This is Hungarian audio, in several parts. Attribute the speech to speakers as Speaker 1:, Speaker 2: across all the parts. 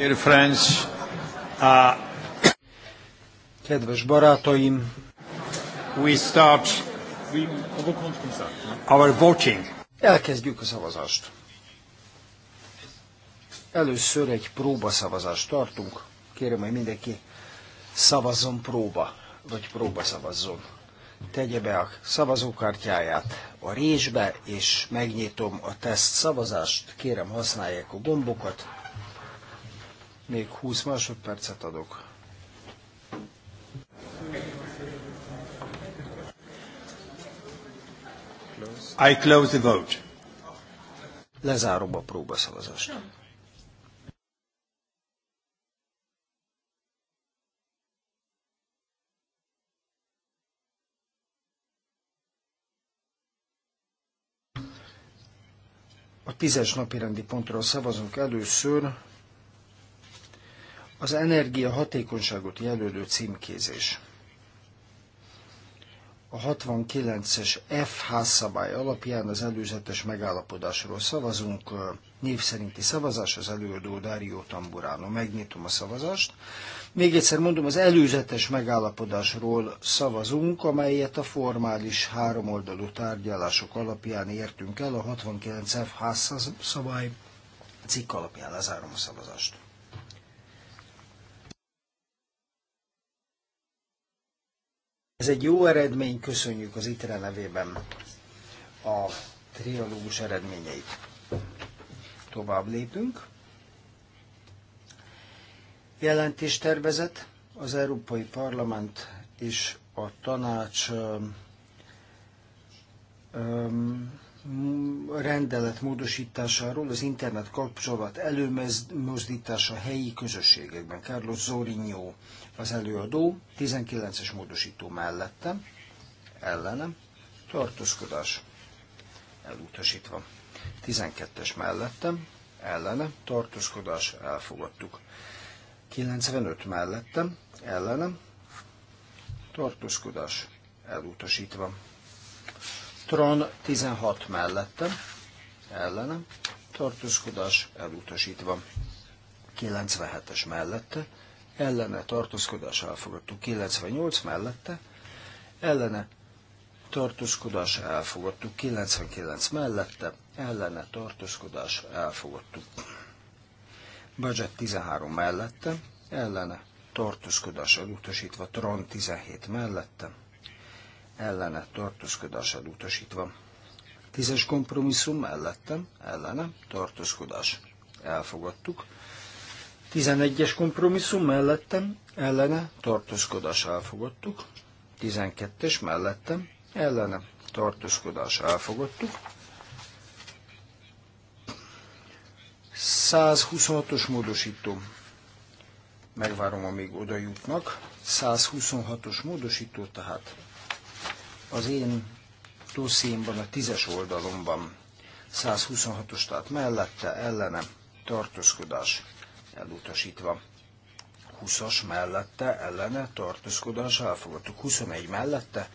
Speaker 1: Dear friends, uh, Kedves barátaim, we start our voting. Elkezdjük a szavazást. Először egy próba szavazást tartunk. Kérem, hogy mindenki szavazzon próba, vagy próba szavazzon. Tegye be a szavazókártyáját a résbe, és megnyitom a teszt szavazást. Kérem, használják a gombokat. Még 20 másodpercet adok. I close the vote. Lezárom a próbaszavazást. A tízes napi rendi pontról szavazunk először. Az energia hatékonyságot jelölő címkézés. A 69-es F házszabály alapján az előzetes megállapodásról szavazunk. Név szerinti szavazás az előadó Dario Tamburano. Megnyitom a szavazást. Még egyszer mondom, az előzetes megállapodásról szavazunk, amelyet a formális háromoldalú tárgyalások alapján értünk el. A 69F házszabály cikk alapján lezárom a szavazást. Ez egy jó eredmény, köszönjük az ITRE nevében a trialógus eredményeit. Tovább lépünk. Jelentéstervezet az Európai Parlament és a tanács um, rendelet módosításáról az internet kapcsolat előmozdítása helyi közösségekben. Carlos Zorinho az előadó 19-es módosító mellettem, ellenem, tartózkodás elutasítva. 12-es mellettem, ellenem, tartózkodás elfogadtuk. 95 mellettem, ellenem, tartózkodás elutasítva. Tron 16 mellettem, ellenem, tartózkodás elutasítva. 97-es mellette, ellene tartózkodás elfogadtuk. 98 mellette ellene tartózkodás elfogadtuk. 99 mellette ellene tartózkodás elfogadtuk. Budget 13 mellette ellene tartózkodás utasítva, Tron 17 mellette ellene tartózkodás utasítva. Tízes kompromisszum mellettem, ellene, tartózkodás. Elfogadtuk. 11-es kompromisszum mellettem, ellene tartózkodás elfogadtuk. 12-es mellettem, ellene tartózkodás elfogadtuk. 126-os módosító. Megvárom, amíg oda jutnak. 126-os módosító, tehát az én dossziémban, a tízes oldalon van. 126-os, tehát mellette, ellene, tartózkodás elutasítva. 20-as mellette, ellene, tartózkodás, elfogadtuk. 21 mellette,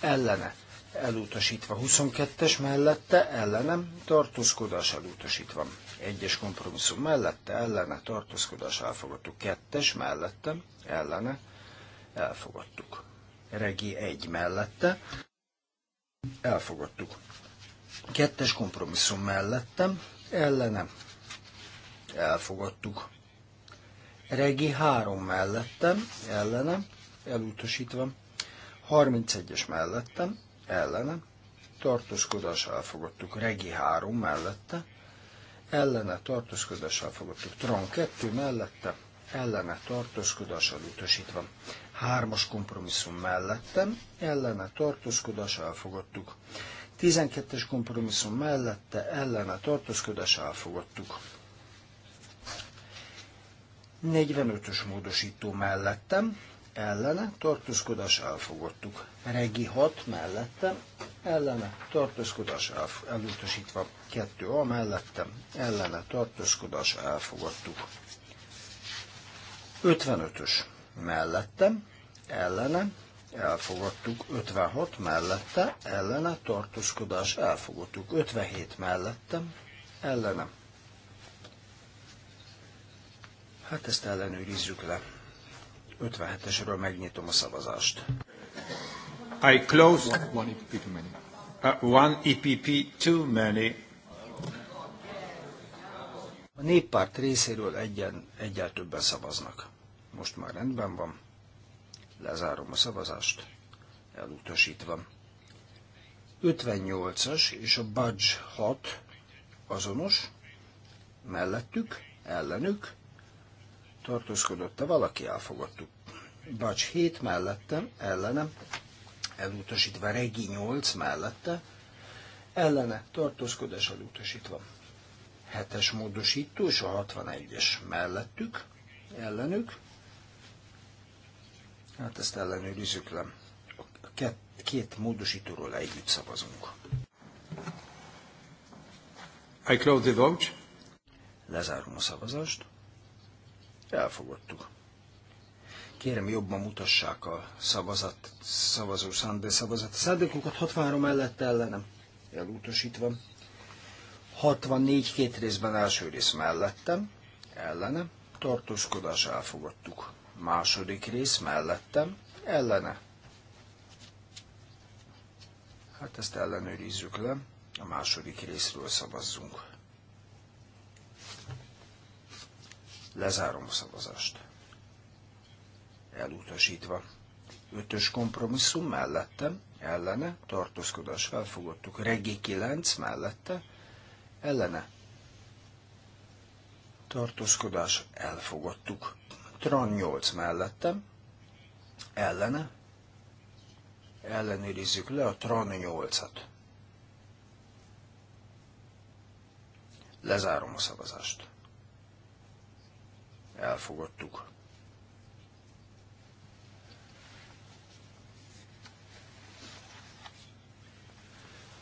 Speaker 1: ellene, elutasítva. 22-es mellette, ellenem, tartózkodás, elutasítva. 1-es kompromisszum mellette, ellene, tartózkodás, elfogadtuk. 2-es mellette, ellene, elfogadtuk. Regi 1 mellette, elfogadtuk. Kettes kompromisszum mellettem, ellenem elfogadtuk. Regi három mellettem, ellenem, elutasítva. 31-es mellettem, ellenem, tartózkodás elfogadtuk. Regi három mellette, ellene tartózkodás elfogadtuk. Tron kettő mellette, ellene tartózkodás utasítva. Hármas kompromisszum mellettem, ellene tartózkodás elfogadtuk. 12-es kompromisszum mellette ellene tartózkodás elfogadtuk. 45-ös módosító mellettem, ellene, tartózkodás elfogadtuk. Regi 6 mellettem, ellene, tartózkodás elf- elutasítva. 2A mellettem, ellene, tartózkodás elfogadtuk. 55-ös mellettem, ellene, elfogadtuk. 56 mellette, ellene, tartózkodás elfogadtuk. 57 mellettem, ellene, Hát ezt ellenőrizzük le. 57-esről megnyitom a szavazást. I close one EPP e too many. Uh, one EPP too many. A néppárt részéről egyen, egyel többen szavaznak. Most már rendben van. Lezárom a szavazást. Elutasítva. 58-as és a Budge 6 azonos. Mellettük, ellenük, tartózkodott-e valaki, elfogadtuk. Bacs 7 mellettem, ellenem, elutasítva, Regi 8 mellette, ellene tartózkodás elutasítva. 7-es módosító és a 61-es mellettük, ellenük, hát ezt ellenőrizzük le. A két, két módosítóról együtt szavazunk. I close the vote. Lezárom a szavazást. Elfogadtuk. Kérem, jobban mutassák a szavazat, szavazó szándé szavazat. szándékokat 63 mellett ellenem elutasítva. 64 két részben első rész mellettem, ellenem, tartózkodás elfogadtuk. Második rész mellettem, ellene. Hát ezt ellenőrizzük le, a második részről szavazzunk. Lezárom a szavazást. Elutasítva. Ötös kompromisszum mellettem, ellene, tartózkodás felfogadtuk. Regi 9 mellette, ellene, tartózkodás elfogadtuk. Tran 8 mellettem, ellene, ellenőrizzük le a Tran 8-at. Lezárom a szavazást elfogadtuk.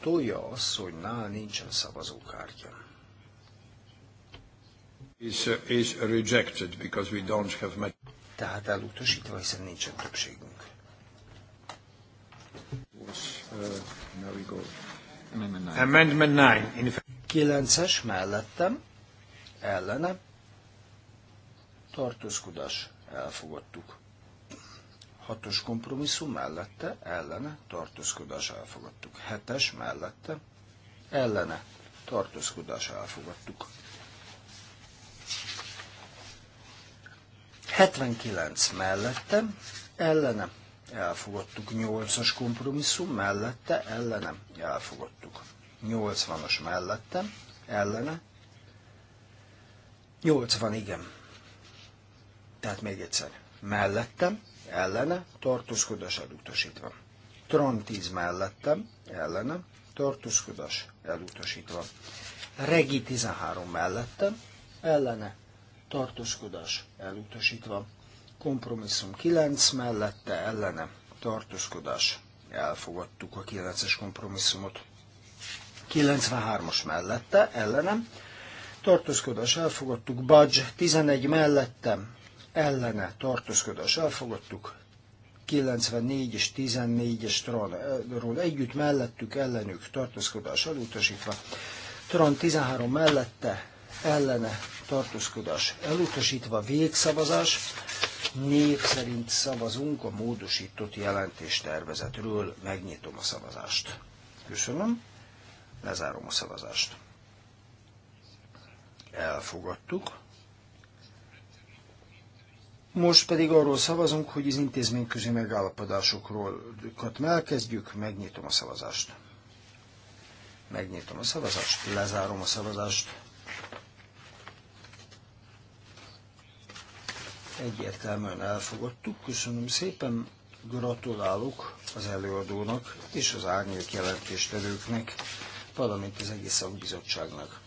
Speaker 1: Tolja asszonynál nincsen szavazókártya.
Speaker 2: Is, uh, is rejected because we
Speaker 1: don't have met. Tehát elutasítva, hiszen nincsen többségünk. Was, uh, now we go. Amendment 9. Amendment 9. 9-es mellettem, ellenem, tartózkodás, elfogadtuk. Hatos kompromisszum mellette, ellene, tartózkodás, elfogadtuk. Hetes mellette, ellene, tartózkodás, elfogadtuk. 79 mellette, ellene, elfogadtuk. 8-as kompromisszum mellette, ellene, elfogadtuk. 80-as mellette, ellene, 80 igen tehát még egyszer. Mellettem, ellene, tartózkodás elutasítva. Tron 10 mellettem, ellene, tartózkodás elutasítva. Regi 13 mellettem, ellene, tartózkodás elutasítva. Kompromisszum 9 mellette, ellene, tartózkodás. Elfogadtuk a 9-es kompromisszumot. 93-as mellette, ellenem, tartózkodás elfogadtuk, Budge 11 mellettem, ellene tartózkodás elfogadtuk, 94 és 14-es tronról eh, együtt mellettük ellenük tartózkodás elutasítva, Tron 13 mellette ellene tartózkodás elutasítva végszavazás, név szerint szavazunk a módosított jelentéstervezetről, megnyitom a szavazást. Köszönöm, lezárom a szavazást. Elfogadtuk. Most pedig arról szavazunk, hogy az intézményközi megállapodásokról elkezdjük, megnyitom a szavazást. Megnyitom a szavazást, lezárom a szavazást. Egyértelműen elfogadtuk, köszönöm szépen, gratulálok az előadónak és az árnyék jelentéstevőknek, valamint az egész szakbizottságnak.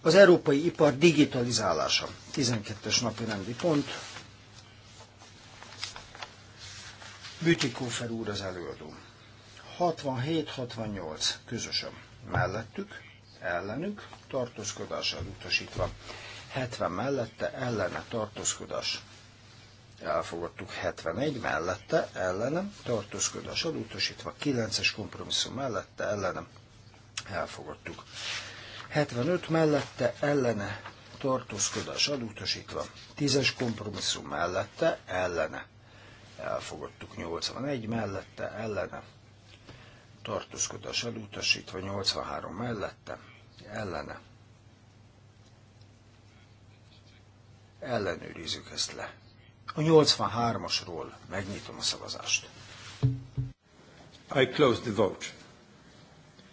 Speaker 1: Az európai ipar digitalizálása, 12-es napi rendi pont, Bütikófer úr az előadó. 67-68 közösen mellettük, ellenük, tartózkodás elutasítva. 70 mellette, ellene tartózkodás. Elfogadtuk 71 mellette, ellenem, tartózkodás elutasítva, 9-es kompromisszum mellette, ellenem, elfogadtuk. 75 mellette, ellene, tartózkodás elutasítva, 10-es kompromisszum mellette, ellene, elfogadtuk 81 mellette, ellene tartózkodás elutasítva 83 mellette, ellene. Ellenőrizzük ezt le. A 83-asról megnyitom a szavazást. I close the vote.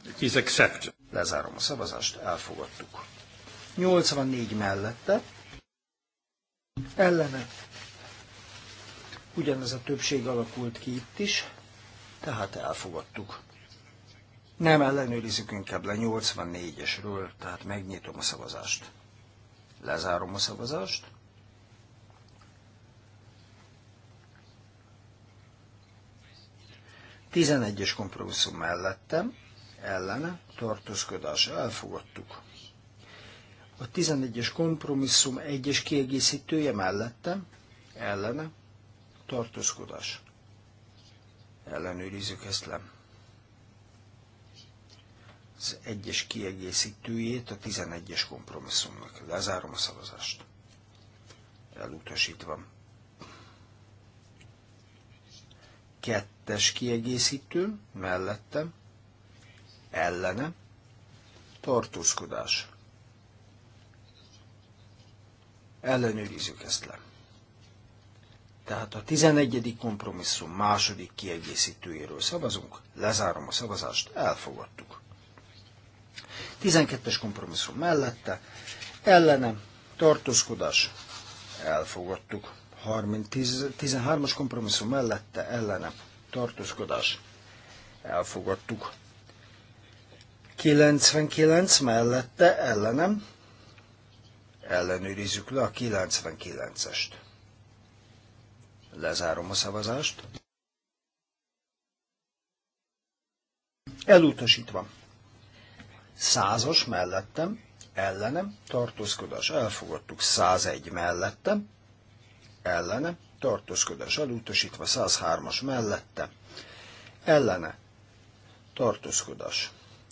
Speaker 1: It is accepted. Lezárom a szavazást, elfogadtuk. 84 mellette, ellene Ugyanez a többség alakult ki itt is, tehát elfogadtuk. Nem ellenőrizzük inkább le 84-esről, tehát megnyitom a szavazást. Lezárom a szavazást. Tizenegyes kompromisszum mellettem, ellene, tartózkodás, elfogadtuk. A 11-es kompromisszum egyes kiegészítője mellettem, ellene, tartózkodás. Ellenőrizzük ezt le. Az egyes kiegészítőjét a 11-es kompromisszumnak. Lezárom a szavazást. Elutasítva. Kettes kiegészítő mellette. ellene, tartózkodás. Ellenőrizzük ezt le. Tehát a 11. kompromisszum második kiegészítőjéről szavazunk, lezárom a szavazást, elfogadtuk. 12-es kompromisszum mellette, ellenem, tartózkodás, elfogadtuk. 13-as kompromisszum mellette, ellenem, tartózkodás, elfogadtuk. 99 mellette, ellenem, ellenőrizzük le a 99-est. Lezárom a szavazást. Elutasítva. Százas mellettem, ellenem, tartózkodás elfogadtuk. 101 mellettem, ellenem, tartózkodás elutasítva. 103-as mellette, ellene, tartózkodás.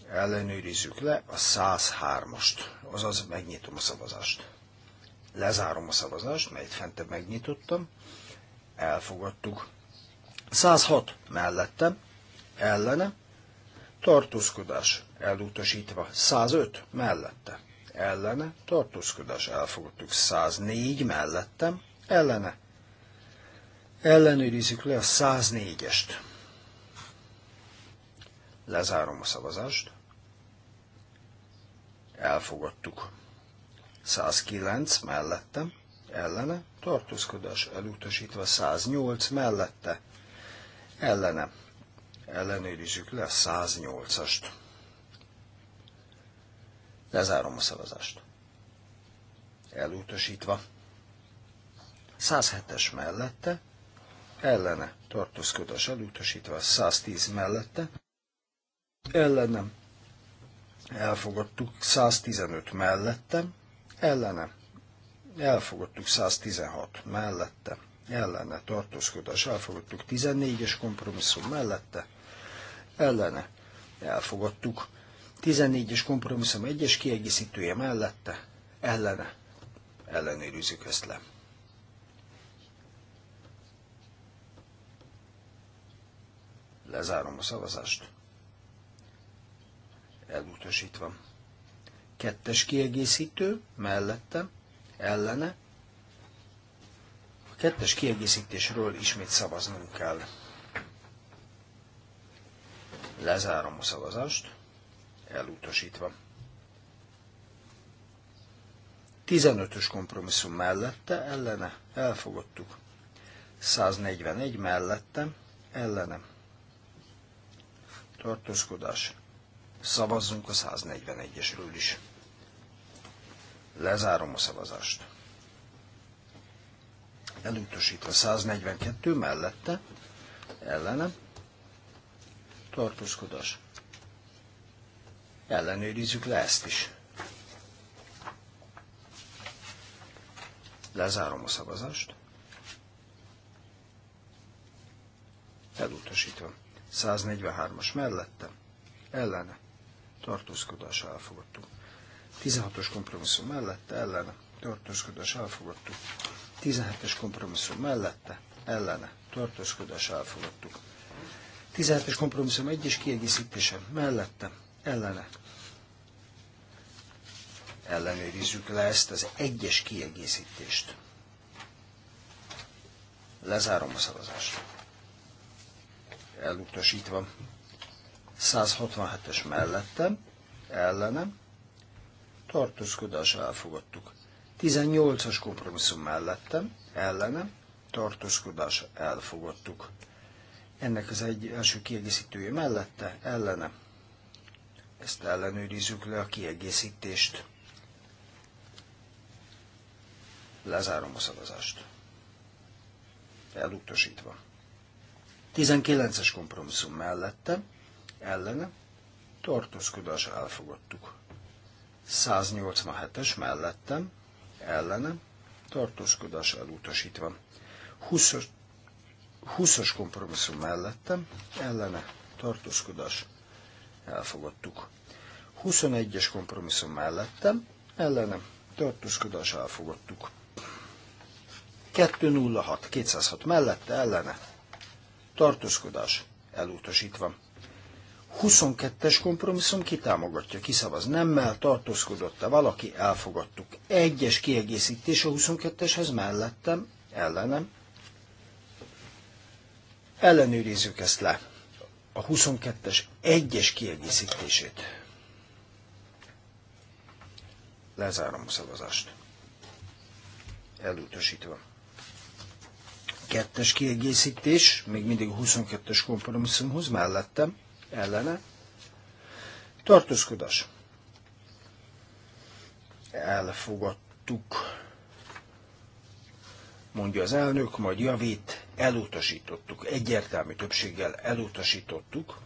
Speaker 1: Ellenőrizzük le a 103-ast, azaz megnyitom a szavazást lezárom a szavazást, melyet fentebb megnyitottam, elfogadtuk. 106 mellette, ellene, tartózkodás elutasítva. 105 mellette, ellene, tartózkodás elfogadtuk. 104 mellette ellene. Ellenőrizzük le a 104-est. Lezárom a szavazást. Elfogadtuk. 109 mellettem, ellene, tartózkodás elutasítva 108 mellette, ellene. Ellenőrizzük le a 108-ast. Lezárom a szavazást. Elutasítva. 107-es mellette, ellene tartózkodás elutasítva, 110 mellette, ellenem elfogadtuk, 115 mellette, ellenem elfogadtuk 116 mellette, ellene tartózkodás, elfogadtuk 14-es kompromisszum mellette, ellene elfogadtuk 14-es kompromisszum egyes kiegészítője mellette, ellene ellenőrizzük ezt le. Lezárom a szavazást. Elutasítva. Kettes kiegészítő, mellettem ellene. A kettes kiegészítésről ismét szavaznunk kell. Lezárom a szavazást, elutasítva. 15-ös kompromisszum mellette, ellene, elfogadtuk. 141 mellette, ellene. Tartózkodás. Szavazzunk a 141-esről is. Lezárom a szavazást. Elutasítva 142 mellette, ellenem, tartózkodás. Ellenőrizzük le ezt is. Lezárom a szavazást. Elutasítva. 143-as mellette, ellene, tartózkodás elfogadtunk. 16-os kompromisszum mellette, ellene, tartózkodás elfogadtuk. 17-es kompromisszum mellette, ellene, tartózkodás elfogadtuk. 17-es kompromisszum egyes kiegészítése mellette, ellene. Ellenőrizzük le ezt az egyes kiegészítést. Lezárom a szavazást. Elutasítva. 167-es mellettem, ellenem, tartózkodás elfogadtuk. 18-as kompromisszum mellettem, ellenem, tartózkodás elfogadtuk. Ennek az egy első kiegészítője mellette, ellene. Ezt ellenőrizzük le a kiegészítést. Lezárom a szavazást. Elutasítva. 19-es kompromisszum mellette, ellene, tartózkodás elfogadtuk. 187-es mellettem, ellenem, tartózkodás elutasítva. 20-as 20 kompromisszum mellettem, ellene, tartózkodás, elfogadtuk. 21-es kompromisszum mellettem, ellenem, tartózkodás, elfogadtuk. 206, 206 mellette, ellene, tartózkodás, elutasítva. 22-es kompromisszum kitámogatja, kiszavaz nemmel, tartózkodott-e valaki, elfogadtuk. Egyes kiegészítés a 22-eshez mellettem, ellenem. Ellenőrizzük ezt le, a 22-es egyes kiegészítését. Lezárom a szavazást. Elutasítva. Kettes kiegészítés, még mindig a 22-es kompromisszumhoz mellettem ellene, tartózkodás, elfogadtuk, mondja az elnök, majd javít, elutasítottuk, egyértelmű többséggel elutasítottuk,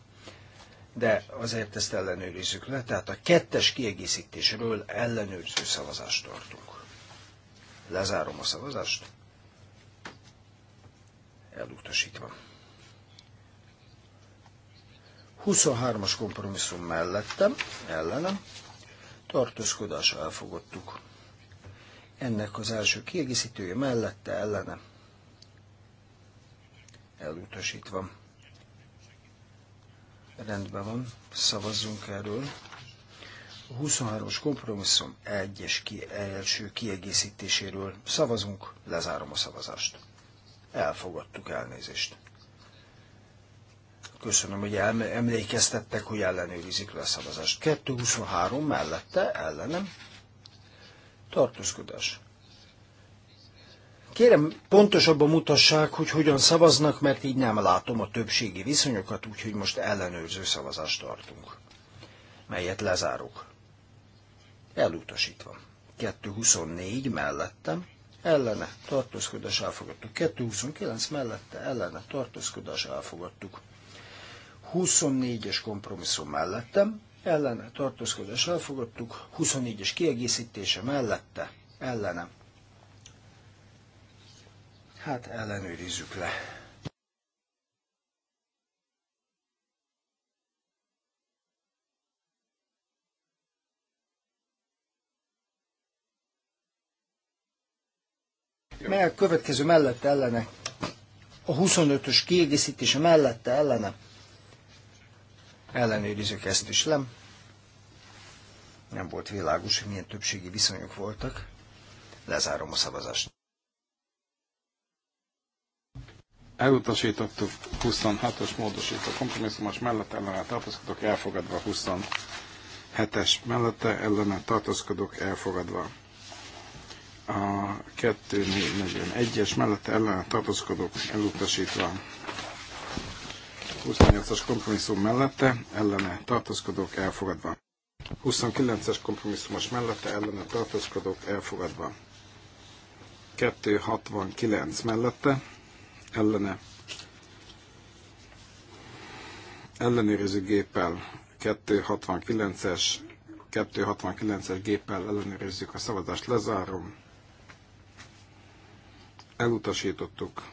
Speaker 1: de azért ezt ellenőrizzük le, tehát a kettes kiegészítésről ellenőrző szavazást tartunk. Lezárom a szavazást. Elutasítva. 23-as kompromisszum mellettem, ellenem, tartózkodás elfogadtuk. Ennek az első kiegészítője mellette, ellenem, elutasítva. Rendben van, szavazzunk erről. A 23 as kompromisszum egyes ki, első kiegészítéséről szavazunk, lezárom a szavazást. Elfogadtuk elnézést. Köszönöm, hogy emlékeztettek, hogy ellenőrizik le a szavazást. 223 mellette, ellenem. Tartózkodás. Kérem, pontosabban mutassák, hogy hogyan szavaznak, mert így nem látom a többségi viszonyokat, úgyhogy most ellenőrző szavazást tartunk, melyet lezárok. Elutasítva. 224 mellettem, ellene tartózkodás elfogadtuk. 229 mellette ellene tartózkodás elfogadtuk. 24-es kompromisszum mellettem, ellene tartózkodás elfogadtuk, 24-es kiegészítése mellette, ellene. Hát ellenőrizzük le. Mely következő mellette ellene? A 25-ös kiegészítése mellette ellene? ellenőrizzük ezt is nem. Nem volt világos, hogy milyen többségi viszonyok voltak. Lezárom a szavazást.
Speaker 2: Elutasítottuk 26-os módosító kompromisszumos mellett ellene tartózkodok, elfogadva 27-es mellette ellene tartózkodok, elfogadva a 241-es mellett ellen tartózkodok, elutasítva, 28-as kompromisszum mellette, ellene tartózkodók elfogadva. 29-es kompromisszumos mellette, ellene tartózkodók elfogadva. 269 mellette, ellene ellenőrző géppel 269-es 269-es géppel ellenőrizzük a szavazást, lezárom. Elutasítottuk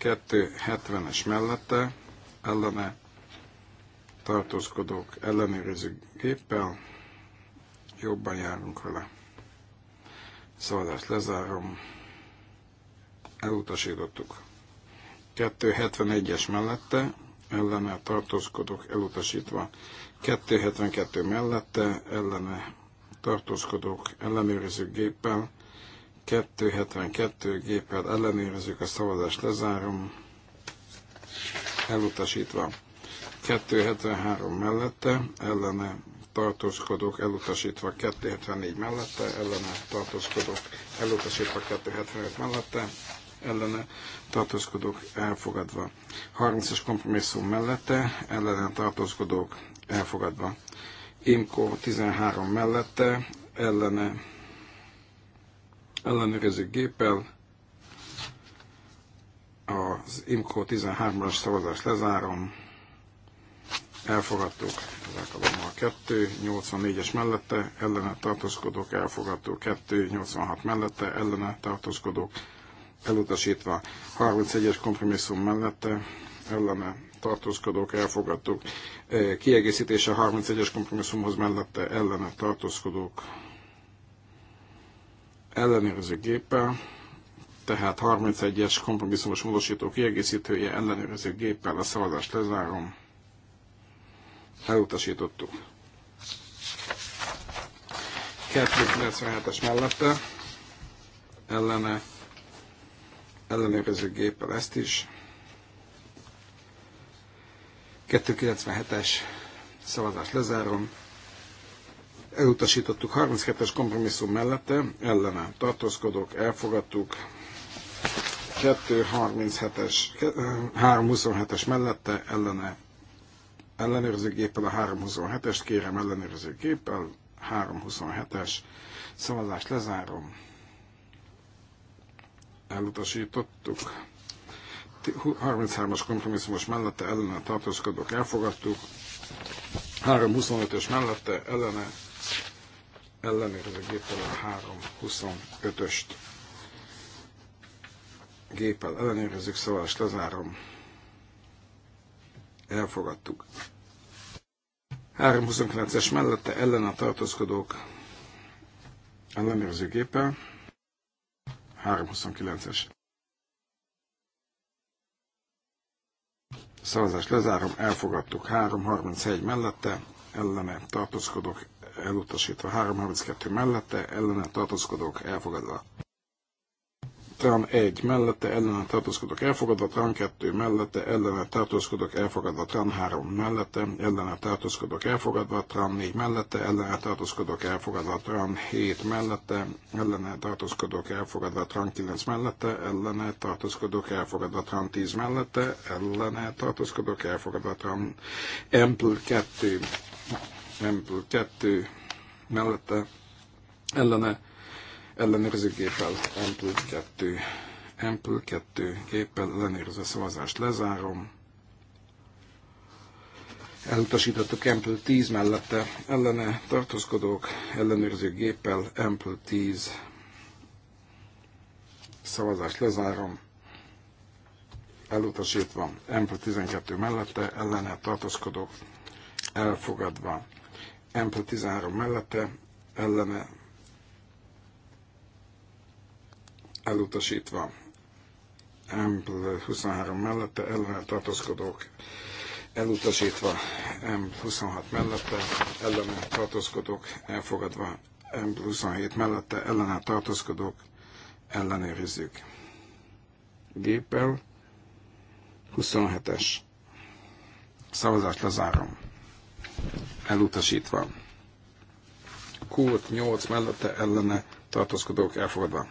Speaker 2: 270-es mellette, ellene tartózkodók ellenőrző géppel jobban járunk vele. Szavazást lezárom. Elutasítottuk. 271-es mellette ellene tartózkodók elutasítva. 272 mellette ellene tartózkodók ellenőrző géppel. 272 géppel ellenőrzők a szavazást lezárom elutasítva. 273 mellette, ellene tartózkodok, elutasítva 274 mellette, ellene tartózkodok, elutasítva 275 mellette, ellene tartózkodok, elfogadva. 30-as kompromisszum mellette, ellene tartózkodok, elfogadva. Imko 13 mellette, ellene ellenőrizik géppel az IMCO 13-as szavazást lezárom. Elfogadtuk, az a 2, 84-es mellette, ellene tartózkodók, elfogadtuk 2, 86 mellette, ellene tartózkodók, elutasítva 31-es kompromisszum mellette, ellene tartózkodók, elfogadtuk e, kiegészítése 31-es kompromisszumhoz mellette, ellene tartózkodók, ellenőrző géppel, tehát 31-es kompromisszumos módosító kiegészítője ellenőrző géppel a szavazást lezárom. Elutasítottuk. 297-es mellette ellene ellenőrző géppel ezt is. 297-es szavazást lezárom. Elutasítottuk 32-es kompromisszum mellette, ellene tartózkodok, elfogadtuk 237-es, 327-es mellette ellene ellenőrző géppel a 327-est, kérem ellenőrző géppel, 327-es szavazást lezárom. Elutasítottuk. 33-as kompromisszumos mellette ellene tartózkodók elfogadtuk. 325-ös mellette ellene ellenőrző géppel a 325-öst géppel ellenőrizzük, szavazást lezárom. Elfogadtuk. 329-es mellette ellen a tartózkodók ellenőrző géppel. 329-es. Szavazást lezárom, elfogadtuk 331 mellette, ellene tartózkodok elutasítva 332 mellette, ellene tartózkodok elfogadva Trán 1 mellette ellene tartózkodok elfogadva, Trán 2 mellette ellene tartózkodok elfogadva, Trán 3 mellette ellene tartózkodok elfogadva, Trán 4 mellette ellene tartózkodok elfogadva, Trán 7 mellette ellene tartózkodok elfogadva, Trán 9 mellette ellene tartózkodok elfogadva, Trán 10 mellette ellene tartózkodok elfogadva, Trán Ample 2 Ample 2 mellette ellene ellenőrző géppel Ample 2, Ample 2 géppel ellenőrző szavazást lezárom. Elutasítottuk Ample 10 mellette ellene tartózkodók, ellenőrző géppel Ample 10 szavazást lezárom. Elutasítva Ample 12 mellette ellene tartózkodók, elfogadva. Ample 13 mellette ellene elutasítva. Ample 23 mellette ellene tartózkodók elutasítva. Ample 26 mellette ellene tartózkodók elfogadva. Ample 27 mellette ellene tartózkodók ellenőrizzük. Gépel, 27-es szavazást lezárom. Elutasítva. Kult 8 mellette ellene tartózkodók elfogadva.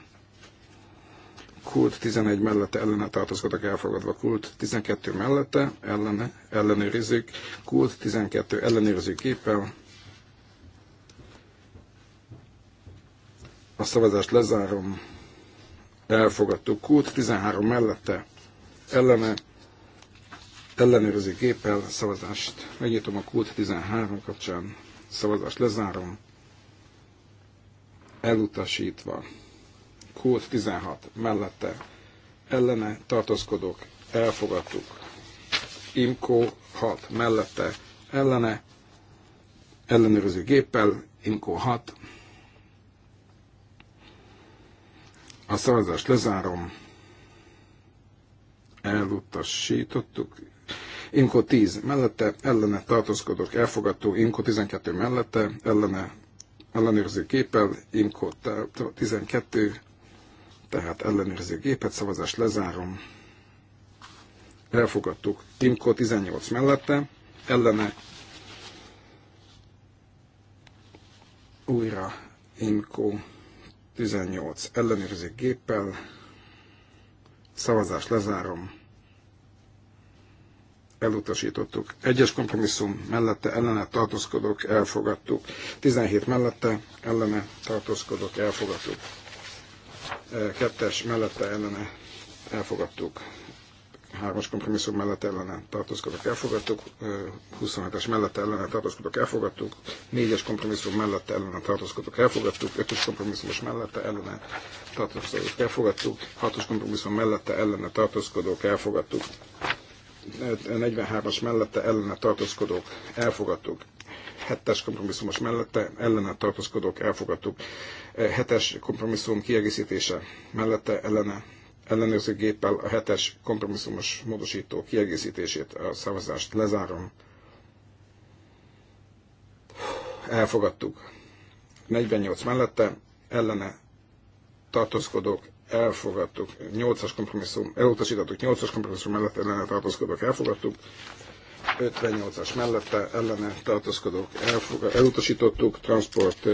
Speaker 2: Kult 11 mellette ellene tartózkodtak elfogadva. Kult 12 mellette ellene ellenőrizzük. Kult 12 ellenőrző képpel. A szavazást lezárom. Elfogadtuk. Kult 13 mellette ellene ellenőrző képpel szavazást. Megnyitom a Kult 13 kapcsán. Szavazást lezárom. Elutasítva. Kult 16 mellette ellene tartózkodók elfogadtuk. Imko 6 mellette ellene ellenőrző géppel, Imko 6. A szavazást lezárom. Elutasítottuk. Imko 10 mellette, ellene tartózkodók elfogadó, Imko 12 mellette, ellene ellenőrző képpel, Imko 12 tehát ellenőrző gépet, szavazás lezárom. Elfogadtuk. Timko 18 mellette, ellene újra Timko 18 ellenőrző géppel, szavazás lezárom. Elutasítottuk. Egyes kompromisszum mellette ellene tartózkodok, elfogadtuk. 17 mellette ellene tartózkodok, elfogadtuk kettes mellette ellene elfogadtuk. Hármas kompromisszum mellett ellene tartózkodok, elfogadtuk. 27-es mellett ellene tartózkodok, elfogadtuk. 4-es kompromisszum mellett ellene tartózkodok, elfogadtuk. Ötös kompromisszumos mellette ellene tartózkodok, elfogadtuk. Hatos kompromisszum mellette ellene tartózkodok, elfogadtuk. 43-as mellette ellene tartózkodók elfogadtuk. 7 kompromisszumos mellette, ellene tartózkodók elfogadtuk. E, hetes kompromisszum kiegészítése mellette, ellene ellenőrző géppel a hetes kompromisszumos módosító kiegészítését, a szavazást lezárom. Elfogadtuk. 48 mellette, ellene tartózkodók elfogadtuk. 8-as kompromisszum, elutasítottuk 8-as kompromisszum mellett ellene tartózkodók elfogadtuk. 58-as mellette ellene tartózkodók elutasítottuk, transport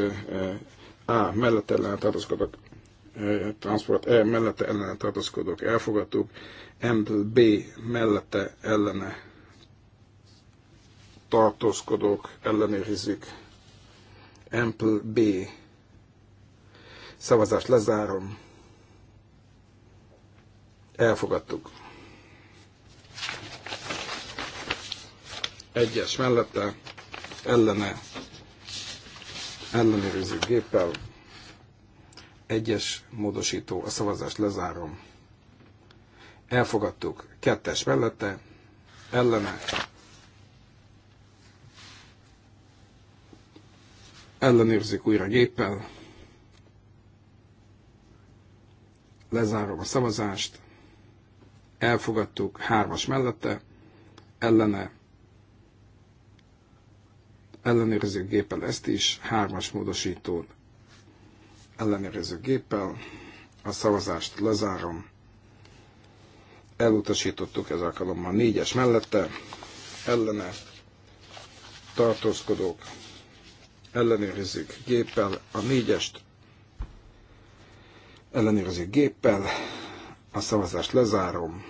Speaker 2: A mellette ellene tartózkodók, transport E mellette ellene tartózkodók elfogadtuk, B mellette ellene tartózkodók ellenőrizzük. Ample B. Szavazást lezárom. Elfogadtuk. egyes mellette ellene ellenőrző géppel. Egyes módosító, a szavazást lezárom. Elfogadtuk kettes mellette, ellene ellenőrzik újra géppel. Lezárom a szavazást. Elfogadtuk hármas mellette, ellene ellenőrző géppel ezt is, hármas módosítón ellenőrző géppel, a szavazást lezárom, elutasítottuk ez alkalommal négyes mellette, ellene tartózkodók, ellenőrizzük géppel a négyest, ellenőrizzük géppel, a szavazást lezárom,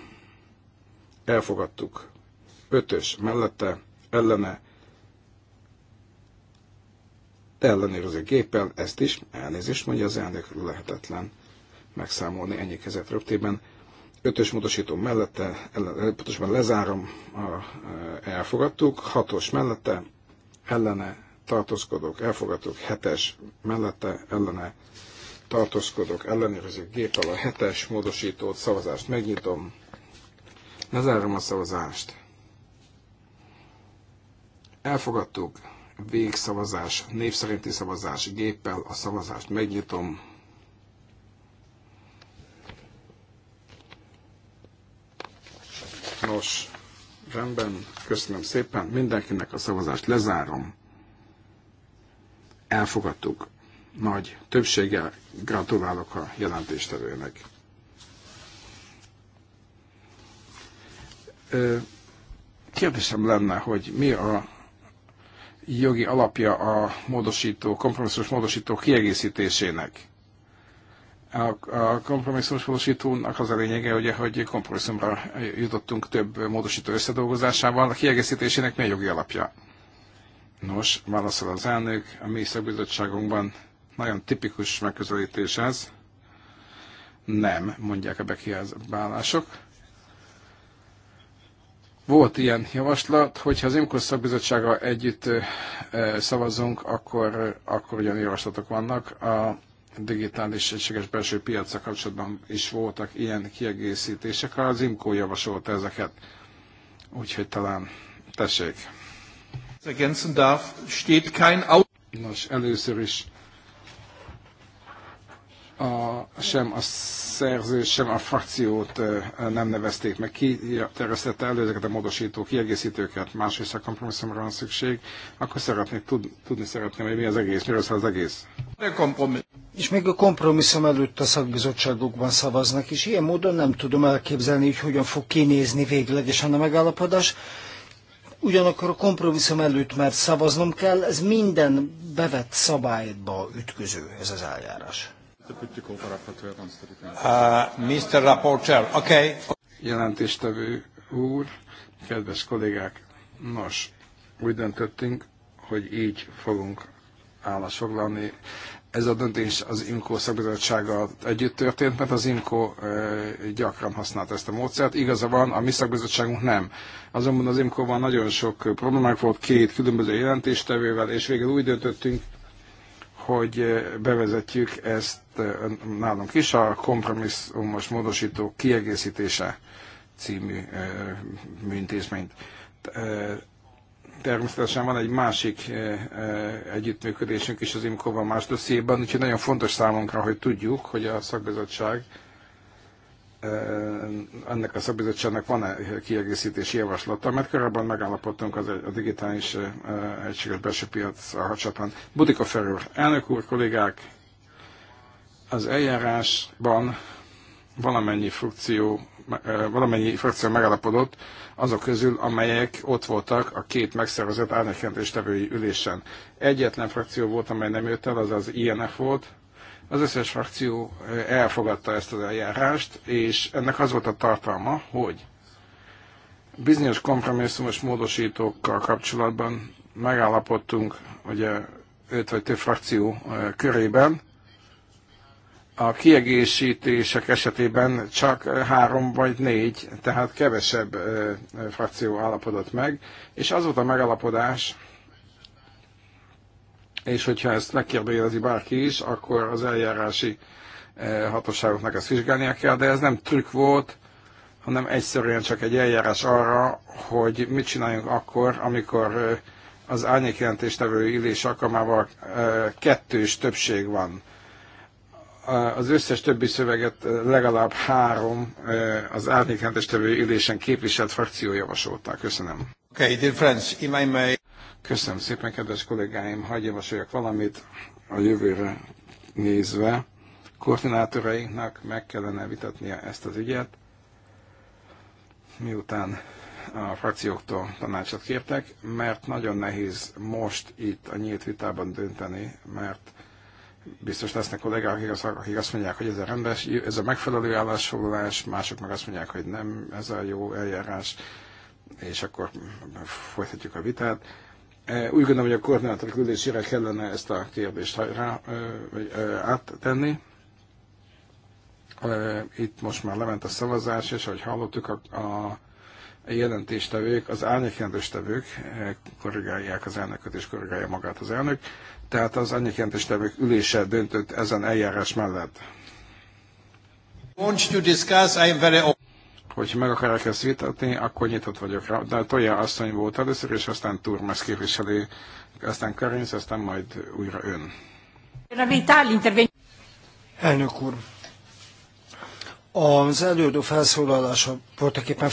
Speaker 2: elfogadtuk ötös mellette, ellene ellenőrző géppel, ezt is, elnézést mondja az elnök, lehetetlen megszámolni ennyi kezet röptében. Ötös módosító mellette, pontosan lezárom, a, elfogadtuk, hatos mellette, ellene tartózkodok, elfogadtuk, hetes mellette, ellene tartózkodok, ellenőrző géppel a hetes módosítót, szavazást megnyitom, lezárom a szavazást. Elfogadtuk végszavazás, név szerinti szavazás géppel a szavazást megnyitom. Nos, rendben, köszönöm szépen. Mindenkinek a szavazást lezárom. Elfogadtuk. Nagy többséggel gratulálok a jelentéstevőnek. Kérdésem lenne, hogy mi a jogi alapja a módosító, kompromisszumos módosító kiegészítésének. A, a kompromisszumos módosítónak az a lényege, ugye, hogy kompromisszumra jutottunk több módosító összedolgozásával, a kiegészítésének mi a jogi alapja? Nos, válaszol az elnök, a mi szakbizottságunkban nagyon tipikus megközelítés ez. Nem, mondják a bekiállások. Volt ilyen javaslat, hogyha az IMKO szakbizottsága együtt szavazunk, akkor, akkor ugyan javaslatok vannak. A digitális egységes belső piacra kapcsolatban is voltak ilyen kiegészítések. Az IMKO javasolta ezeket, úgyhogy talán tessék. darf, steht kein Nos, először is a, sem a szerző, sem a frakciót nem nevezték meg ki, terjesztette elő ezeket a módosító kiegészítőket, másrészt a kompromisszumra van szükség, akkor szeretnék tud, tudni szeretném, hogy mi az egész, miről szól az egész.
Speaker 1: És még a kompromisszum előtt a szakbizottságokban szavaznak, és ilyen módon nem tudom elképzelni, hogy hogyan fog kinézni véglegesen a megállapodás. Ugyanakkor a kompromisszum előtt már szavaznom kell, ez minden bevett szabályba ütköző ez az eljárás. Uh,
Speaker 2: Mr. Rapporteur, okay. Jelentéstevő úr, kedves kollégák, nos, úgy döntöttünk, hogy így fogunk állásfoglalni. Ez a döntés az IMCO szakbizottsággal együtt történt, mert az IMCO gyakran használta ezt a módszert. Igaza van, a mi szakbizottságunk nem. Azonban az IMCO-ban nagyon sok problémák volt két különböző jelentéstevővel, és végül úgy döntöttünk, hogy eh, bevezetjük ezt eh, nálunk is a kompromisszumos módosító kiegészítése című műintézményt. Eh, természetesen van egy másik együttműködésünk is az IMCO-ban más dossziéban, úgyhogy nagyon fontos számunkra, hogy tudjuk, hogy a szakbizottság ennek a szakbizottságnak van-e kiegészítési javaslata, mert korábban megállapodtunk az a digitális egységes belső piac a hadsatán. Budika Ferőr, elnök úr, kollégák, az eljárásban valamennyi funkció, valamennyi frakció megállapodott azok közül, amelyek ott voltak a két megszervezett árnyékjelentéstevői ülésen. Egyetlen frakció volt, amely nem jött el, az az INF volt, az összes frakció elfogadta ezt az eljárást, és ennek az volt a tartalma, hogy bizonyos kompromisszumos módosítókkal kapcsolatban megállapodtunk, ugye öt vagy több frakció körében, a kiegészítések esetében csak három vagy négy, tehát kevesebb frakció állapodott meg, és az volt a megalapodás, és hogyha ezt megkérdezi bárki is, akkor az eljárási eh, hatóságoknak ezt vizsgálnia kell, de ez nem trükk volt, hanem egyszerűen csak egy eljárás arra, hogy mit csináljunk akkor, amikor eh, az nevő illés alkalmával eh, kettős többség van. Az összes többi szöveget legalább három az nevő illésen képviselt frakció javasolta. Köszönöm. Okay, dear friends, if I may... Köszönöm szépen, kedves kollégáim, hagyj javasoljak valamit a jövőre nézve. Koordinátorainknak meg kellene vitatnia ezt az ügyet, miután a frakcióktól tanácsot kértek, mert nagyon nehéz most itt a nyílt vitában dönteni, mert biztos lesznek kollégák, akik azt, mondják, hogy ez a rendes, ez a megfelelő állásfoglalás, mások meg azt mondják, hogy nem ez a jó eljárás, és akkor folytatjuk a vitát. Eh, úgy gondolom, hogy a koordinátor küldésére kellene ezt a kérdést rá, eh, vagy, eh, áttenni. Itt most már lement a szavazás, és ahogy hallottuk, a, a jelentéstevők, az árnyékjelentéstevők korrigálják az elnököt, és korrigálja magát az elnök. Tehát az árnyékjelentéstevők ülése döntött ezen eljárás mellett. Want to discuss, I am very hogyha meg akarják ezt vitatni, akkor nyitott vagyok rá. De Tolja asszony volt először, és aztán Turmes képviselő, aztán Karinz, aztán majd újra ön.
Speaker 1: Elnök úr, az előadó felszólalása voltaképpen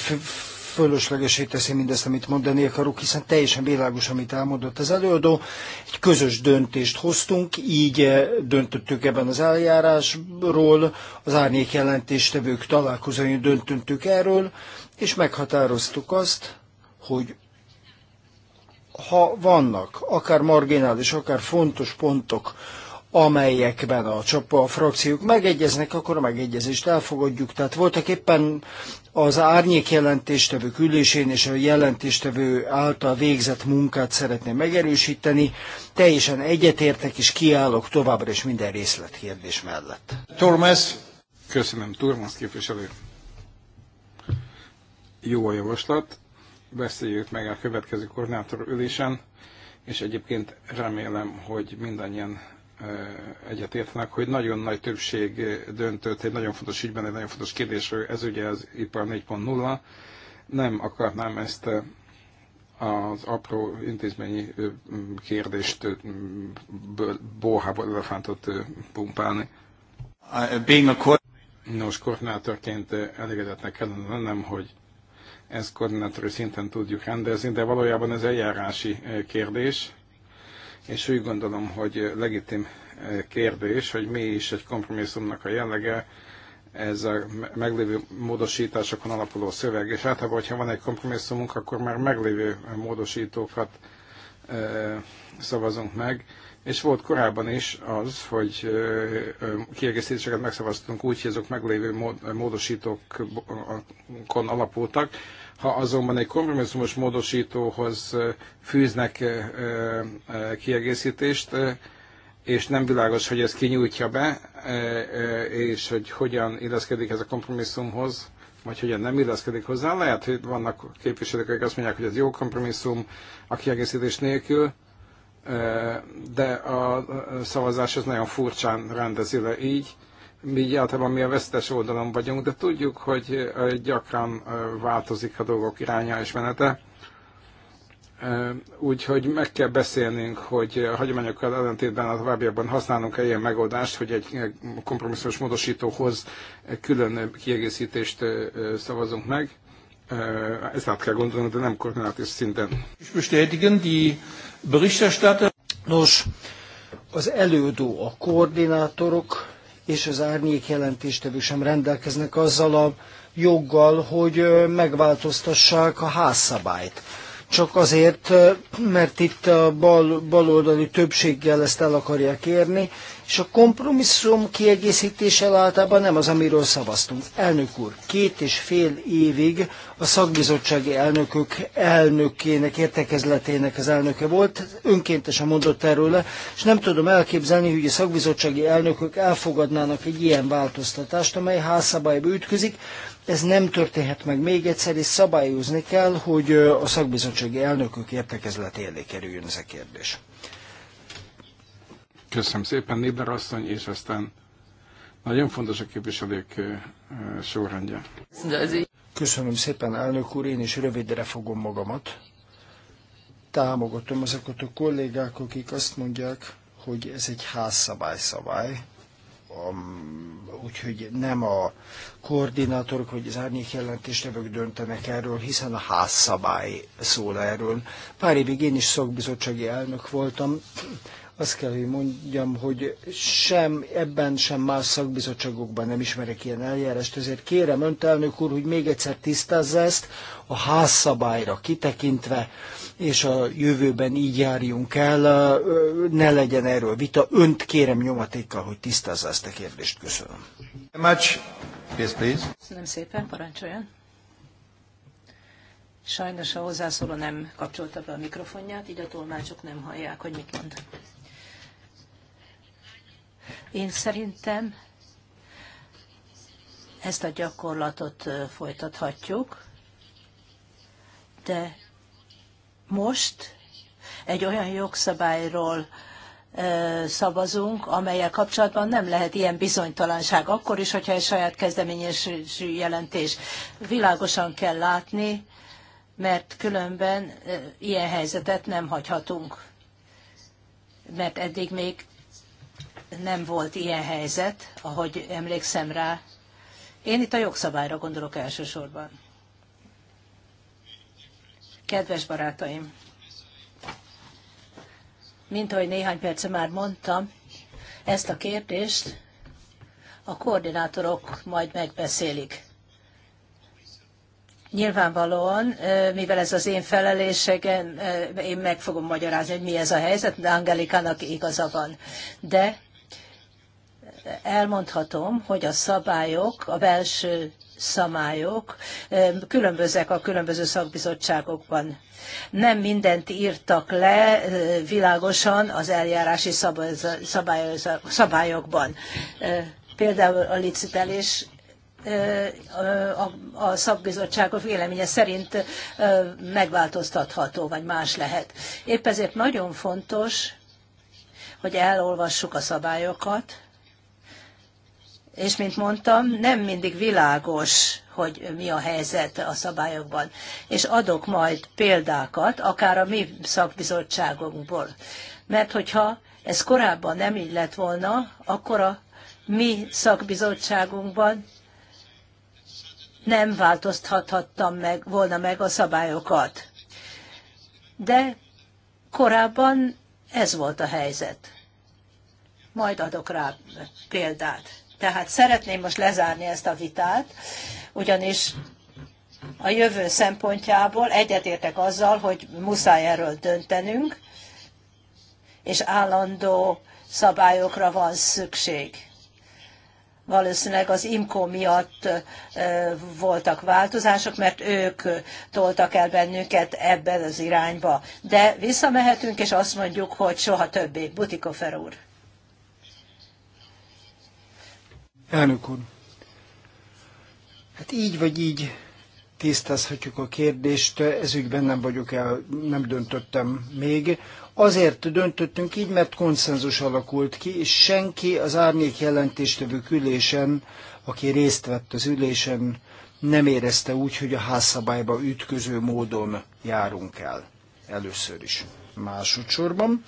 Speaker 1: fölöslegesé teszi mindezt, amit mondani akarok, hiszen teljesen világos, amit elmondott az előadó. Egy közös döntést hoztunk, így eh, döntöttük ebben az eljárásról, az árnyék jelentéstevők találkozóin döntöttük erről, és meghatároztuk azt, hogy ha vannak akár marginális, akár fontos pontok, amelyekben a csapó a frakciók megegyeznek, akkor a megegyezést elfogadjuk. Tehát voltak éppen az árnyék jelentéstevő ülésén és a jelentéstevő által végzett munkát szeretném megerősíteni. Teljesen egyetértek és kiállok továbbra is minden részletkérdés mellett. Turmes. Köszönöm, Turmes képviselő.
Speaker 2: Jó a javaslat. Beszéljük meg a következő koordinátor ülésen, és egyébként remélem, hogy mindannyian egyetértenek, hogy nagyon nagy többség döntött egy nagyon fontos ügyben, egy nagyon fontos kérdésről, ez ugye az ipar 4.0, nem akarnám ezt az apró intézményi kérdést borhába elefántot pumpálni. Nos, koordinátorként elégedetnek kellene lennem, hogy ezt koordinátori szinten tudjuk rendezni, de valójában ez eljárási kérdés és úgy gondolom, hogy legitim eh, kérdés, hogy mi is egy kompromisszumnak a jellege, ez a meglévő módosításokon alapuló szöveg, és általában, hogyha van egy kompromisszumunk, akkor már meglévő módosítókat eh, szavazunk meg, és volt korábban is az, hogy eh, kiegészítéseket megszavaztunk úgy, hogy azok meglévő módosítókon alapultak, ha azonban egy kompromisszumos módosítóhoz fűznek kiegészítést, és nem világos, hogy ez kinyújtja be, és hogy hogyan illeszkedik ez a kompromisszumhoz, vagy hogyan nem illeszkedik hozzá. Lehet, hogy vannak képviselők, akik azt mondják, hogy ez jó kompromisszum a kiegészítés nélkül, de a szavazás az nagyon furcsán rendezi le így, mi általában mi a vesztes oldalon vagyunk, de tudjuk, hogy gyakran változik a dolgok iránya és menete. Úgyhogy meg kell beszélnünk, hogy a hagyományokkal ellentétben a továbbiakban használunk-e ilyen megoldást, hogy egy kompromisszós módosítóhoz külön kiegészítést szavazunk meg. Ezt át kell gondolnunk, de nem koordinátis szinten.
Speaker 1: Nos, az előadó a koordinátorok és az árnyék jelentéstevő sem rendelkeznek azzal a joggal, hogy megváltoztassák a házszabályt csak azért, mert itt a bal, baloldali többséggel ezt el akarják érni, és a kompromisszum kiegészítéssel általában nem az, amiről szavaztunk. Elnök úr, két és fél évig a szakbizottsági elnökök elnökének, értekezletének az elnöke volt, önkéntesen mondott erről le, és nem tudom elképzelni, hogy a szakbizottsági elnökök elfogadnának egy ilyen változtatást, amely házszabályba ütközik, ez nem történhet meg még egyszer, és szabályozni kell, hogy a szakbizottsági elnökök értekezlet elé kerüljön ez a kérdés.
Speaker 2: Köszönöm szépen, Nibler asszony, és aztán nagyon fontos a képviselők sorrendje.
Speaker 1: Köszönöm szépen, elnök úr, én is rövidre fogom magamat. Támogatom azokat a kollégák, akik azt mondják, hogy ez egy házszabály-szabály, a, úgyhogy nem a koordinátorok vagy az árnyék jelentéstevők döntenek erről, hiszen a házszabály szól erről. Pár évig én is szakbizottsági elnök voltam, azt kell, hogy mondjam, hogy sem ebben, sem más szakbizottságokban nem ismerek ilyen eljárást, ezért kérem önt, elnök úr, hogy még egyszer tisztázza ezt a házszabályra kitekintve, és a jövőben így járjunk el, ne legyen erről vita. Önt kérem nyomatékkal, hogy tisztázza ezt a kérdést. Köszönöm. Much. please.
Speaker 3: Köszönöm szépen, parancsoljon. Sajnos a hozzászóló nem kapcsolta be a mikrofonját, így a tolmácsok nem hallják, hogy mit mond. Én szerintem ezt a gyakorlatot folytathatjuk, de most egy olyan jogszabályról szavazunk, amelyel kapcsolatban nem lehet ilyen bizonytalanság, akkor is, hogyha egy saját kezdeményezésű jelentés. Világosan kell látni, mert különben ilyen helyzetet nem hagyhatunk. Mert eddig még nem volt ilyen helyzet, ahogy emlékszem rá. Én itt a jogszabályra gondolok elsősorban. Kedves barátaim! Mint ahogy néhány perce már mondtam, ezt a kérdést a koordinátorok majd megbeszélik. Nyilvánvalóan, mivel ez az én felelősségem, én meg fogom magyarázni, hogy mi ez a helyzet, de Angelikának igaza van. De elmondhatom, hogy a szabályok, a belső szabályok különbözőek a különböző szakbizottságokban. Nem mindent írtak le világosan az eljárási szabályokban. Például a licitelés a szakbizottságok véleménye szerint megváltoztatható, vagy más lehet. Épp ezért nagyon fontos, hogy elolvassuk a szabályokat, és mint mondtam, nem mindig világos, hogy mi a helyzet a szabályokban. És adok majd példákat, akár a mi szakbizottságunkból. Mert hogyha ez korábban nem így lett volna, akkor a mi szakbizottságunkban nem változtathattam meg, volna meg a szabályokat. De korábban ez volt a helyzet. Majd adok rá példát. Tehát szeretném most lezárni ezt a vitát, ugyanis a jövő szempontjából egyetértek azzal, hogy muszáj erről döntenünk, és állandó szabályokra van szükség. Valószínűleg az IMCO miatt voltak változások, mert ők toltak el bennünket ebben az irányba. De visszamehetünk, és azt mondjuk, hogy soha többé. Butikofer úr.
Speaker 1: Elnök úr, hát így vagy így tisztázhatjuk a kérdést, ez ügyben nem vagyok el, nem döntöttem még. Azért döntöttünk így, mert konszenzus alakult ki, és senki az árnyék jelentéstevő ülésen, aki részt vett az ülésen, nem érezte úgy, hogy a házszabályba ütköző módon járunk el. Először is. Másodszorban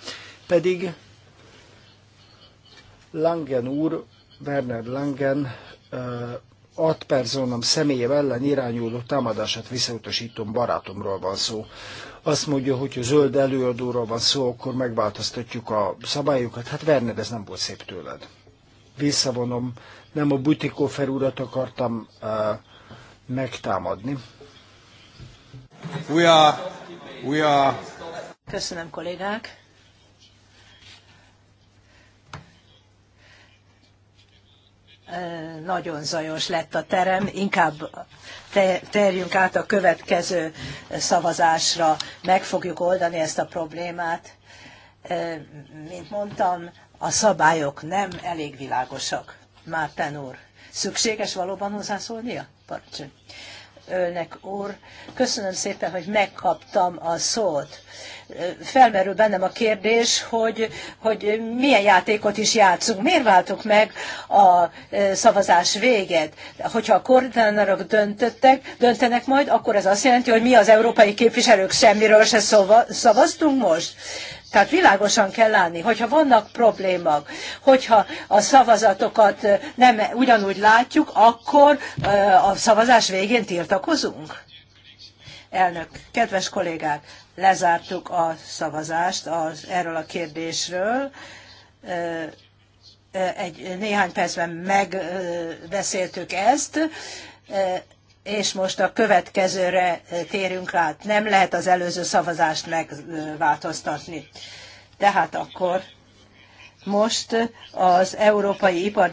Speaker 1: pedig Langen úr Werner Langen ad personam személye ellen irányuló támadását visszautasítom barátomról van szó. Azt mondja, hogy a zöld előadóról van szó, akkor megváltoztatjuk a szabályokat. Hát Werner, ez nem volt szép tőled. Visszavonom, nem a Butikofer urat akartam uh, megtámadni.
Speaker 3: We are, we are... Köszönöm, kollégák. nagyon zajos lett a terem, inkább terjünk át a következő szavazásra, meg fogjuk oldani ezt a problémát. Mint mondtam, a szabályok nem elég világosak. Márten úr, szükséges valóban hozzászólnia? Parancsolj. Ölnek úr. Köszönöm szépen, hogy megkaptam a szót. Felmerül bennem a kérdés, hogy, hogy milyen játékot is játszunk. Miért váltuk meg a e, szavazás véget? Hogyha a koordinátorok döntöttek, döntenek majd, akkor ez azt jelenti, hogy mi az európai képviselők semmiről se szava, szavaztunk most? Tehát világosan kell látni, hogyha vannak problémák, hogyha a szavazatokat nem ugyanúgy látjuk, akkor a szavazás végén tiltakozunk. Elnök, kedves kollégák, lezártuk a szavazást az, erről a kérdésről egy néhány percben megbeszéltük ezt, és most a következőre eh, térünk rá. Nem lehet az előző szavazást megváltoztatni. Tehát akkor most az európai ipar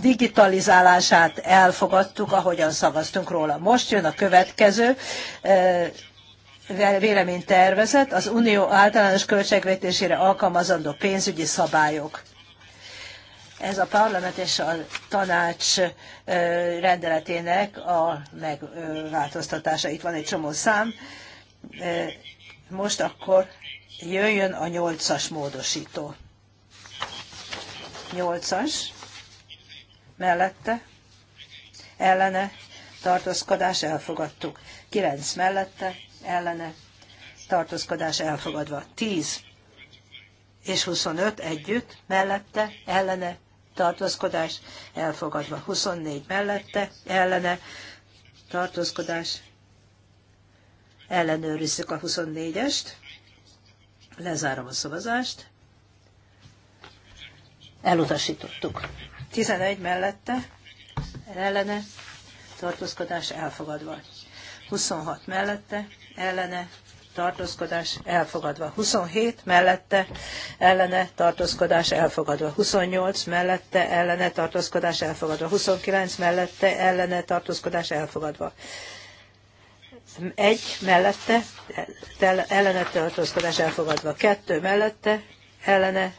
Speaker 3: digitalizálását elfogadtuk, ahogyan szavaztunk róla. Most jön a következő eh, véleménytervezet, az unió általános költségvetésére alkalmazandó pénzügyi szabályok. Ez a parlament és a tanács rendeletének a megváltoztatása. Itt van egy csomó szám. Most akkor jöjjön a nyolcas módosító. Nyolcas mellette, ellene, tartózkodás elfogadtuk. Kilenc mellette, ellene, tartózkodás elfogadva. Tíz és 25 együtt, mellette, ellene, tartózkodás elfogadva. 24 mellette ellene tartózkodás ellenőrizzük a 24-est. Lezárom a szavazást. Elutasítottuk. 11 mellette ellene tartózkodás elfogadva. 26 mellette ellene tartózkodás elfogadva. 27 mellette ellene tartózkodás elfogadva. 28 mellette ellene tartózkodás elfogadva. 29 mellette ellene tartózkodás elfogadva. 1 mellette ellene tartózkodás elfogadva. 2 mellette ellene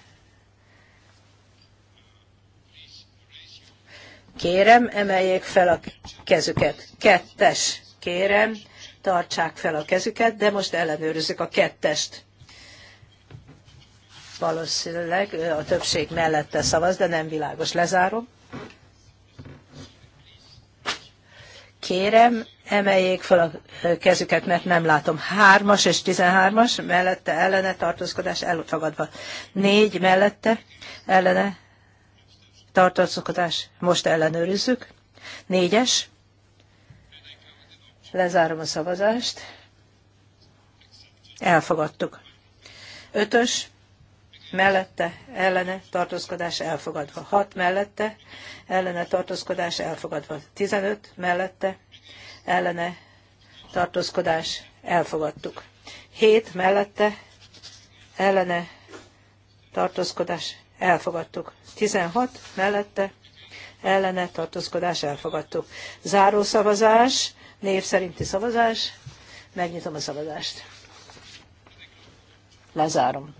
Speaker 3: Kérem, emeljék fel a kezüket. Kettes. Kérem, tartsák fel a kezüket, de most ellenőrizzük a kettest. Valószínűleg a többség mellette szavaz, de nem világos. Lezárom. Kérem, emeljék fel a kezüket, mert nem látom. Hármas és tizenhármas, mellette ellene tartózkodás elutagadva. Négy mellette ellene tartózkodás, most ellenőrizzük. Négyes. Lezárom a szavazást. Elfogadtuk. Ötös, mellette, ellene, tartózkodás elfogadva. Hat mellette, ellene, tartózkodás elfogadva. Tizenöt mellette, ellene, tartózkodás elfogadtuk. Hét mellette, ellene, tartózkodás elfogadtuk. Tizenhat mellette, ellene, tartózkodás elfogadtuk. Zárószavazás Név szerinti szavazás. Megnyitom a szavazást. Lezárom.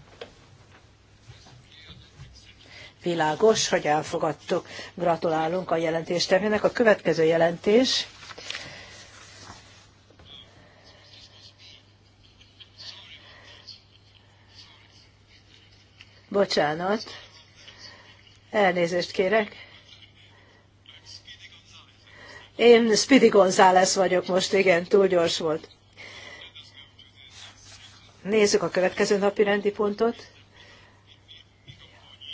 Speaker 3: Világos, hogy elfogadtuk. Gratulálunk a jelentéstevőnek. A következő jelentés. Bocsánat. Elnézést kérek. Én Speedy González vagyok most, igen, túl gyors volt. Nézzük a következő napi rendi pontot.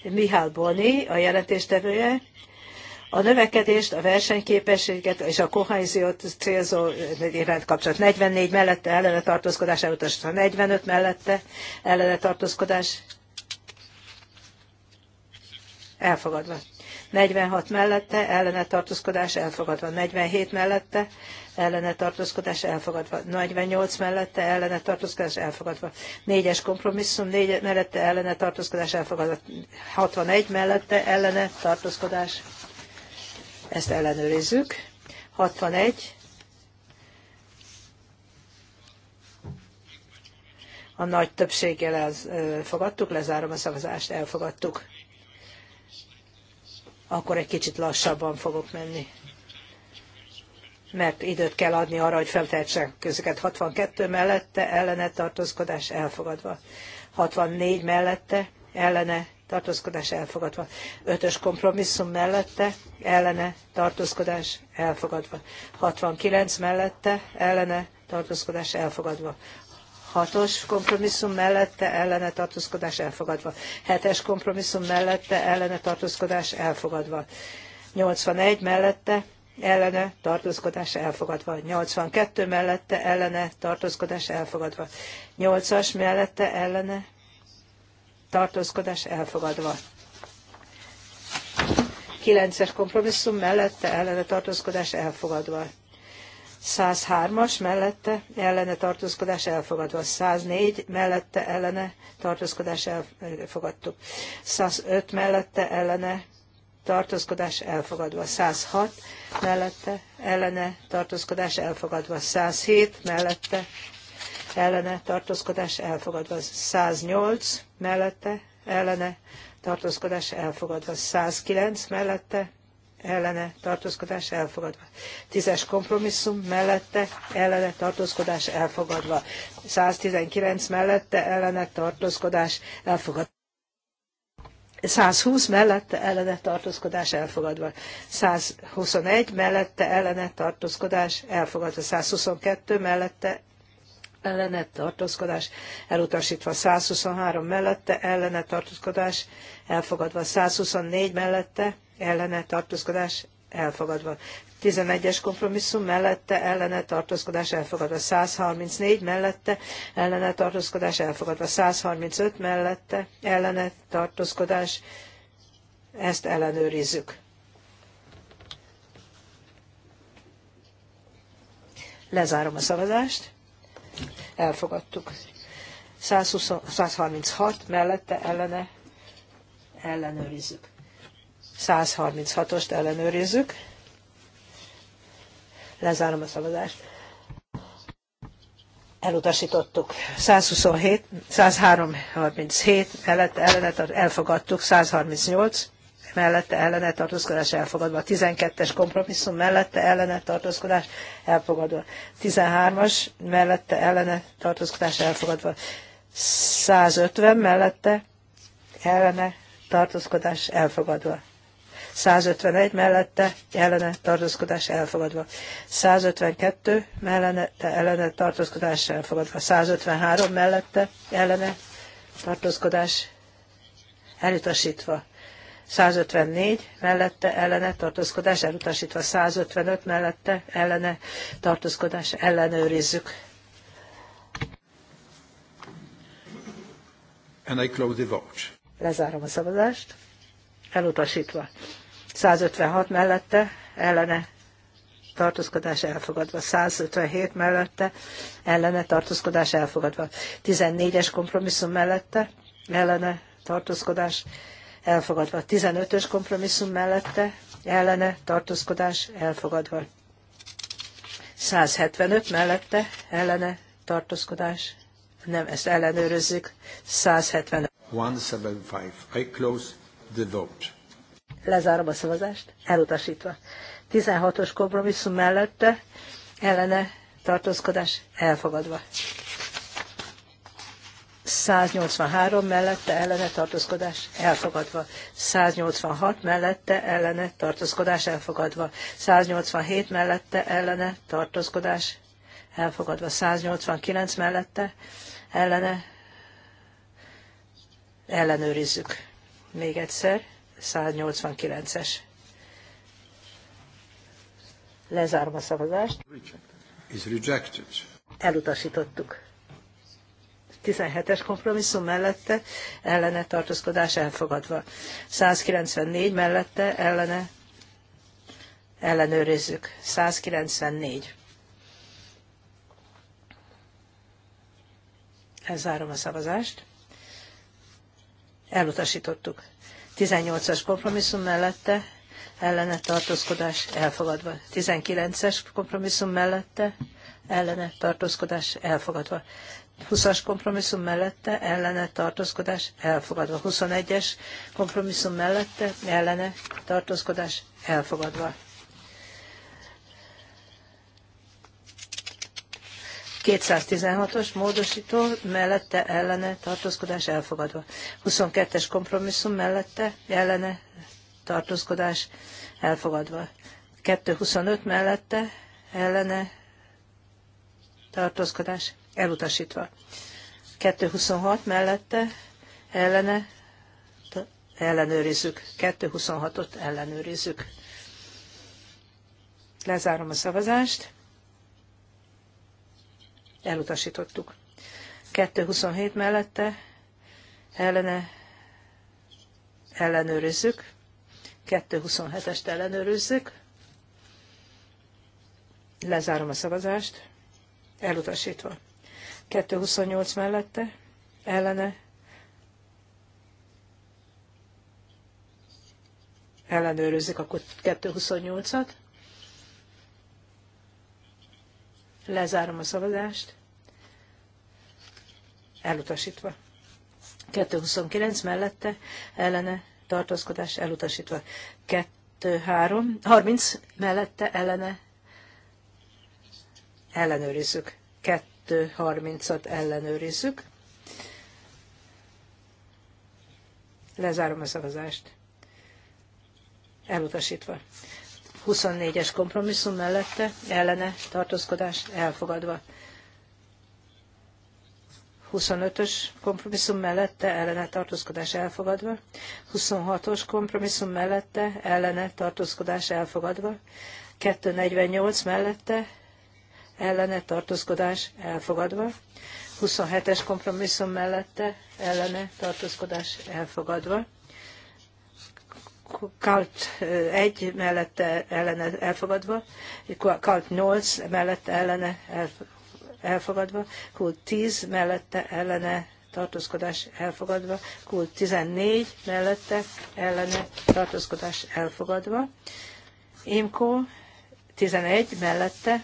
Speaker 3: Mihály Boni, a jelentéstevője. A növekedést, a versenyképességet és a kohéziót célzó jelent kapcsolat 44 mellette ellene tartózkodás elutasítva, 45 mellette ellene tartózkodás elfogadva. 46 mellette, ellene tartózkodás elfogadva. 47 mellette, ellene tartózkodás elfogadva. 48 mellette, ellene tartózkodás elfogadva. 4-es kompromisszum, 4 mellette, ellene tartózkodás elfogadva. 61 mellette, ellene tartózkodás. Ezt ellenőrizzük. 61, a nagy többséggel fogadtuk lezárom a szavazást, elfogadtuk akkor egy kicsit lassabban fogok menni. Mert időt kell adni arra, hogy feltehetsek közöket. 62 mellette ellene tartózkodás elfogadva. 64 mellette ellene tartózkodás elfogadva. 5-ös kompromisszum mellette ellene tartózkodás elfogadva. 69 mellette ellene tartózkodás elfogadva. Hatos kompromisszum mellette ellene tartózkodás elfogadva. Hetes kompromisszum mellette ellene tartózkodás elfogadva. 81 mellette ellene tartózkodás elfogadva. 82 mellette ellene tartózkodás elfogadva. 8-as mellette ellene tartózkodás elfogadva. 9-es kompromisszum mellette ellene tartózkodás elfogadva. 103-as mellette ellene tartózkodás elfogadva, 104 mellette ellene tartózkodás elfogadtuk, 105 mellette ellene tartózkodás elfogadva, 106 mellette ellene tartózkodás elfogadva, 107 mellette ellene tartózkodás elfogadva, 108 mellette ellene tartózkodás elfogadva, 109 mellette ellene tartózkodás elfogadva. Tízes kompromisszum mellette ellene tartózkodás elfogadva. 119 mellette ellene tartózkodás elfogadva. 120 mellette ellene tartózkodás elfogadva. 121 mellette ellene tartózkodás elfogadva. 122 mellette ellene tartózkodás elutasítva. 123 mellette ellene tartózkodás elfogadva. 124 mellette ellene tartózkodás elfogadva. 11-es kompromisszum mellette ellene tartózkodás elfogadva. 134 mellette ellene tartózkodás elfogadva. 135 mellette ellene tartózkodás ezt ellenőrizzük. Lezárom a szavazást. Elfogadtuk. 120, 136 mellette ellene ellenőrizzük. 136-ost ellenőrizzük. Lezárom a szavazást. Elutasítottuk. 127, 37 mellette ellenet elfogadtuk, 138 mellette ellenet tartózkodás elfogadva, 12-es kompromisszum mellette ellenet tartózkodás elfogadva, 13-as mellette ellenet tartózkodás elfogadva, 150 mellette ellene tartózkodás elfogadva. 151 mellette ellene tartózkodás elfogadva. 152 mellette ellene tartózkodás elfogadva. 153 mellette ellene tartózkodás elutasítva. 154 mellette ellene tartózkodás elutasítva, 155 mellette ellene tartózkodás ellenőrizzük.
Speaker 2: And I close the vote.
Speaker 3: Lezárom a szavazást. Elutasítva. 156 mellette ellene tartózkodás elfogadva, 157 mellette ellene tartózkodás elfogadva, 14-es kompromisszum mellette ellene tartózkodás elfogadva, 15-ös kompromisszum mellette ellene tartózkodás elfogadva, 175 mellette ellene tartózkodás, nem, ezt ellenőrözzük, 175.
Speaker 2: 175. I close the vote.
Speaker 3: Lezárom a szavazást, elutasítva. 16-os kompromisszum mellette ellene tartózkodás elfogadva. 183 mellette ellene tartózkodás elfogadva, 186 mellette ellene tartózkodás elfogadva, 187 mellette ellene tartózkodás elfogadva, 189 mellette ellene ellenőrizzük. Még egyszer. 189-es. Lezárom a szavazást.
Speaker 2: Is rejected.
Speaker 3: Elutasítottuk. 17-es kompromisszum mellette ellene tartózkodás elfogadva. 194 mellette ellene ellenőrizzük. 194. Elzárom a szavazást. Elutasítottuk. 18-as kompromisszum mellette ellene tartózkodás elfogadva. 19-es kompromisszum mellette ellene tartózkodás elfogadva. 20-as kompromisszum mellette ellene tartózkodás elfogadva. 21-es kompromisszum mellette ellene tartózkodás elfogadva. 216-os módosító mellette ellene tartózkodás elfogadva. 22-es kompromisszum mellette ellene tartózkodás elfogadva. 225 mellette ellene tartózkodás elutasítva. 226 mellette ellene ellenőrizzük. 226-ot ellenőrizzük. Lezárom a szavazást elutasítottuk. 227 mellette ellene ellenőrizzük, 227-est ellenőrizzük, lezárom a szavazást, elutasítva. 228 mellette ellene ellenőrizzük akkor 228-at. Lezárom a szavazást. Elutasítva. 229 mellette ellene tartózkodás elutasítva. 2, 3, 30 mellette ellene ellenőrizzük. 2, 30-at ellenőrizzük. Lezárom a szavazást. Elutasítva. 24-es kompromisszum mellette ellene tartózkodás elfogadva. 25-ös kompromisszum mellette ellene tartózkodás elfogadva. 26-os kompromisszum mellette ellene tartózkodás elfogadva. 248 mellette ellene tartózkodás elfogadva. 27-es kompromisszum mellette ellene tartózkodás elfogadva. Kalt 1 eh, mellette ellene elfogadva, Kalt 8 mellette ellene elfogadva, Kult 10 mellette ellene tartózkodás elfogadva, Kult 14 mellette ellene tartózkodás elfogadva, Imko 11 mellette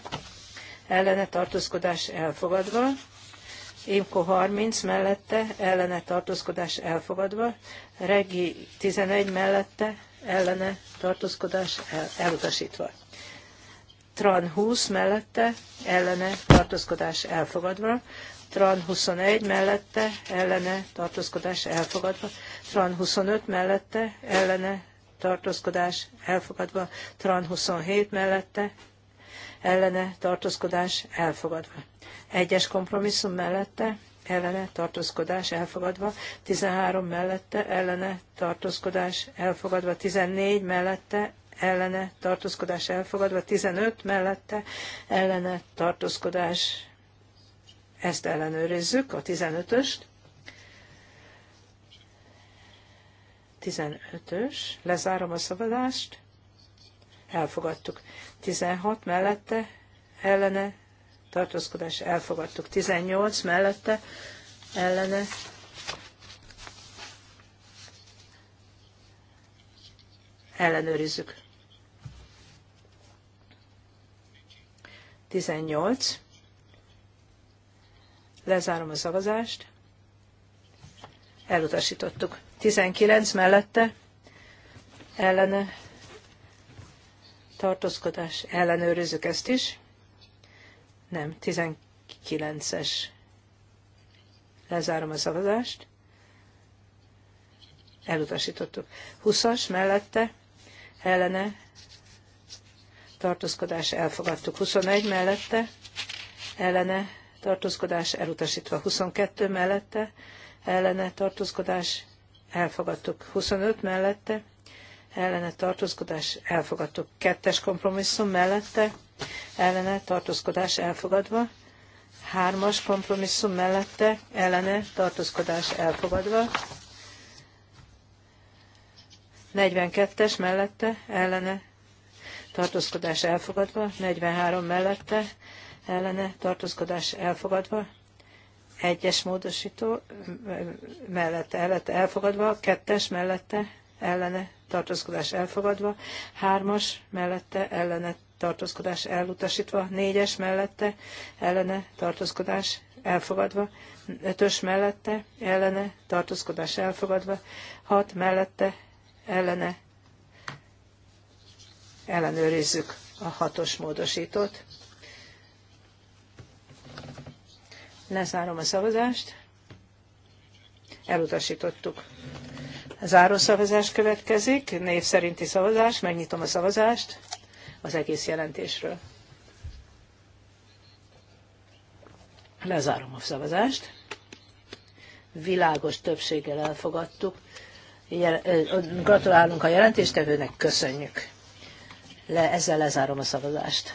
Speaker 3: ellene tartózkodás elfogadva, Imko 30 mellette ellene tartózkodás elfogadva, Regi 11 mellette ellene tartózkodás el, elutasítva. Tran 20 mellette ellene tartózkodás elfogadva, Tran 21 mellette ellene tartózkodás elfogadva, Tran 25 mellette ellene tartózkodás elfogadva, Tran 27 mellette ellene tartózkodás elfogadva. Egyes kompromisszum mellette ellene tartózkodás elfogadva, 13 mellette ellene tartózkodás elfogadva, 14 mellette ellene tartózkodás elfogadva, 15 mellette ellene tartózkodás, ezt ellenőrizzük, a 15-öst. 15-ös, lezárom a szabadást, elfogadtuk. 16 mellette ellene tartózkodás elfogadtuk. 18 mellette ellene ellenőrizzük. 18. Lezárom a szavazást. Elutasítottuk. 19 mellette ellene tartózkodás, ellenőrizzük ezt is. Nem, 19-es. Lezárom a szavazást. Elutasítottuk. 20-as mellette, ellene, tartózkodás elfogadtuk. 21 mellette, ellene, tartózkodás elutasítva. 22 mellette, ellene, tartózkodás elfogadtuk. 25 mellette, ellene tartózkodás elfogadtuk. Kettes kompromisszum mellette ellene tartózkodás elfogadva. Hármas kompromisszum mellette ellene tartózkodás elfogadva. 42-es mellette ellene tartózkodás elfogadva, 43 mellette ellene tartózkodás elfogadva, egyes módosító mellette, mellette elfogadva, kettes mellette ellene tartózkodás elfogadva, hármas mellette ellene tartózkodás elutasítva, négyes mellette ellene tartózkodás elfogadva, ötös mellette ellene tartózkodás elfogadva, hat mellette ellene ellenőrizzük a hatos módosítót. Lezárom a szavazást. Elutasítottuk szavazás következik, név szerinti szavazás, megnyitom a szavazást az egész jelentésről. Lezárom a szavazást. Világos többséggel elfogadtuk. Gratulálunk a jelentéstevőnek, köszönjük. Le, ezzel lezárom a szavazást.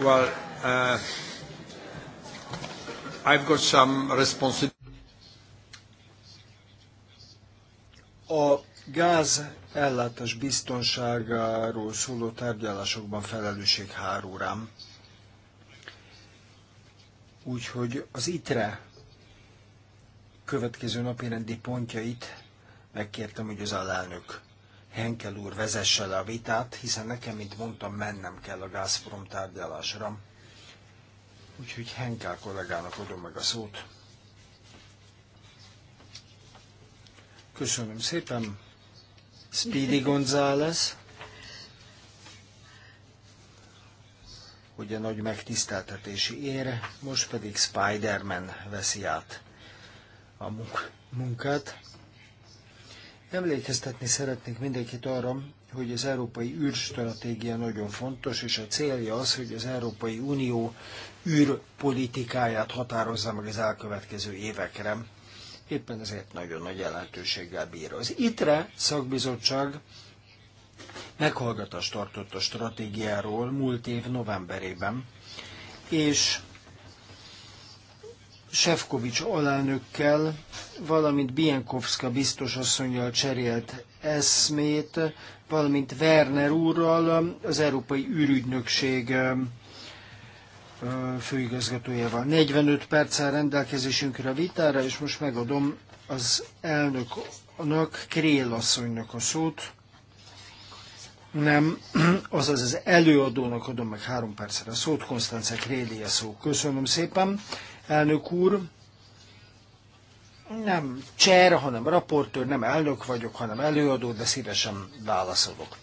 Speaker 2: Well, uh, I've got some responsibility.
Speaker 1: A gáz ellátás biztonságáról szóló tárgyalásokban felelősség hár rám. Úgyhogy az ITRE következő napi rendi pontjait megkértem, hogy az alelnök Henkel úr vezesse le a vitát, hiszen nekem, mint mondtam, mennem kell a Gazprom tárgyalásra. Úgyhogy Henkel kollégának adom meg a szót. Köszönöm szépen. Speedy González. Ugye nagy megtiszteltetési ér, most pedig Spider-Man veszi át a munkát. Emlékeztetni szeretnék mindenkit arra, hogy az európai űrstratégia nagyon fontos, és a célja az, hogy az Európai Unió űrpolitikáját határozza meg az elkövetkező évekre. Éppen ezért nagyon nagy jelentőséggel bír. Az ITRE szakbizottság meghallgatást tartott a stratégiáról múlt év novemberében, és Sefkovics alelnökkel, valamint Bienkowska biztosasszonyjal cserélt eszmét, valamint Werner úrral, az Európai űrügynökség főigazgatójával. 45 perccel rendelkezésünkre a vitára, és most megadom az elnök Krél asszonynak a szót, nem, azaz az előadónak adom meg három percre a szót, Konstance Kréli a szó. Köszönöm szépen, elnök úr. Nem cser, hanem raportőr, nem elnök vagyok, hanem előadó, de szívesen válaszolok.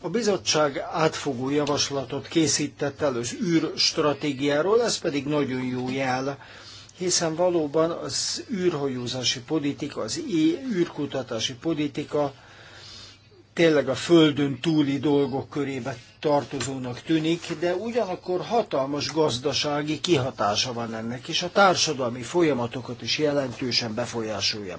Speaker 1: A bizottság átfogó javaslatot készített el az űrstratégiáról, ez pedig nagyon jó jel hiszen valóban az űrhajózási politika, az űrkutatási politika tényleg a földön túli dolgok körébe tartozónak tűnik, de ugyanakkor hatalmas gazdasági kihatása van ennek, és a társadalmi folyamatokat is jelentősen befolyásolja.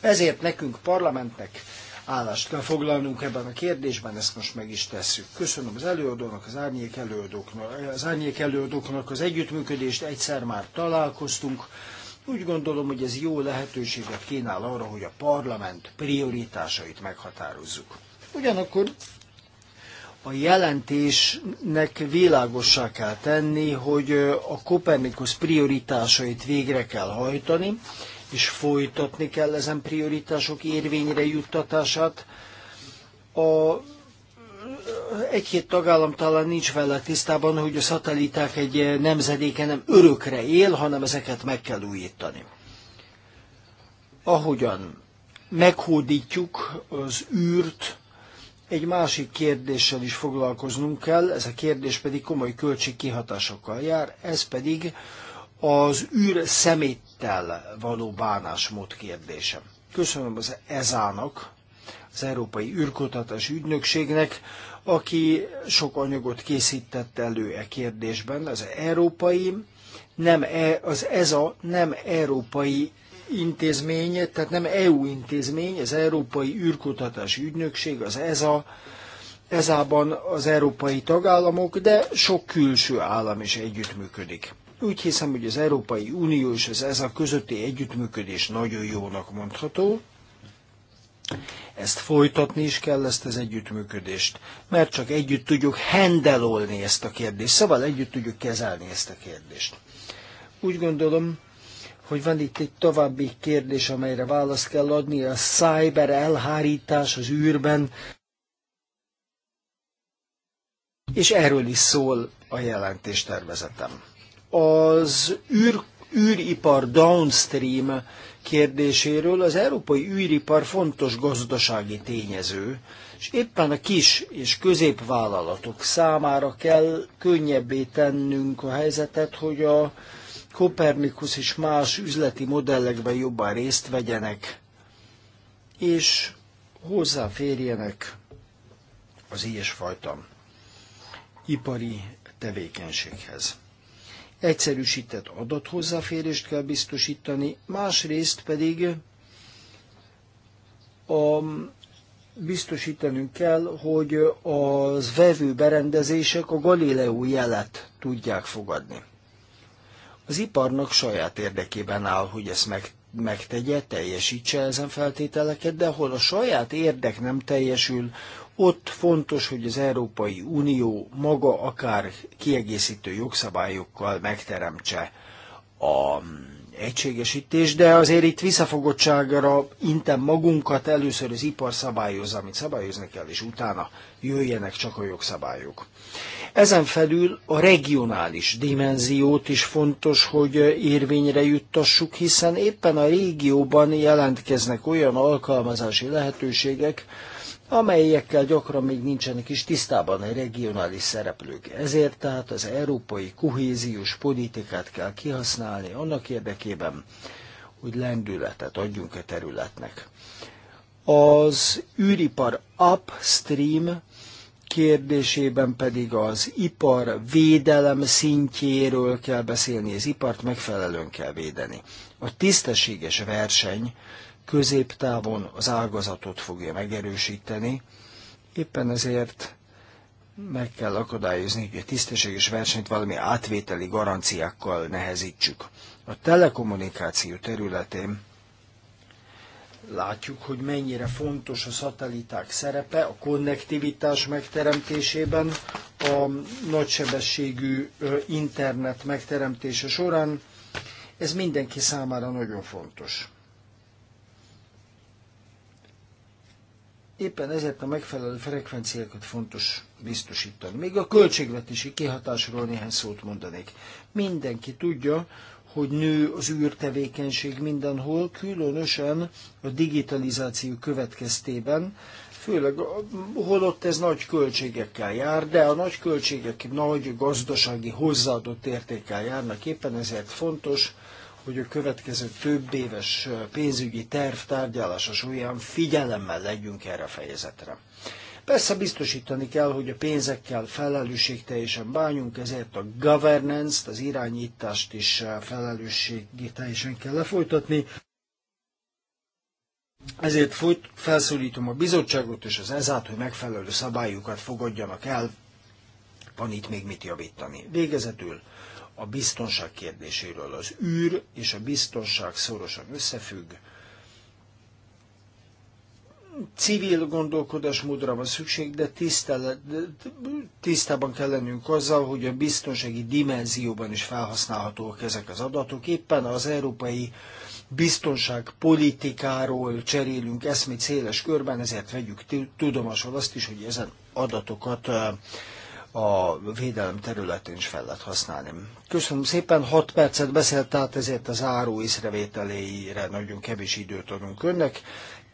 Speaker 1: Ezért nekünk parlamentnek állást kell foglalnunk ebben a kérdésben, ezt most meg is tesszük. Köszönöm az előadónak, az árnyék előadóknak, az árnyék előadóknak az együttműködést, egyszer már találkoztunk. Úgy gondolom, hogy ez jó lehetőséget kínál arra, hogy a parlament prioritásait meghatározzuk. Ugyanakkor a jelentésnek világossá kell tenni, hogy a Kopernikus prioritásait végre kell hajtani, és folytatni kell ezen prioritások érvényre juttatását. A egy-két tagállam talán nincs vele tisztában, hogy a szatelliták egy nemzedéke nem örökre él, hanem ezeket meg kell újítani. Ahogyan meghódítjuk az űrt, egy másik kérdéssel is foglalkoznunk kell, ez a kérdés pedig komoly költségkihatásokkal jár, ez pedig az űr szemét ezüsttel való bánásmód kérdése. Köszönöm az EZÁ-nak, az Európai ürkutatás ügynökségnek, aki sok anyagot készített elő e kérdésben. Az európai, nem e, az EZA nem európai intézmény, tehát nem EU intézmény, az Európai ürkutatás ügynökség, az EZA, ezában az európai tagállamok, de sok külső állam is együttműködik. Úgy hiszem, hogy az Európai Unió és az a közötti együttműködés nagyon jónak mondható. Ezt folytatni is kell, ezt az együttműködést, mert csak együtt tudjuk hendelolni ezt a kérdést, szóval együtt tudjuk kezelni ezt a kérdést. Úgy gondolom, hogy van itt egy további kérdés, amelyre választ kell adni, a cyber elhárítás az űrben, és erről is szól a jelentéstervezetem az űr, űripar downstream kérdéséről. Az európai űripar fontos gazdasági tényező, és éppen a kis és középvállalatok számára kell könnyebbé tennünk a helyzetet, hogy a Kopernikus és más üzleti modellekben jobban részt vegyenek, és hozzáférjenek az ilyesfajta ipari tevékenységhez egyszerűsített adathozzáférést kell biztosítani, másrészt pedig a, biztosítanunk kell, hogy az vevő berendezések a Galileo jelet tudják fogadni. Az iparnak saját érdekében áll, hogy ezt meg, megtegye, teljesítse ezen feltételeket, de hol a saját érdek nem teljesül, ott fontos, hogy az Európai Unió maga akár kiegészítő jogszabályokkal megteremtse a egységesítés, de azért itt visszafogottságra intem magunkat, először az ipar szabályoz, amit szabályozni kell, és utána jöjjenek csak a jogszabályok. Ezen felül a regionális dimenziót is fontos, hogy érvényre juttassuk, hiszen éppen a régióban jelentkeznek olyan alkalmazási lehetőségek, amelyekkel gyakran még nincsenek is tisztában a regionális szereplők. Ezért tehát az európai kohéziós politikát kell kihasználni annak érdekében, hogy lendületet adjunk a területnek. Az űripar upstream kérdésében pedig az ipar védelem szintjéről kell beszélni, az ipart megfelelően kell védeni. A tisztességes verseny középtávon az ágazatot fogja megerősíteni. Éppen ezért meg kell akadályozni, hogy a tisztességes versenyt valami átvételi garanciákkal nehezítsük. A telekommunikáció területén látjuk, hogy mennyire fontos a szatelliták szerepe a konnektivitás megteremtésében, a nagysebességű internet megteremtése során. Ez mindenki számára nagyon fontos. Éppen ezért a megfelelő frekvenciákat fontos biztosítani. Még a költségvetési kihatásról néhány szót mondanék. Mindenki tudja, hogy nő az űrtevékenység mindenhol, különösen a digitalizáció következtében, főleg holott ez nagy költségekkel jár, de a nagy költségek nagy gazdasági hozzáadott értékkel járnak, éppen ezért fontos, hogy a következő több éves pénzügyi terv tárgyalása során figyelemmel legyünk erre a fejezetre. Persze biztosítani kell, hogy a pénzekkel felelősségteljesen bánjunk, ezért a governance-t, az irányítást is felelősségteljesen kell lefolytatni. Ezért folyt, felszólítom a bizottságot és az ezát, hogy megfelelő szabályokat fogadjanak el. Van itt még mit javítani. Végezetül a biztonság kérdéséről. Az űr és a biztonság szorosan összefügg. Civil gondolkodásmódra van szükség, de tisztában kell lennünk azzal, hogy a biztonsági dimenzióban is felhasználhatóak ezek az adatok. Éppen az európai biztonságpolitikáról cserélünk eszmét széles körben, ezért vegyük tudomásul azt is, hogy ezen adatokat a védelem területén is fel lehet használni. Köszönöm szépen, 6 percet beszélt, tehát ezért az áru észrevételére nagyon kevés időt adunk önnek.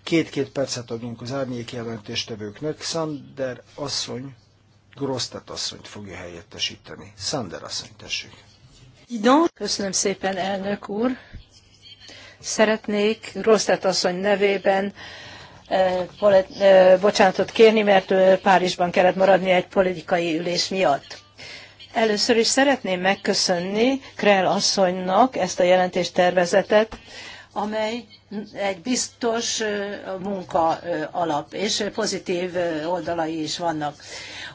Speaker 1: Két-két percet adunk az árnyék jelentéstevőknek. Sander asszony, Grosztet asszonyt fogja helyettesíteni. Sander asszony, tessék.
Speaker 3: Köszönöm szépen, elnök úr. Szeretnék Grosztet asszony nevében bocsánatot kérni, mert Párizsban kellett maradni egy politikai ülés miatt. Először is szeretném megköszönni Krell asszonynak ezt a jelentéstervezetet, amely egy biztos munka alap, és pozitív oldalai is vannak.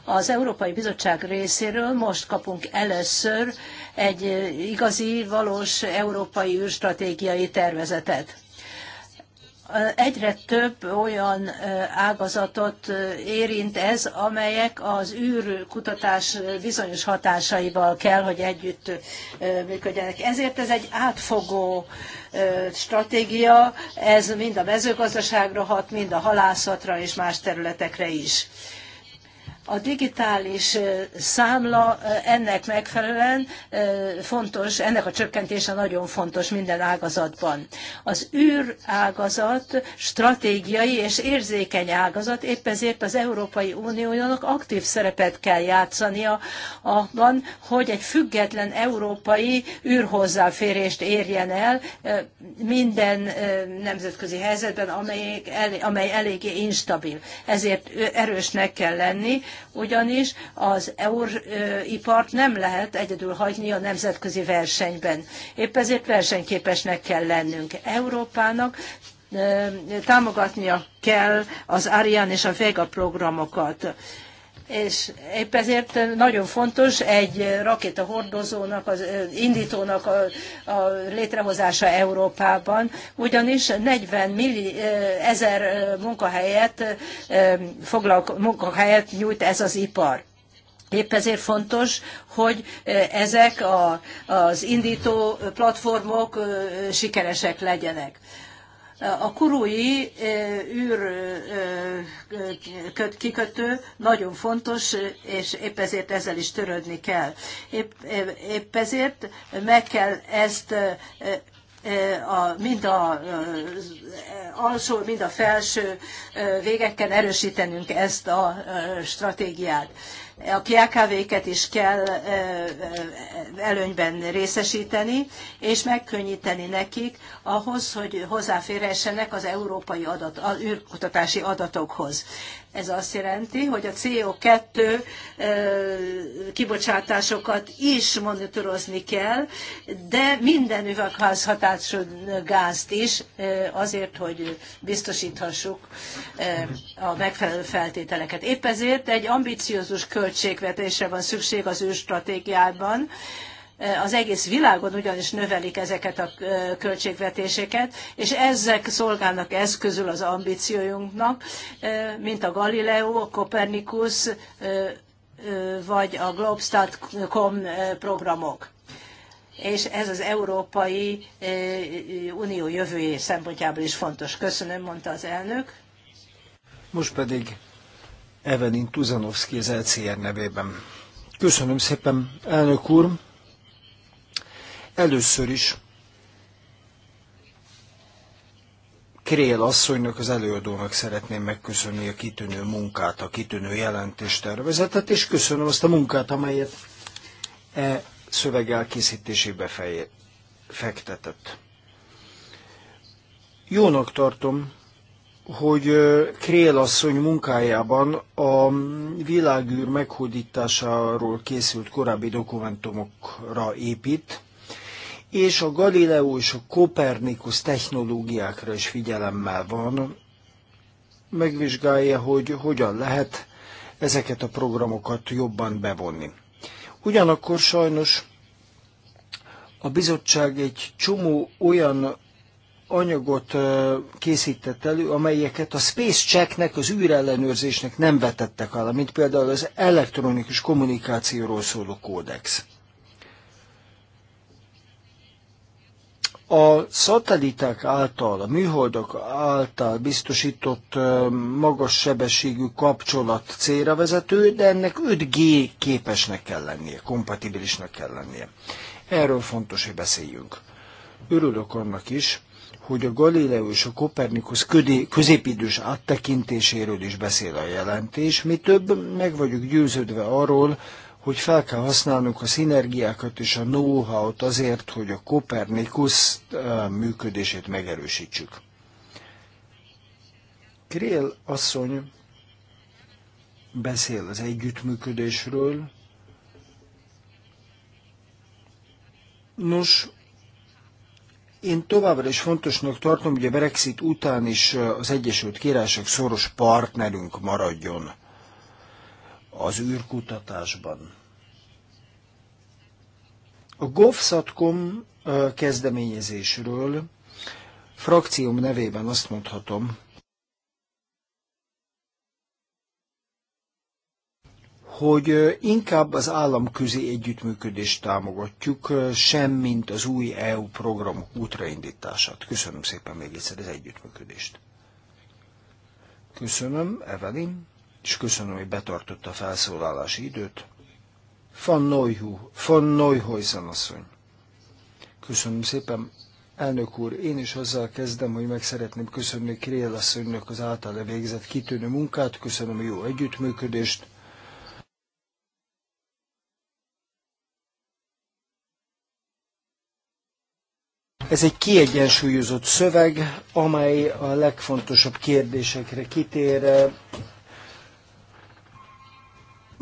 Speaker 3: Az Európai Bizottság részéről most kapunk először egy igazi, valós európai űrstratégiai tervezetet egyre több olyan ágazatot érint ez, amelyek az űrkutatás bizonyos hatásaival kell, hogy együtt működjenek. Ezért ez egy átfogó stratégia, ez mind a mezőgazdaságra hat, mind a halászatra és más területekre is. A digitális számla ennek megfelelően fontos, ennek a csökkentése nagyon fontos minden ágazatban. Az űrágazat stratégiai és érzékeny ágazat, épp ezért az Európai Uniónak aktív szerepet kell játszania abban, hogy egy független európai űrhozzáférést érjen el minden nemzetközi helyzetben, amely, amely eléggé instabil. Ezért erősnek kell lenni, ugyanis az EU ipart nem lehet egyedül hagyni a nemzetközi versenyben. Épp ezért versenyképesnek kell lennünk. Európának támogatnia kell az Ariane és a Vega programokat és épp ezért nagyon fontos egy rakéta hordozónak az indítónak a, a létrehozása Európában, ugyanis 40 milli, ezer munkahelyet, foglalk, munkahelyet nyújt ez az ipar. Épp ezért fontos, hogy ezek a, az indító platformok sikeresek legyenek. A kurui űr kikötő nagyon fontos, és épp ezért ezzel is törődni kell. Épp, épp ezért meg kell ezt a, mind a alsó, mind a felső végeken erősítenünk ezt a stratégiát a KKV-ket is kell előnyben részesíteni, és megkönnyíteni nekik ahhoz, hogy hozzáférhessenek az európai adat, űrkutatási adatokhoz. Ez azt jelenti, hogy a CO2 kibocsátásokat is monitorozni kell, de minden üvegházhatású gázt is, azért, hogy biztosíthassuk a megfelelő feltételeket. Épp ezért egy ambiciózus költségvetésre van szükség az űrstratégiában, az egész világon ugyanis növelik ezeket a költségvetéseket, és ezek szolgálnak eszközül az ambíciójunknak, mint a Galileo, a Copernicus vagy a Globstat.com programok. És ez az Európai Unió jövője szempontjából is fontos. Köszönöm, mondta az elnök.
Speaker 1: Most pedig Evelyn Tuzanovszki az LCR e nevében. Köszönöm szépen, elnök úr! Először is Krél asszonynak, az előadónak szeretném megköszönni a kitűnő munkát, a kitűnő jelentéstervezetet, és köszönöm azt a munkát, amelyet e szöveg elkészítésébe fektetett. Jónak tartom, hogy Krél asszony munkájában a világűr meghódításáról készült korábbi dokumentumokra épít, és a Galileo és a Kopernikus technológiákra is figyelemmel van, megvizsgálja, hogy hogyan lehet ezeket a programokat jobban bevonni. Ugyanakkor sajnos a bizottság egy csomó olyan anyagot készített elő, amelyeket a Space Checknek, az űrellenőrzésnek nem vetettek alá, mint például az elektronikus kommunikációról szóló kódex. A szatelliták által, a műholdak által biztosított magas sebességű kapcsolat célra vezető, de ennek 5G képesnek kell lennie, kompatibilisnek kell lennie. Erről fontos, hogy beszéljünk. Örülök annak is, hogy a Galileo és a Kopernikus középidős áttekintéséről is beszél a jelentés, mi több meg vagyunk győződve arról, hogy fel kell használnunk a szinergiákat és a know-how-t azért, hogy a Kopernikus működését megerősítsük. Krél asszony beszél az együttműködésről. Nos, én továbbra is fontosnak tartom, hogy a Brexit után is az Egyesült Királyság szoros partnerünk maradjon az űrkutatásban. A GovSatcom kezdeményezésről frakcióm nevében azt mondhatom, hogy inkább az államközi együttműködést támogatjuk, semmint az új EU program útraindítását. Köszönöm szépen még egyszer az együttműködést. Köszönöm, Evelyn és köszönöm, hogy betartotta a felszólalási időt. Van Neuhu, Van Neuhuisen asszony. Köszönöm szépen. Elnök úr, én is azzal kezdem, hogy meg szeretném köszönni Krél asszonynak az általa végzett kitűnő munkát, köszönöm a jó együttműködést. Ez egy kiegyensúlyozott szöveg, amely a legfontosabb kérdésekre kitér,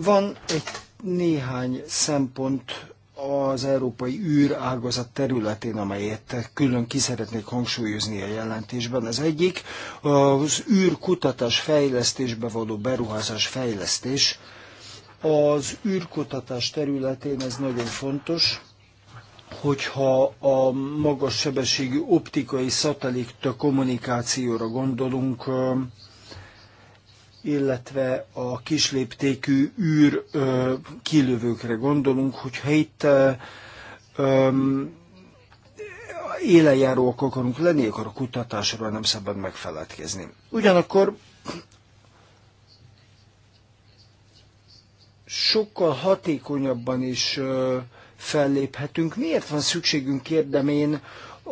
Speaker 1: van egy néhány szempont az európai űrágazat területén, amelyet külön ki szeretnék hangsúlyozni a jelentésben. Az egyik az űrkutatás fejlesztésbe való beruházás fejlesztés. Az űrkutatás területén ez nagyon fontos, hogyha a magas sebességű optikai szatellita kommunikációra gondolunk, illetve a kisléptékű űr ö, kilövőkre gondolunk, hogyha itt ö, ö, akarunk lenni, akkor a kutatásról nem szabad megfeledkezni. Ugyanakkor sokkal hatékonyabban is ö, felléphetünk. Miért van szükségünk érdemén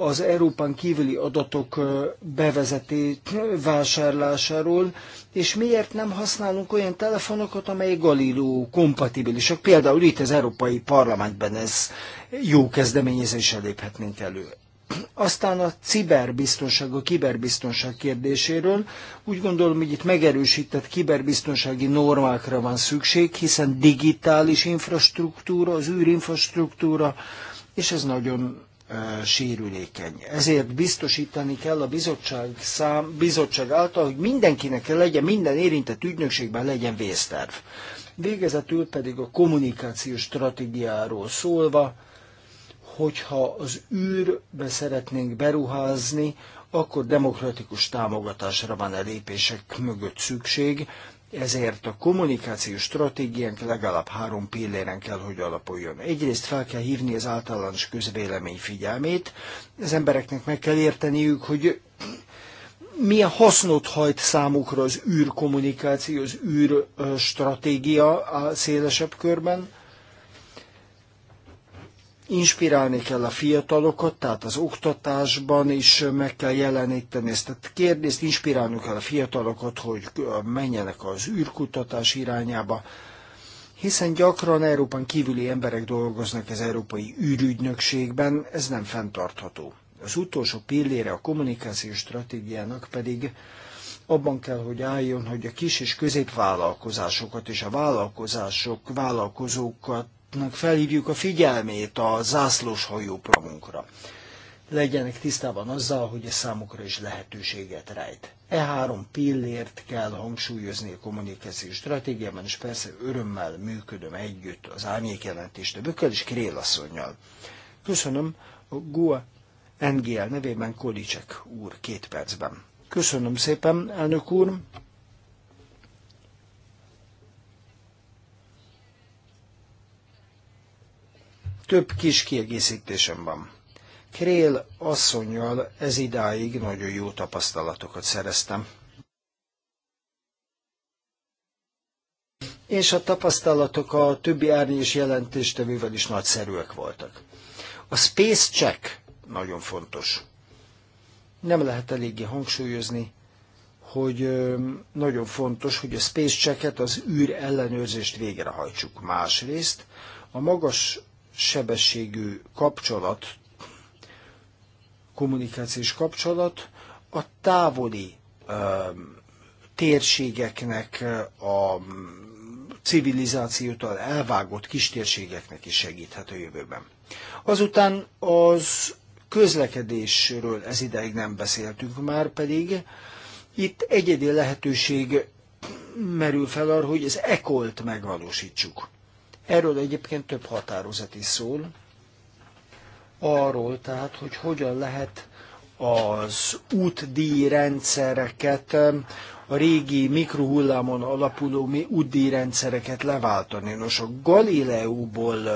Speaker 1: az Európán kívüli adatok bevezetét vásárlásáról, és miért nem használunk olyan telefonokat, amelyek Galileo kompatibilisek. Például itt az Európai Parlamentben ez jó kezdeményezéssel léphetnénk elő. Aztán a ciberbiztonság, a kiberbiztonság kérdéséről úgy gondolom, hogy itt megerősített kiberbiztonsági normákra van szükség, hiszen digitális infrastruktúra, az űrinfrastruktúra, és ez nagyon sérülékeny. Ezért biztosítani kell a bizottság, szám, bizottság által, hogy mindenkinek legyen, minden érintett ügynökségben legyen vészterv. Végezetül pedig a kommunikációs stratégiáról szólva, hogyha az űrbe szeretnénk beruházni, akkor demokratikus támogatásra van a lépések mögött szükség, ezért a kommunikációs stratégiánk legalább három pilléren kell, hogy alapuljon. Egyrészt fel kell hívni az általános közvélemény figyelmét, az embereknek meg kell érteniük, hogy milyen hasznot hajt számukra az űrkommunikáció, az űrstratégia a szélesebb körben, inspirálni kell a fiatalokat, tehát az oktatásban is meg kell jeleníteni ezt a kérdést, inspirálni kell a fiatalokat, hogy menjenek az űrkutatás irányába, hiszen gyakran Európán kívüli emberek dolgoznak az Európai űrügynökségben, ez nem fenntartható. Az utolsó pillére a kommunikációs stratégiának pedig abban kell, hogy álljon, hogy a kis és középvállalkozásokat és a vállalkozások, vállalkozókat felhívjuk a figyelmét a zászlós hajópromunkra. Legyenek tisztában azzal, hogy ez számukra is lehetőséget rejt. E három pillért kell hangsúlyozni a kommunikációs stratégiában, és persze örömmel működöm együtt az árnyékjelentéstevőkkel és Krélasszonynal. Köszönöm a GUA NGL nevében Kolicek úr két percben. Köszönöm szépen, elnök úr! Több kis kiegészítésem van. Krél asszonyjal ez idáig nagyon jó tapasztalatokat szereztem. És a tapasztalatok a többi árnyés jelentéstevővel is nagyszerűek voltak. A space check nagyon fontos. Nem lehet eléggé hangsúlyozni, hogy nagyon fontos, hogy a space checket, az űr ellenőrzést végrehajtsuk. Másrészt a magas sebességű kapcsolat, kommunikációs kapcsolat a távoli ö, um, térségeknek, a um, civilizációtól elvágott kistérségeknek is segíthet a jövőben. Azután az közlekedésről ez ideig nem beszéltünk már, pedig itt egyedi lehetőség merül fel arra, hogy az ekolt megvalósítsuk. Erről egyébként több határozat is szól, arról tehát, hogy hogyan lehet az útdíjrendszereket, a régi mikrohullámon alapuló útdíjrendszereket leváltani. Nos, a Galileóból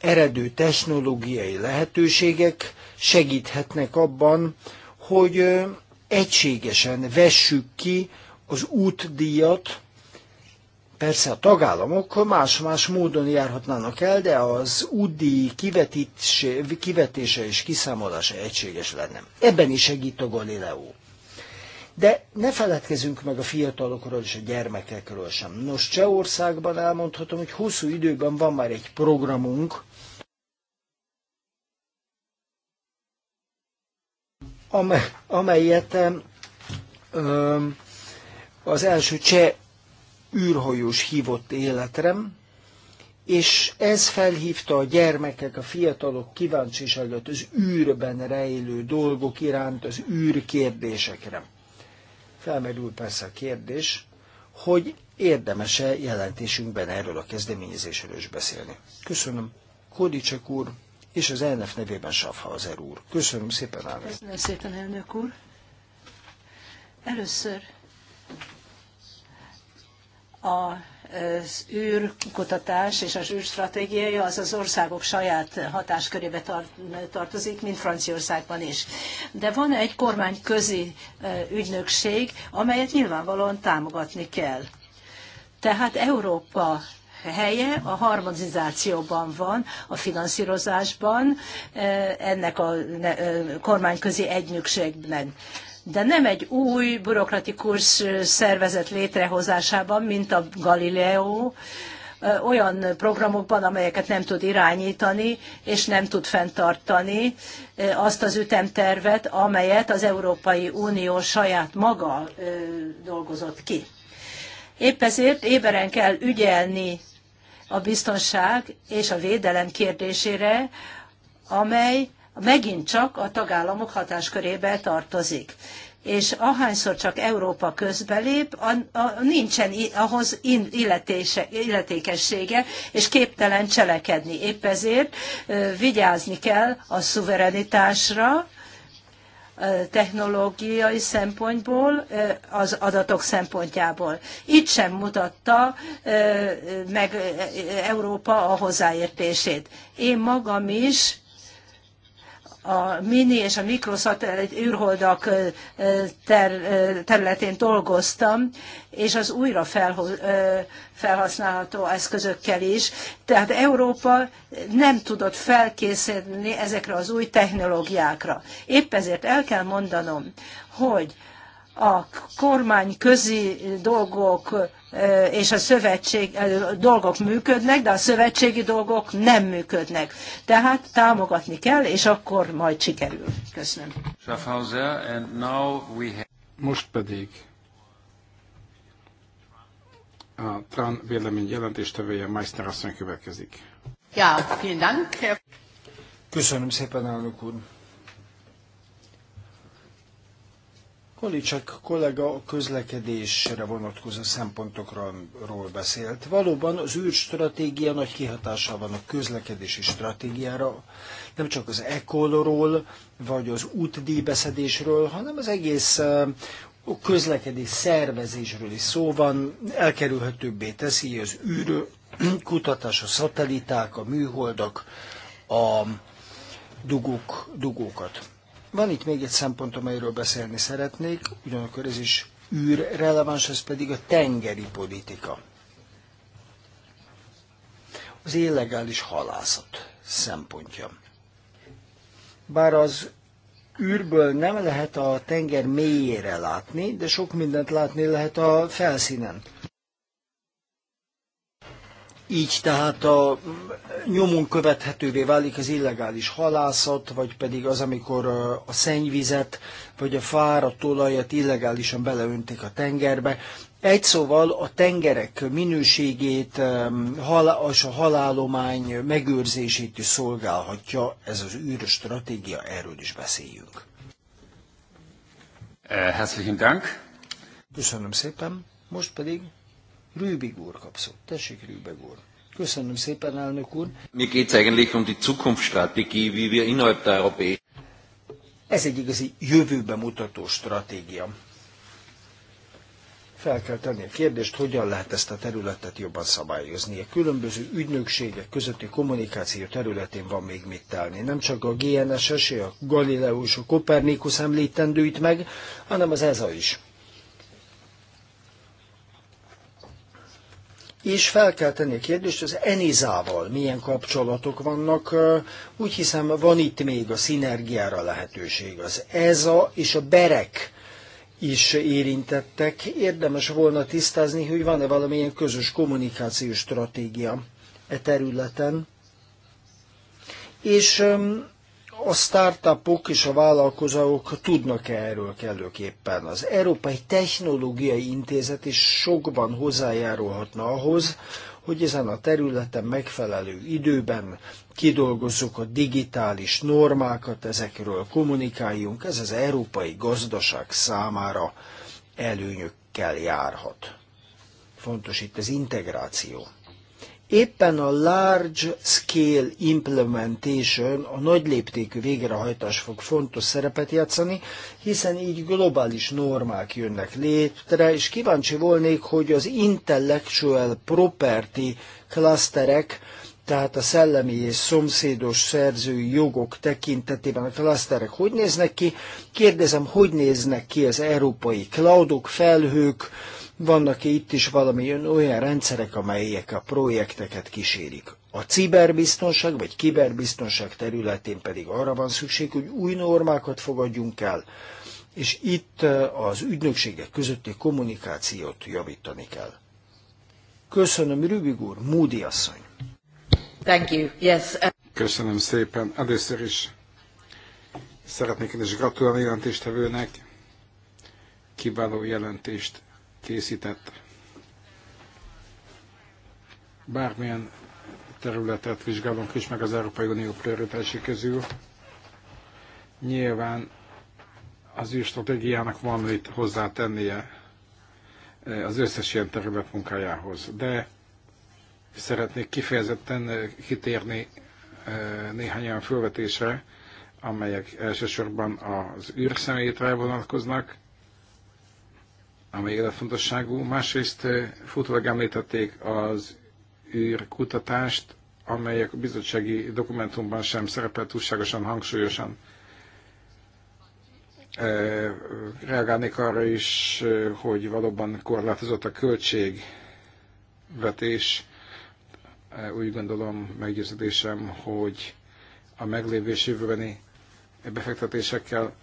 Speaker 1: eredő technológiai lehetőségek segíthetnek abban, hogy egységesen vessük ki az útdíjat Persze a tagállamok más-más módon járhatnának el, de az UDI kivetítése, kivetése és kiszámolása egységes lenne. Ebben is segít a Galileo. De ne feledkezünk meg a fiatalokról és a gyermekekről sem. Nos, Csehországban elmondhatom, hogy hosszú időben van már egy programunk, amelyet az első cseh űrhajós hívott életre, és ez felhívta a gyermekek, a fiatalok kíváncsiságot az űrben rejlő dolgok iránt, az űr kérdésekre. Felmerül persze a kérdés, hogy érdemese jelentésünkben erről a kezdeményezésről is beszélni. Köszönöm. Kodicsek úr, és az elnök nevében Safhauser úr. Köszönöm szépen, elnök.
Speaker 3: Köszönöm szépen, elnök úr. Először az űrkutatás és az űrstratégiája az az országok saját hatáskörébe tartozik, mint Franciaországban is. De van egy kormányközi ügynökség, amelyet nyilvánvalóan támogatni kell. Tehát Európa helye a harmonizációban van, a finanszírozásban, ennek a kormányközi egynökségben de nem egy új bürokratikus szervezet létrehozásában, mint a Galileo, olyan programokban, amelyeket nem tud irányítani, és nem tud fenntartani azt az ütemtervet, amelyet az Európai Unió saját maga dolgozott ki. Épp ezért éberen kell ügyelni a biztonság és a védelem kérdésére, amely megint csak a tagállamok hatáskörébe tartozik. És ahányszor csak Európa közbelép, a, a, nincsen ahhoz illetése, illetékessége, és képtelen cselekedni. Épp ezért ö, vigyázni kell a szuverenitásra, technológiai szempontból, az adatok szempontjából. Itt sem mutatta meg Európa a hozzáértését. Én magam is a mini és a mikrosatellit űrholdak ter, területén dolgoztam, és az újra felhasználható eszközökkel is. Tehát Európa nem tudott felkészülni ezekre az új technológiákra. Épp ezért el kell mondanom, hogy a kormány közi dolgok és a szövetség a dolgok működnek, de a szövetségi dolgok nem működnek. Tehát támogatni kell, és akkor majd sikerül. Köszönöm.
Speaker 2: Most pedig a TRAN vélemény jelentéstevője Meissner asszony következik.
Speaker 3: Ja, vielen Dank.
Speaker 1: Köszönöm szépen, elnök úr. csak kollega a közlekedésre vonatkozó szempontokról beszélt. Valóban az űrstratégia nagy kihatással van a közlekedési stratégiára, nem csak az ekolról, vagy az útdíjbeszedésről, hanem az egész eh, a közlekedés szervezésről is szó van, elkerülhetőbbé teszi az űr kutatás, a szatelliták, a műholdak, a dugók, dugókat. Van itt még egy szempont, amelyről beszélni szeretnék, ugyanakkor ez is űrreleváns, releváns, ez pedig a tengeri politika. Az illegális halászat szempontja. Bár az űrből nem lehet a tenger mélyére látni, de sok mindent látni lehet a felszínen. Így tehát a nyomon követhetővé válik az illegális halászat, vagy pedig az, amikor a szennyvizet, vagy a fára tolajat illegálisan beleöntik a tengerbe. Egy szóval a tengerek minőségét és a halálomány megőrzését is szolgálhatja ez az űrös stratégia, erről is beszéljünk.
Speaker 2: Eh, herzlichen Dank.
Speaker 1: Köszönöm szépen. Most pedig Rübig úr kapszott. Tessék, Rübig úr. Köszönöm szépen, elnök úr. Mi geht's eigentlich um die Zukunftsstrategie, wie wir innerhalb der Europäischen ez egy igazi jövőbe mutató stratégia. Fel kell tenni a kérdést, hogyan lehet ezt a területet jobban szabályozni. A különböző ügynökségek közötti kommunikáció területén van még mit telni. Nem csak a GNSS, a Galileo és a Kopernikus említendőit meg, hanem az ESA is. és fel kell tenni a kérdést, az Enizával milyen kapcsolatok vannak. Úgy hiszem, van itt még a szinergiára lehetőség. Az EZA és a BEREK is érintettek. Érdemes volna tisztázni, hogy van-e valamilyen közös kommunikációs stratégia e területen. És a startupok és a vállalkozók tudnak -e erről kellőképpen. Az Európai Technológiai Intézet is sokban hozzájárulhatna ahhoz, hogy ezen a területen megfelelő időben kidolgozzuk a digitális normákat, ezekről kommunikáljunk, ez az európai gazdaság számára előnyökkel járhat. Fontos itt az integráció. Éppen a large scale implementation, a nagy léptékű végrehajtás fog fontos szerepet játszani, hiszen így globális normák jönnek létre, és kíváncsi volnék, hogy az intellectual property klaszterek, tehát a szellemi és szomszédos szerzői jogok tekintetében a klaszterek hogy néznek ki. Kérdezem, hogy néznek ki az európai cloudok, felhők, vannak-e itt is valami olyan rendszerek, amelyek a projekteket kísérik. A ciberbiztonság vagy kiberbiztonság területén pedig arra van szükség, hogy új normákat fogadjunk el, és itt az ügynökségek közötti kommunikációt javítani kell. Köszönöm, Rübig úr, Moody asszony.
Speaker 3: Thank you. Yes. Uh,
Speaker 2: Köszönöm szépen. Először is szeretnék én is gratulálni jelentéstevőnek. Kiváló jelentést készített bármilyen területet vizsgálunk is meg az Európai Unió prioritási közül, nyilván az stratégiának van itt hozzátennie e, az összes ilyen terület munkájához. De szeretnék kifejezetten kitérni e, néhány olyan felvetésre, amelyek elsősorban az űrszemélyre vonatkoznak, amely életfontosságú. Másrészt eh, futólag említették az űrkutatást, amelyek a bizottsági dokumentumban sem szerepel túlságosan hangsúlyosan. Eh, reagálnék arra is, eh, hogy valóban korlátozott a költségvetés. Úgy gondolom, meggyőződésem, hogy a meglévés jövőbeni befektetésekkel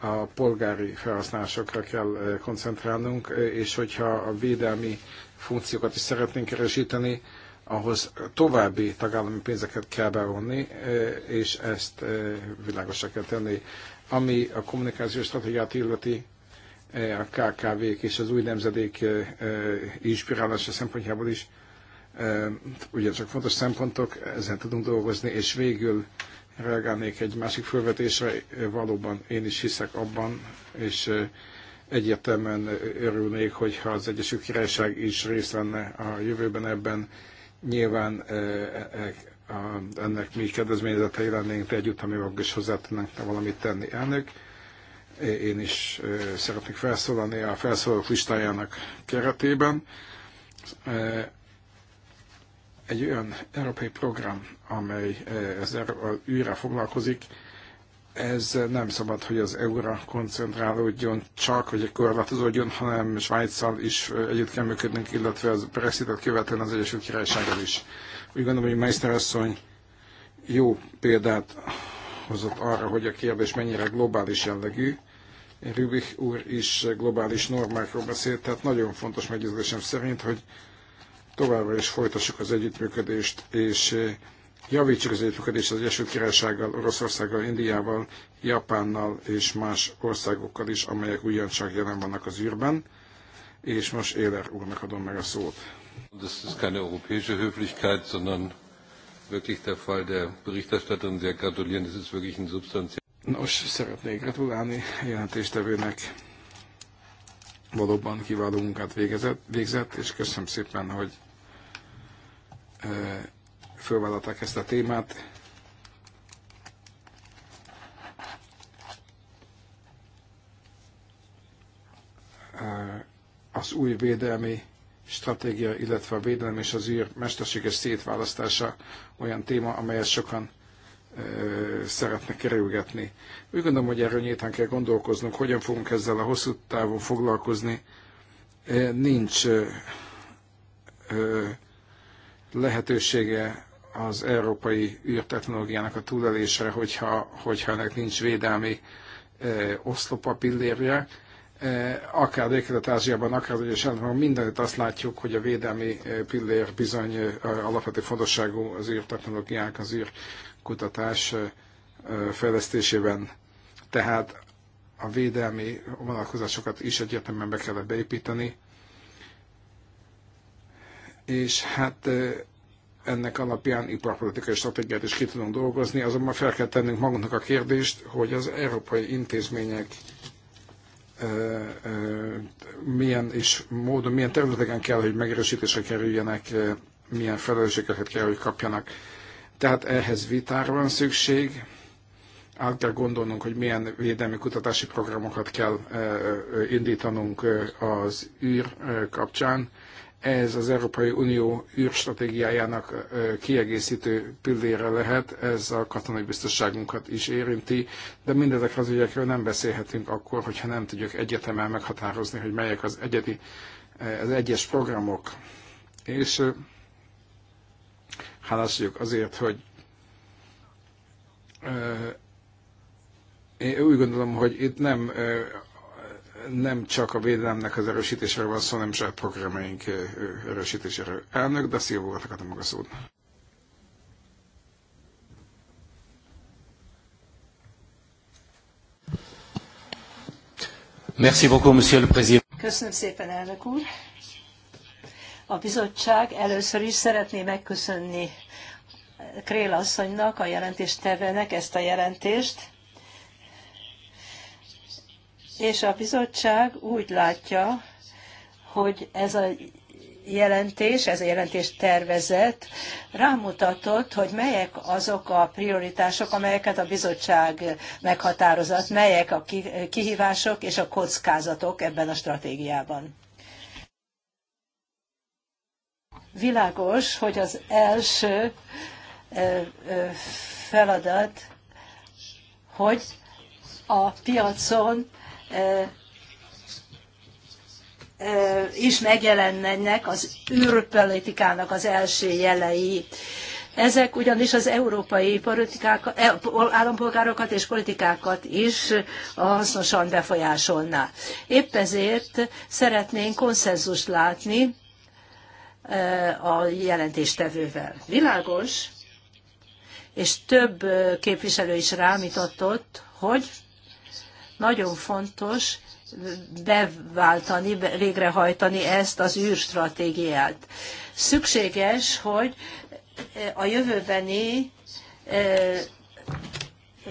Speaker 2: a polgári felhasználásokra kell eh, koncentrálnunk, eh, és hogyha a védelmi funkciókat is szeretnénk erősíteni, ahhoz további tagállami pénzeket kell bevonni, eh, és ezt világosra kell tenni. Ami a kommunikációs stratégiát illeti, a KKV-k és az új nemzedék inspirálása szempontjából is ugyancsak fontos szempontok, ezen tudunk dolgozni, és végül reagálnék egy másik felvetésre, valóban én is hiszek abban, és egyértelműen örülnék, hogyha az Egyesült Királyság is részt venne a jövőben ebben. Nyilván e, e, ennek mi kedvezményezetei lennénk, de együtt, ami maga is hozzá valamit tenni. Elnök, én is szeretnék felszólalni a felszólalók listájának keretében egy olyan európai program, amely eh, az űrre foglalkozik, ez nem szabad, hogy az EU-ra koncentrálódjon csak, vagy korlátozódjon, hanem Svájccal is eh, együtt kell működnünk, illetve az Brexitet követően az Egyesült Királysággal is. Úgy gondolom, hogy Meister asszony jó példát hozott arra, hogy a kérdés mennyire globális jellegű. Rübich úr is globális normákról beszélt, tehát nagyon fontos meggyőződésem szerint, hogy továbbra is folytassuk az együttműködést, és eh, javítsuk az együttműködést az Egyesült Királysággal, Oroszországgal, Indiával, Japánnal és más országokkal is, amelyek ugyancsak jelen vannak az űrben. És most Éler úrnak adom meg a szót. Das ist keine europäische Höflichkeit, sondern wirklich der Fall der Berichterstatterin sehr gratulieren. Das ist wirklich ein substanziell. Nos, szeretnék gratulálni jelentéstevőnek valóban kiváló munkát végezett, végzett, és köszönöm szépen, hogy fölvállalták ezt a témát. Az új védelmi stratégia, illetve a védelem és az űr mesterséges szétválasztása olyan téma, amelyet sokan szeretne kerülgetni. Úgy gondolom, hogy erről nyíltan kell gondolkoznunk, hogyan fogunk ezzel a hosszú távon foglalkozni. Nincs lehetősége az európai űrtechnológiának a túlélésre, hogyha, hogyha ennek nincs védelmi oszlopa pillérje. Akár Dékelet-Ázsiában, akár az Egyes Államokban mindenütt azt látjuk, hogy a védelmi pillér bizony alapvető fontosságú az űrtechnológiák, az űr kutatás fejlesztésében. Tehát a védelmi vonatkozásokat is egyértelműen be kellett beépíteni, és hát ennek alapján iparpolitikai stratégiát is ki tudunk dolgozni, azonban fel kell tennünk magunknak a kérdést, hogy az európai intézmények milyen és módon, milyen területeken kell, hogy megerősítésre kerüljenek, milyen felelősségeket kell, hogy kapjanak tehát ehhez vitára van szükség, át kell gondolnunk, hogy milyen védelmi kutatási programokat kell indítanunk az űr kapcsán. Ez az Európai Unió űrstratégiájának kiegészítő pillére lehet, ez a katonai biztonságunkat is érinti, de mindezek az ügyekről nem beszélhetünk akkor, hogyha nem tudjuk egyetemel meghatározni, hogy melyek az egyedi, az egyes programok. És hálás vagyok azért, hogy én úgy gondolom, hogy itt nem, nem csak a védelemnek az erősítésére van szó, nem saját programjaink erősítésére. Elnök, de volt, akartam maga szót.
Speaker 1: Merci beaucoup, monsieur le président.
Speaker 3: Köszönöm szépen, elnök úr. A bizottság először is szeretné megköszönni Krél asszonynak, a jelentéstevőnek ezt a jelentést, és a bizottság úgy látja, hogy ez a jelentés, ez a jelentés tervezet rámutatott, hogy melyek azok a prioritások, amelyeket a bizottság meghatározott, melyek a kihívások és a kockázatok ebben a stratégiában. Világos, hogy az első feladat, hogy a piacon is megjelennek az űrpolitikának az első jelei. Ezek ugyanis az európai politikák, e, állampolgárokat és politikákat is hasznosan befolyásolná. Épp ezért szeretnénk konszenzust látni a jelentéstevővel. Világos, és több képviselő is rámított ott, hogy nagyon fontos beváltani, végrehajtani ezt az űrstratégiát. Szükséges, hogy a jövőbeni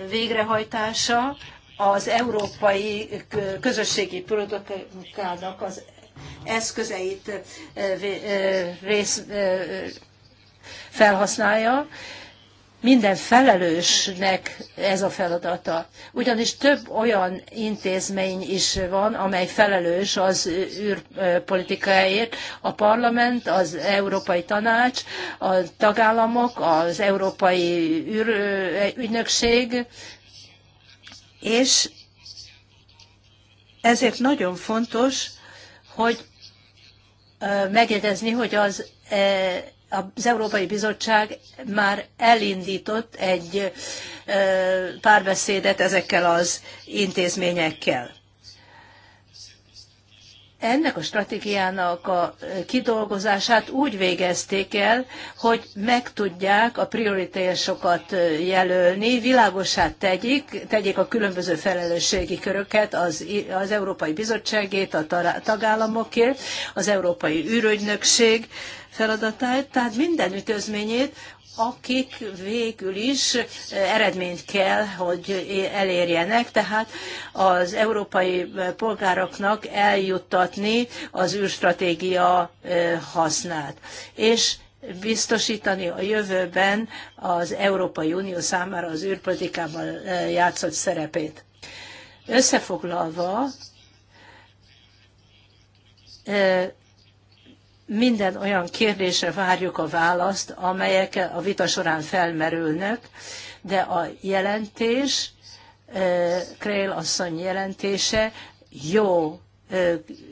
Speaker 3: végrehajtása az európai közösségi produktának az eszközeit rész felhasználja, minden felelősnek ez a feladata. Ugyanis több olyan intézmény is van, amely felelős az űrpolitikáért. A parlament, az Európai Tanács, a tagállamok, az Európai űrügynökség, és ezért nagyon fontos, hogy megjegyezni, hogy az, az Európai Bizottság már elindított egy párbeszédet ezekkel az intézményekkel ennek a stratégiának a kidolgozását úgy végezték el, hogy meg tudják a prioritásokat jelölni, világosát tegyék, tegyék a különböző felelősségi köröket, az, az Európai Bizottságét, a tagállamokért, az Európai űrögynökség feladatát, tehát minden ütözményét, akik végül is eh, eredményt kell, hogy elérjenek, tehát az európai eh, polgároknak eljuttatni az űrstratégia eh, hasznát. És biztosítani a jövőben az Európai Unió számára az űrpolitikában játszott szerepét. Összefoglalva, minden olyan kérdésre várjuk a választ, amelyek a vita során felmerülnek, de a jelentés, Krél asszony jelentése jó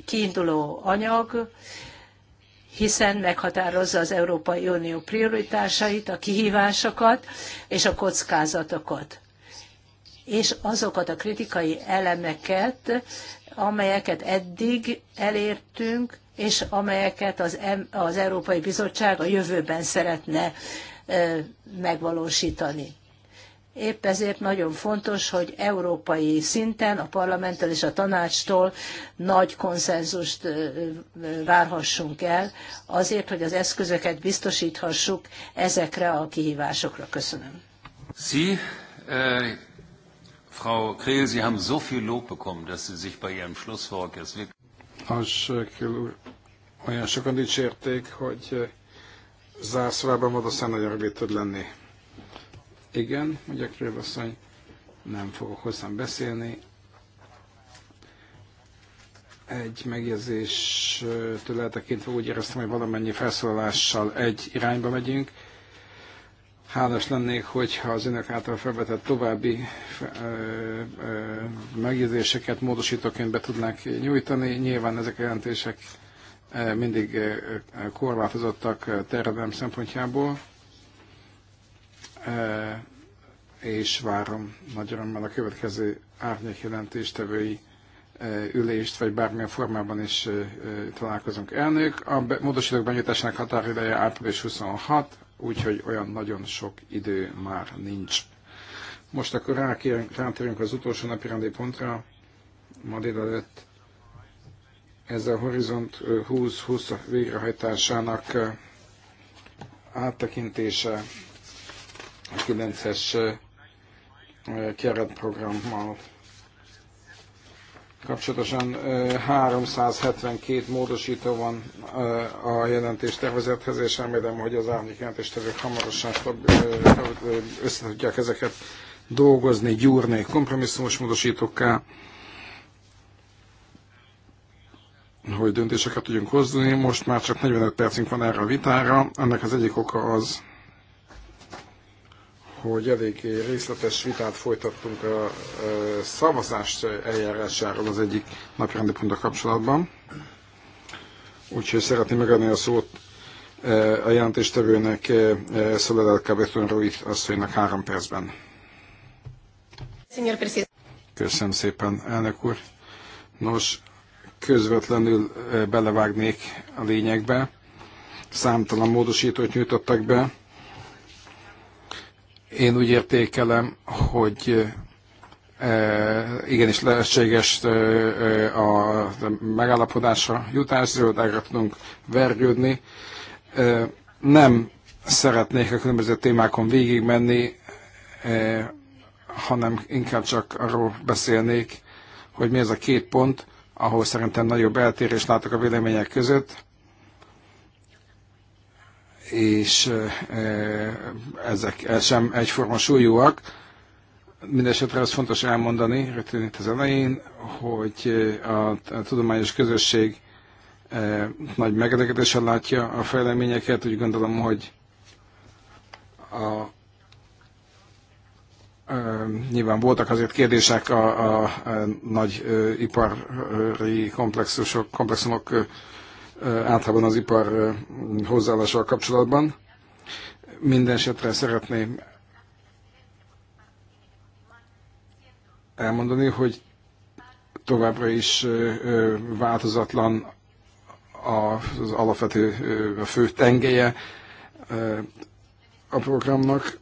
Speaker 3: kiinduló anyag, hiszen meghatározza az Európai Unió prioritásait, a kihívásokat és a kockázatokat. És azokat a kritikai elemeket, amelyeket eddig elértünk, és amelyeket az, az Európai Bizottság a jövőben szeretne megvalósítani. Épp ezért nagyon fontos, hogy európai szinten, a parlamenttel és a tanácstól nagy konszenzust várhassunk el, azért, hogy az eszközöket biztosíthassuk ezekre a kihívásokra. Köszönöm.
Speaker 2: Sie, eh, Frau
Speaker 3: Krehl, Sie haben
Speaker 1: so viel Lob bekommen, dass Sie sich bei Ihrem Schlusswort jetzt wirklich...
Speaker 2: Hans Krehl úr, olyan sokan dicsérték, hogy zászlában valószínűleg nagyon rövid tud lenni. Igen, mondja asszony, nem fogok hozzám beszélni. Egy megjegyzéstől eltekintve úgy éreztem, hogy valamennyi felszólalással egy irányba megyünk. Hálás lennék, hogyha az önök által felvetett további megjegyzéseket módosítóként be tudnák nyújtani. Nyilván ezek a jelentések Eh, mindig eh, eh, korlátozottak terjedelem szempontjából, és várom nagyon már a következő árnyék jelentéstevői ülést, vagy bármilyen formában is találkozunk. Elnök, a módosítók benyújtásának határideje április 26, úgyhogy olyan nagyon sok idő már nincs. Most akkor rátérünk az utolsó napi rendi pontra, ma délelőtt ez a Horizont 2020 végrehajtásának áttekintése a 9-es keretprogrammal kapcsolatosan 372 módosító van a jelentés tervezethez, és remélem, hogy az árnyék jelentéstevők hamarosan össze tudják ezeket dolgozni, gyúrni kompromisszumos módosítókká. hogy döntéseket tudjunk hozni. Most már csak 45 percünk van erre a vitára. Ennek az egyik oka az, hogy elég részletes vitát folytattunk a szavazás eljárásáról az egyik napirendi ponttal kapcsolatban. Úgyhogy szeretném megadni a szót a jelentéstevőnek Soledad Cabezon Ruiz asszonynak három percben. Köszönöm szépen, elnök úr. Nos, közvetlenül eh, belevágnék a lényegbe. Számtalan módosítót nyújtottak be. Én úgy értékelem, hogy eh, eh, igenis lehetséges a megállapodásra jutás, zöldágra tudunk vergődni. Nem szeretnék a különböző témákon végigmenni, hanem inkább csak arról beszélnék, hogy mi ez a két pont, ahol szerintem nagyobb eltérés látok a vélemények között, és ezek sem egyforma súlyúak. Mindenesetre az fontos elmondani rögtön itt az elején, hogy a tudományos közösség nagy megedegetéssel látja a fejleményeket. Úgy gondolom, hogy a Nyilván voltak azért kérdések a, a, a nagy ipari komplexusok, komplexumok általában az ipar hozzáállással kapcsolatban. Minden esetre szeretném elmondani, hogy továbbra is változatlan az alapvető, a fő tengelye a programnak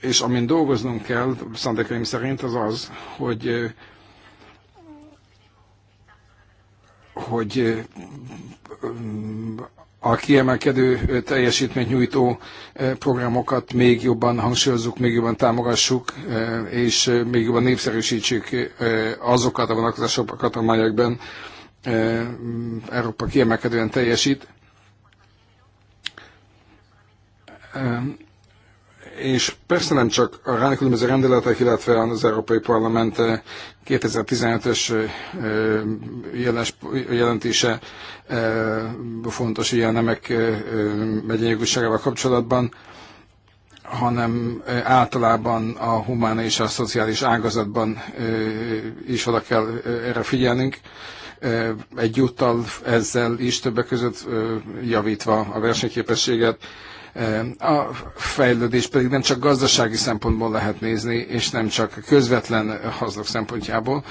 Speaker 2: és amin dolgoznunk kell, szándékaim szerint, az az, hogy hogy a kiemelkedő teljesítményt nyújtó programokat még jobban hangsúlyozzuk, még jobban támogassuk, és még jobban népszerűsítsük azokat a vonatkozásokat, amelyekben Európa kiemelkedően teljesít és persze nem csak a rá különböző rendeletek, illetve az Európai Parlament 2015-ös eh, eh, eh, jelentése fontos ilyen nemek egyenjogúságával kapcsolatban, hanem általában a humán és a szociális ágazatban is oda kell erre figyelnünk egyúttal ezzel is többek között javítva a versenyképességet, a fejlődés pedig nem csak gazdasági szempontból lehet nézni, és nem csak közvetlen hasznok szempontjából.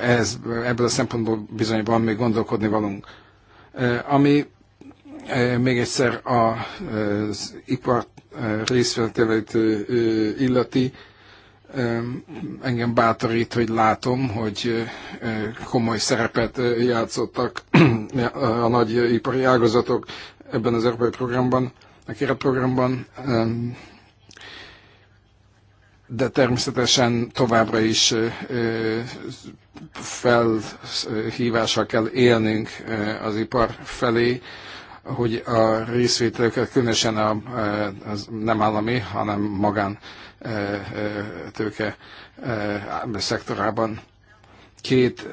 Speaker 2: Ez, ebből a szempontból bizony van még gondolkodni valunk. Ami még egyszer az ipar részfeltételét illeti, engem bátorít, hogy látom, hogy komoly szerepet játszottak a nagy ipari ágazatok ebben az európai programban, a keretprogramban, de természetesen továbbra is felhívással kell élnünk az ipar felé, hogy a részvételőket, különösen a, az nem állami, hanem magán tőke szektorában két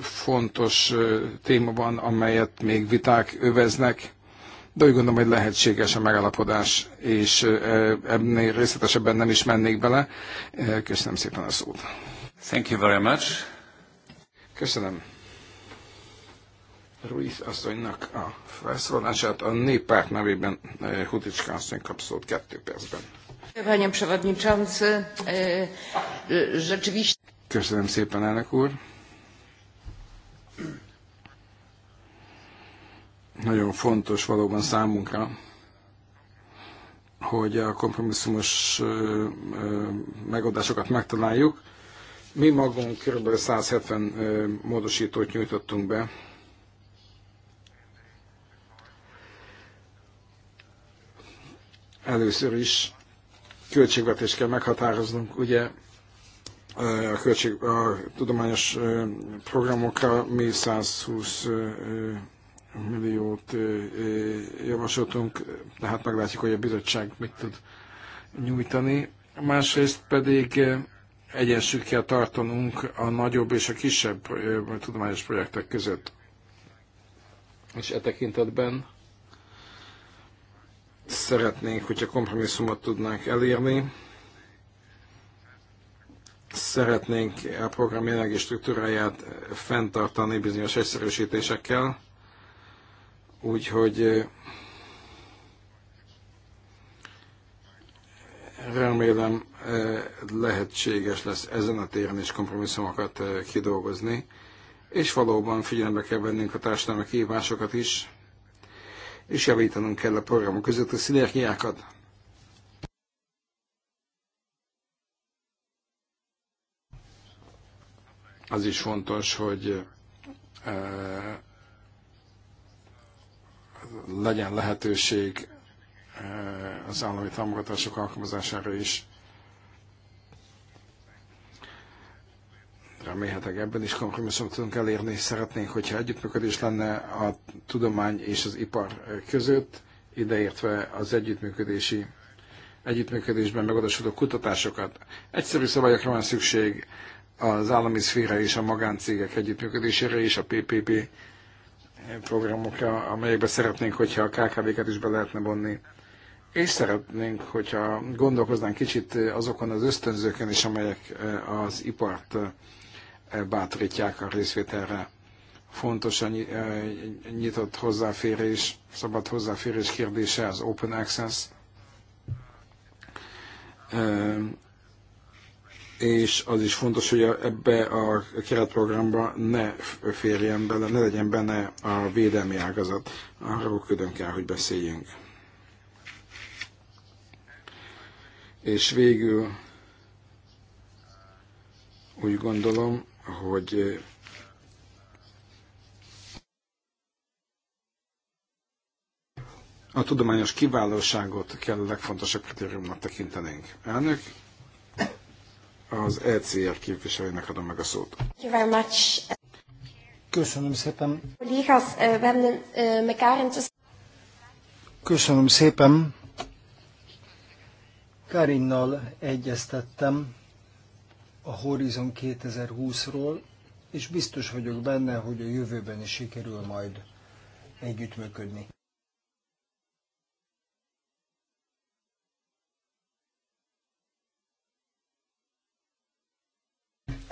Speaker 2: fontos téma van, amelyet még viták öveznek, de úgy gondolom, hogy lehetséges a megállapodás, és ennél részletesebben nem is mennék bele. Köszönöm szépen a szót. Thank you very much. Köszönöm. Ruiz asszonynak a felszólását a néppárt nevében Huticska asszony kap szót kettő percben.
Speaker 3: E, e,
Speaker 2: köszönöm szépen, elnök úr. Nagyon fontos valóban számunkra, hogy a kompromisszumos megoldásokat megtaláljuk. Mi magunk kb. 170 módosítót nyújtottunk be. Először is költségvetést kell meghatároznunk, ugye a, költség, a tudományos programokra mi 120 milliót javasoltunk, tehát meglátjuk, hogy a bizottság mit tud nyújtani. Másrészt pedig egyensúlyt kell tartanunk a nagyobb és a kisebb tudományos projektek között. És e tekintetben szeretnénk, hogyha kompromisszumot tudnánk elérni Szeretnénk a program jelenlegi struktúráját fenntartani bizonyos egyszerűsítésekkel, úgyhogy eh, remélem eh, lehetséges lesz ezen a téren is kompromisszumokat eh, kidolgozni, és valóban figyelembe kell vennünk a társadalmi kívásokat is, és javítanunk kell a programok között a szinergiákat. Az is fontos, hogy e, legyen lehetőség e, az állami támogatások alkalmazására is. Remélhetek ebben is kompromisszumot tudunk elérni, és szeretnénk, hogyha együttműködés lenne a tudomány és az ipar között, ideértve az együttműködési együttműködésben megadásodó kutatásokat. Egyszerű szabályokra van szükség, az állami szféra és a magáncégek együttműködésére és a PPP programokra, amelyekbe szeretnénk, hogyha a KKV-ket is be lehetne vonni. És szeretnénk, hogyha gondolkoznánk kicsit azokon az ösztönzőken is, amelyek az ipart bátorítják a részvételre. Fontos a nyitott hozzáférés, szabad hozzáférés kérdése, az open access és az is fontos, hogy ebbe a keretprogramba ne férjen bele, ne legyen benne a védelmi ágazat. Arról külön kell, hogy beszéljünk. És végül úgy gondolom, hogy eh, a tudományos kiválóságot kell legfontosabb kritériumnak tekintenénk. Elnök, az ECR képviselőnek adom meg a szót.
Speaker 1: Köszönöm szépen.
Speaker 3: Uh, uh,
Speaker 1: Köszönöm szépen. Karinnal egyeztettem a Horizon 2020-ról, és biztos vagyok benne, hogy a jövőben is sikerül majd együttműködni.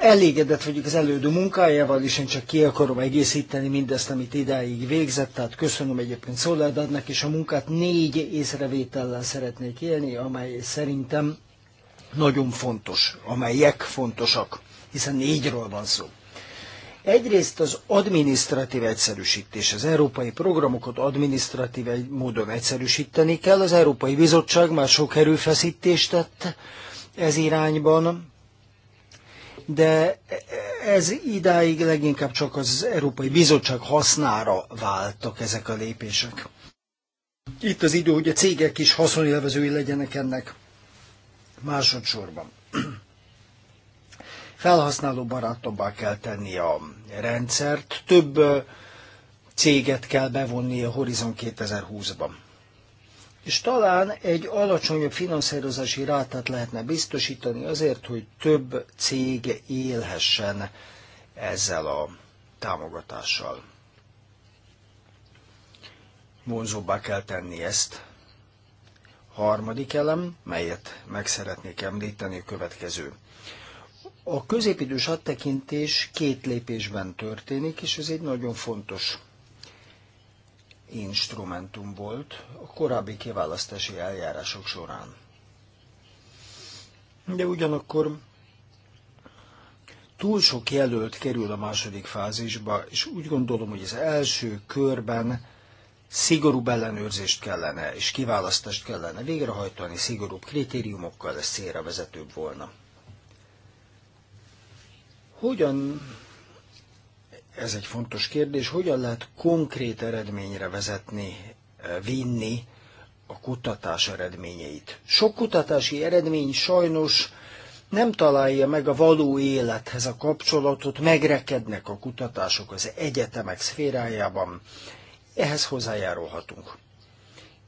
Speaker 1: Elégedett vagyok az elődő munkájával, és én csak ki akarom egészíteni mindezt, amit idáig végzett, tehát köszönöm egyébként Szolárdadnak, és a munkát négy észrevétellel szeretnék élni, amely szerintem nagyon fontos, amelyek fontosak, hiszen négyről van szó. Egyrészt az administratív egyszerűsítés. Az európai programokat administratív módon egyszerűsíteni kell. Az Európai Bizottság már sok erőfeszítést tett ez irányban, de ez idáig leginkább csak az Európai Bizottság hasznára váltak ezek a lépések. Itt az idő, hogy a cégek is haszonélvezői legyenek ennek másodszorban. Felhasználó barátabbá kell tenni a rendszert, több céget kell bevonni a Horizon 2020-ban és talán egy alacsonyabb finanszírozási rátát lehetne biztosítani azért, hogy több cég élhessen ezzel a támogatással. Vonzóbbá kell tenni ezt. Harmadik elem, melyet meg szeretnék említeni, a következő. A középidős áttekintés két lépésben történik, és ez egy nagyon fontos instrumentum volt a korábbi kiválasztási eljárások során. De ugyanakkor túl sok jelölt kerül a második fázisba, és úgy gondolom, hogy az első körben szigorúbb ellenőrzést kellene, és kiválasztást kellene végrehajtani szigorúbb kritériumokkal, ez célra vezetőbb volna. Hogyan ez egy fontos kérdés, hogyan lehet konkrét eredményre vezetni, eh, vinni a kutatás eredményeit. Sok kutatási eredmény sajnos nem találja meg a való élethez a kapcsolatot, megrekednek a kutatások az egyetemek szférájában. Ehhez hozzájárulhatunk.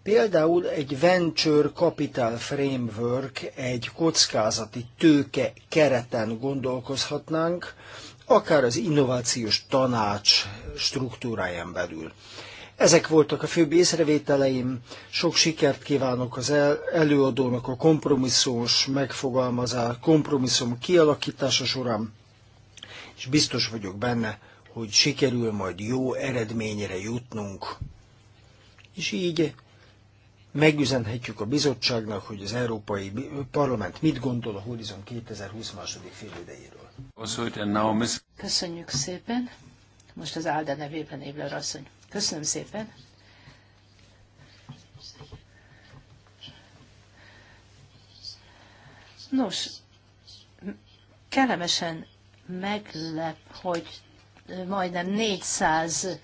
Speaker 1: Például egy Venture Capital Framework, egy kockázati tőke kereten gondolkozhatnánk, akár az innovációs tanács struktúráján belül. Ezek voltak a főbb észrevételeim, sok sikert kívánok az el, előadónak a kompromisszós megfogalmazás, kompromisszum kialakítása során, és biztos vagyok benne, hogy sikerül majd jó eredményre jutnunk. És így megüzenhetjük a bizottságnak, hogy az Európai Parlament mit gondol a Horizon
Speaker 3: 2020
Speaker 1: második fél idejéről.
Speaker 3: Köszönjük szépen. Most az Álda nevében Ébler asszony. Köszönöm szépen. Nos, kellemesen meglep, hogy majdnem 400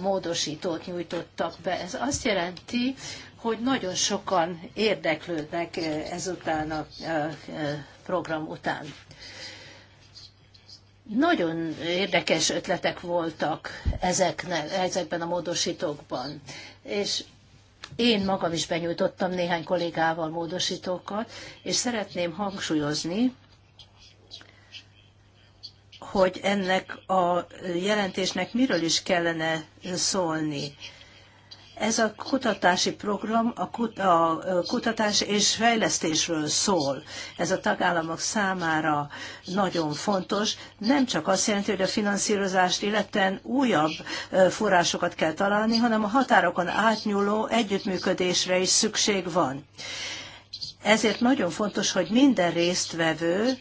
Speaker 3: módosítót nyújtottak be. Ez azt jelenti, hogy nagyon sokan érdeklődnek ezután a program után. Nagyon érdekes ötletek voltak ezeknek, ezekben a módosítókban, és én magam is benyújtottam néhány kollégával módosítókat, és szeretném hangsúlyozni, hogy ennek a jelentésnek miről is kellene szólni. Ez a kutatási program a, kutatás és fejlesztésről szól. Ez a tagállamok számára nagyon fontos. Nem csak azt jelenti, hogy a finanszírozást illetően újabb forrásokat kell találni, hanem a határokon átnyúló együttműködésre is szükség van. Ezért nagyon fontos, hogy minden résztvevő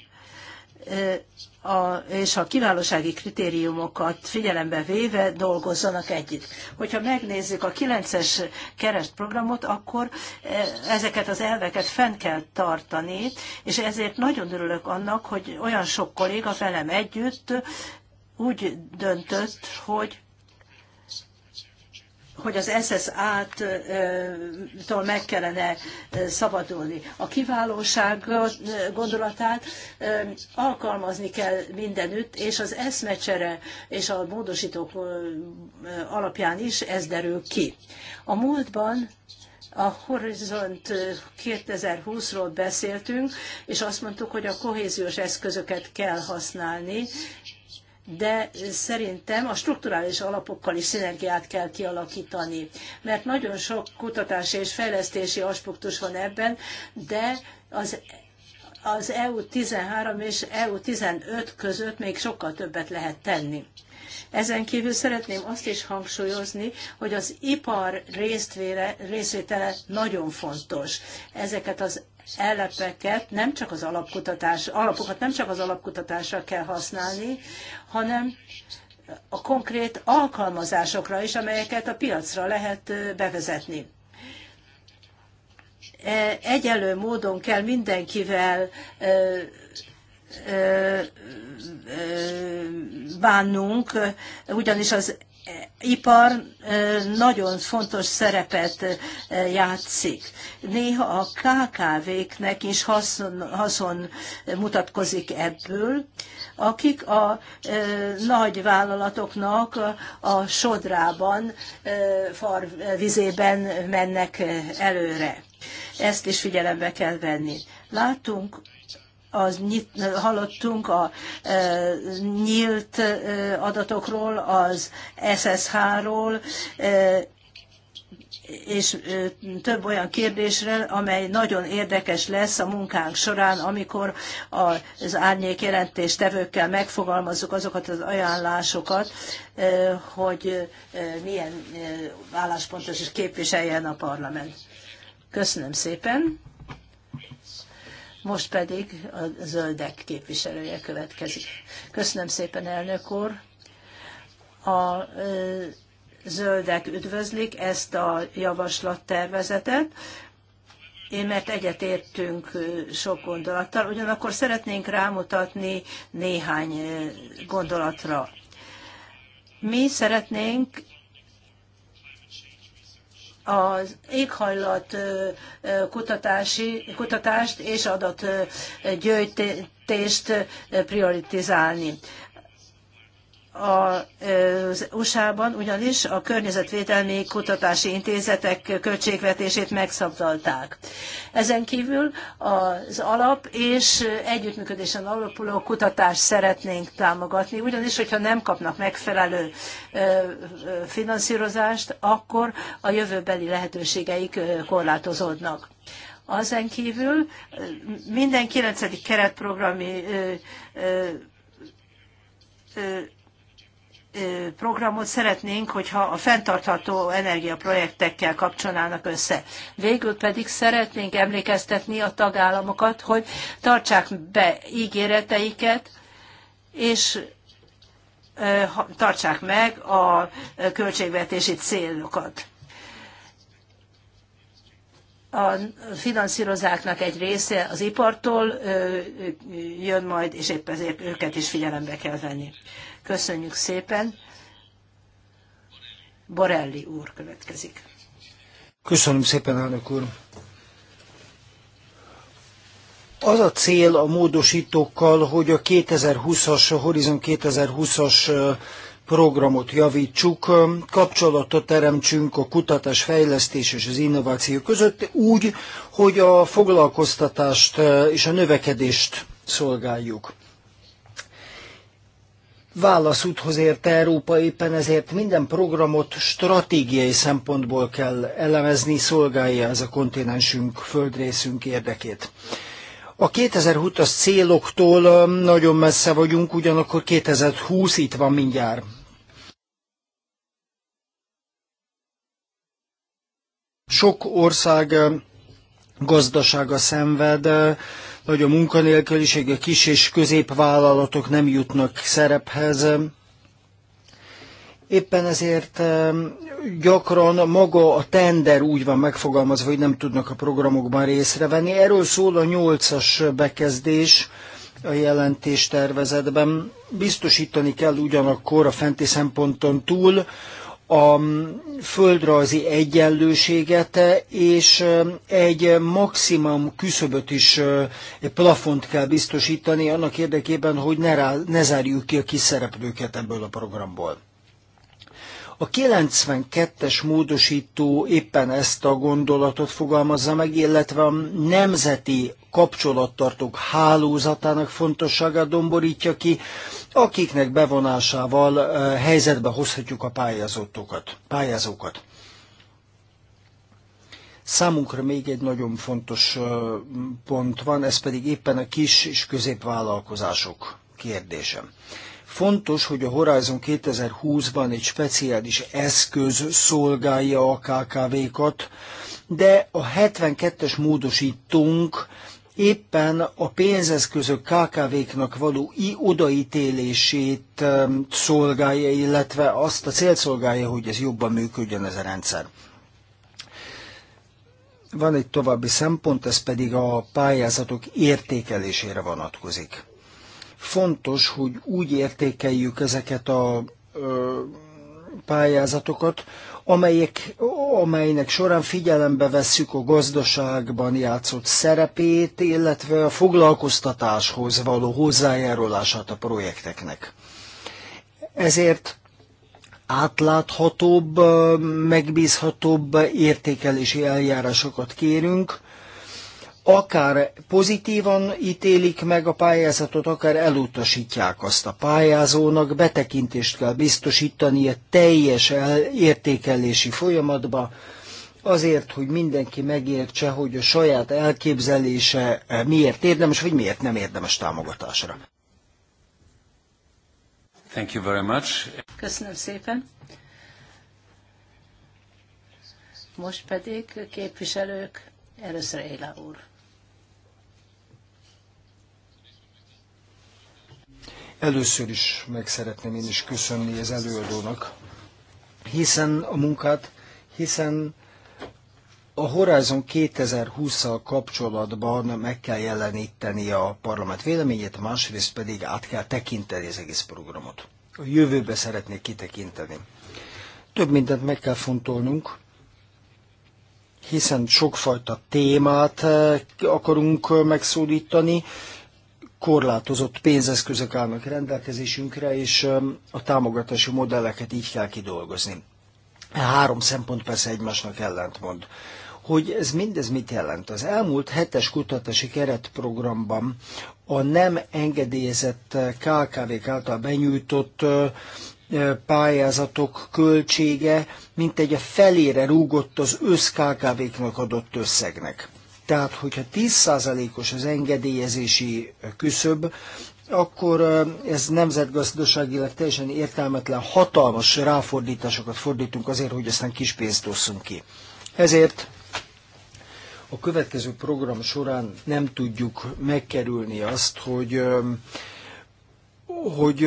Speaker 3: a, és a kiválósági kritériumokat figyelembe véve dolgozzanak együtt. Hogyha megnézzük a 9-es keresztprogramot, akkor e, ezeket az elveket fenn kell tartani, és ezért nagyon örülök annak, hogy olyan sok kolléga velem együtt úgy döntött, hogy hogy az SSA-tól meg kellene szabadulni. A kiválóság gondolatát alkalmazni kell mindenütt, és az eszmecsere és a módosítók alapján is ez derül ki. A múltban a Horizont 2020-ról beszéltünk, és azt mondtuk, hogy a kohéziós eszközöket kell használni, de szerintem a strukturális alapokkal is szinergiát kell kialakítani, mert nagyon sok kutatási és fejlesztési aspektus van ebben, de az az EU13 és EU15 között még sokkal többet lehet tenni. Ezen kívül szeretném azt is hangsúlyozni, hogy az ipar részvétele nagyon fontos. Ezeket az elepeket nem csak az alapkutatás, alapokat nem csak az alapkutatásra kell használni, hanem a konkrét alkalmazásokra is, amelyeket a piacra lehet bevezetni e, egyelő módon kell mindenkivel bánnunk, ugyanis az ipar nagyon fontos szerepet játszik. Néha a KKV-knek is haszon, haszon mutatkozik ebből, akik a nagy vállalatoknak a sodrában, farvizében mennek előre. Ezt is figyelembe kell venni. Látunk az nyit, hallottunk a e, nyílt e, adatokról, az SSH-ról, e, és e, több olyan kérdésre, amely nagyon érdekes lesz a munkánk során, amikor az árnyék jelentéstevőkkel megfogalmazzuk azokat az ajánlásokat, e, hogy e, milyen álláspontos is képviseljen a parlament. Köszönöm szépen! Most pedig a zöldek képviselője következik. Köszönöm szépen, elnök úr. A zöldek üdvözlik ezt a javaslattervezetet, Én, mert egyetértünk sok gondolattal, ugyanakkor szeretnénk rámutatni néhány gondolatra. Mi szeretnénk az éghajlat kutatási, kutatást és adatgyűjtést prioritizálni az USA-ban ugyanis a környezetvédelmi kutatási intézetek költségvetését megszabdalták. Ezen kívül az alap és együttműködésen alapuló kutatást szeretnénk támogatni, ugyanis hogyha nem kapnak megfelelő finanszírozást, akkor a jövőbeli lehetőségeik korlátozódnak. Azen kívül minden 9. keretprogrami programot szeretnénk, hogyha a fenntartható energiaprojektekkel kapcsolnának össze. Végül pedig szeretnénk emlékeztetni a tagállamokat, hogy tartsák be ígéreteiket, és tartsák meg a költségvetési célokat a finanszírozáknak egy része az ipartól jön majd, és épp ezért őket is figyelembe kell venni. Köszönjük szépen. Borelli úr következik.
Speaker 1: Köszönöm szépen, elnök úr. Az a cél a módosítókkal, hogy a 2020-as, a Horizon 2020-as programot javítsuk, kapcsolatot teremtsünk a kutatás, fejlesztés és az innováció között úgy, hogy a foglalkoztatást és a növekedést szolgáljuk. Válaszúthoz ért Európa éppen ezért minden programot stratégiai szempontból kell elemezni, szolgálja ez a kontinensünk, földrészünk érdekét. A 2020-as céloktól nagyon messze vagyunk, ugyanakkor 2020 itt van mindjárt. Sok ország eh, gazdasága szenved, nagy eh, a munkanélküliség, a kis és középvállalatok nem jutnak szerephez. Éppen ezért eh, gyakran maga a tender úgy van megfogalmazva, hogy nem tudnak a programokban részre venni. Erről szól a nyolcas bekezdés a jelentés tervezetben. Biztosítani kell ugyanakkor a fenti szemponton túl, a földrajzi egyenlőséget, és um, egy maximum küszöböt is, uh, egy plafont kell biztosítani annak érdekében, hogy ne, rá, ne zárjuk ki a kiszereplőket ebből a programból. A 92-es módosító éppen ezt a gondolatot fogalmazza meg, illetve a nemzeti kapcsolattartók hálózatának fontosságát domborítja ki, akiknek bevonásával helyzetbe hozhatjuk a pályázókat. pályázókat. Számunkra még egy nagyon fontos pont van, ez pedig éppen a kis és középvállalkozások kérdése. Fontos, hogy a Horizon 2020-ban egy speciális eszköz szolgálja a KKV-kat, de a 72-es módosítónk éppen a pénzeszközök KKV-knak való i odaítélését szolgálja, illetve azt a célt szolgálja, hogy ez jobban működjön ez a rendszer. Van egy további szempont, ez pedig a pályázatok értékelésére vonatkozik. Fontos, hogy úgy értékeljük ezeket a ö, pályázatokat, amelyek, amelynek során figyelembe vesszük a gazdaságban játszott szerepét, illetve a foglalkoztatáshoz való hozzájárulását a projekteknek. Ezért átláthatóbb, megbízhatóbb értékelési eljárásokat kérünk, akár pozitívan ítélik meg a pályázatot, akár elutasítják azt a pályázónak, betekintést kell biztosítani a teljes értékelési folyamatba, azért, hogy mindenki megértse, hogy a saját elképzelése eh, miért érdemes, vagy miért nem érdemes támogatásra. Thank you very much.
Speaker 3: Köszönöm szépen. Most pedig képviselők, először Éla úr.
Speaker 1: Először is meg szeretném én is köszönni az előadónak, hiszen a munkát, hiszen a Horizon 2020-szal kapcsolatban meg kell jeleníteni a parlament véleményét, másrészt pedig át kell tekinteni az egész programot. A jövőbe szeretnék kitekinteni. Több mindent meg kell fontolnunk, hiszen sokfajta témát eh, akarunk eh, megszólítani, korlátozott pénzeszközök állnak rendelkezésünkre, és a támogatási modelleket így kell kidolgozni. E három szempont persze egymásnak ellentmond. Hogy ez mindez mit jelent? Az elmúlt hetes kutatási keretprogramban a nem engedélyezett KKV-k által benyújtott pályázatok költsége mintegy a felére rúgott az össz KKV-knak adott összegnek. Tehát, hogyha 10%-os az engedélyezési küszöb, akkor ez nemzetgazdaságilag teljesen értelmetlen, hatalmas ráfordításokat fordítunk azért, hogy aztán kis pénzt osszunk ki. Ezért a következő program során nem tudjuk megkerülni azt, hogy hogy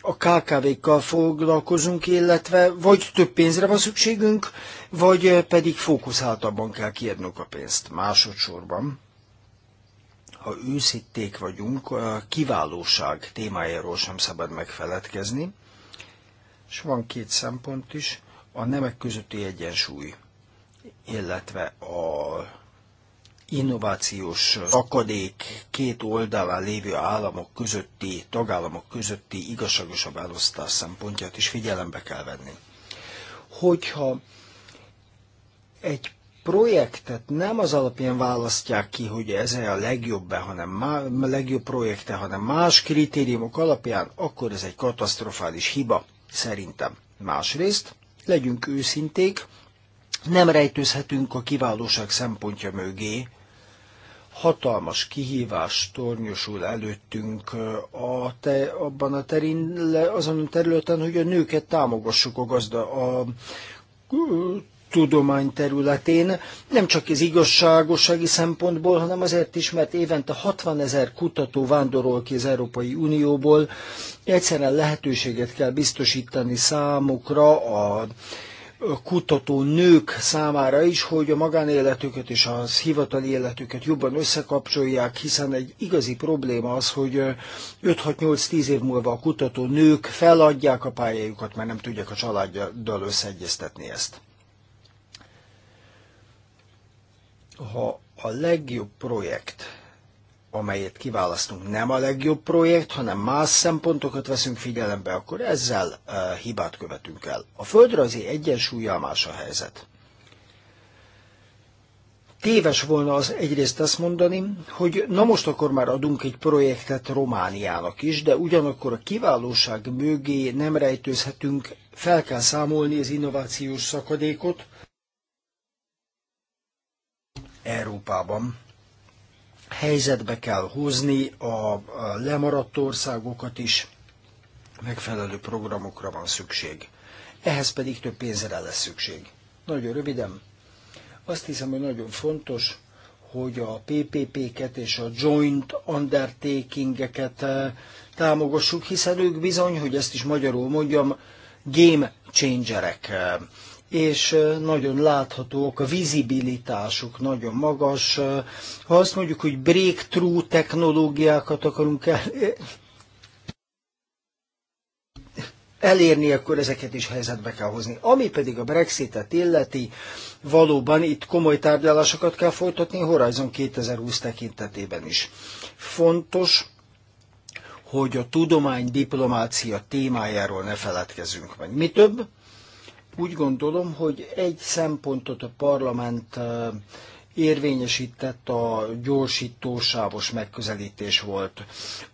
Speaker 1: a KKV-kkal foglalkozunk, illetve vagy több pénzre van szükségünk, vagy pedig fókuszáltabban kell kiadnunk a pénzt másodszorban. Ha őszíték vagyunk, a kiválóság témájáról sem szabad megfeledkezni. És van két szempont is, a nemek közötti egyensúly, illetve a innovációs akadék két oldalán lévő államok közötti, tagállamok közötti igazságosabb elosztás szempontját is figyelembe kell venni. Hogyha egy projektet nem az alapján választják ki, hogy ez a legjobb, hanem má, legjobb projekte, hanem más kritériumok alapján, akkor ez egy katasztrofális hiba, szerintem. Másrészt, legyünk őszinték, nem rejtőzhetünk a kiválóság szempontja mögé, hatalmas kihívás tornyosul előttünk a te, abban a terin, azon a területen, hogy a nőket támogassuk a gazda a tudomány területén, nem csak az igazságosági szempontból, hanem azért is, mert évente 60 ezer kutató vándorol ki az Európai Unióból, egyszerűen lehetőséget kell biztosítani számukra a kutató nők számára is, hogy a magánéletüket és a hivatali életüket jobban összekapcsolják, hiszen egy igazi probléma az, hogy 5-6-8-10 év múlva a kutató nők feladják a pályájukat, mert nem tudják a családdal összeegyeztetni ezt. Ha a legjobb projekt amelyet kiválasztunk, nem a legjobb projekt, hanem más szempontokat veszünk figyelembe, akkor ezzel uh, hibát követünk el. A földrajzi egyensúlyjal más a helyzet. Téves volna az egyrészt azt mondani, hogy na most akkor már adunk egy projektet Romániának is, de ugyanakkor a kiválóság mögé nem rejtőzhetünk, fel kell számolni az innovációs szakadékot Európában helyzetbe kell hozni a lemaradt országokat is, megfelelő programokra van szükség. Ehhez pedig több pénzre lesz szükség. Nagyon röviden. Azt hiszem, hogy nagyon fontos, hogy a PPP-ket és a joint undertaking-eket eh, támogassuk, hiszen ők bizony, hogy ezt is magyarul mondjam, game changerek. Eh, és nagyon láthatók, a vizibilitásuk nagyon magas. Ha azt mondjuk, hogy breakthrough technológiákat akarunk el, elérni, akkor ezeket is helyzetbe kell hozni. Ami pedig a Brexitet illeti, valóban itt komoly tárgyalásokat kell folytatni Horizon 2020 tekintetében is. Fontos, hogy a tudomány diplomácia témájáról ne feledkezzünk meg. Mi több, úgy gondolom, hogy egy szempontot a parlament érvényesített a gyorsítósávos megközelítés volt.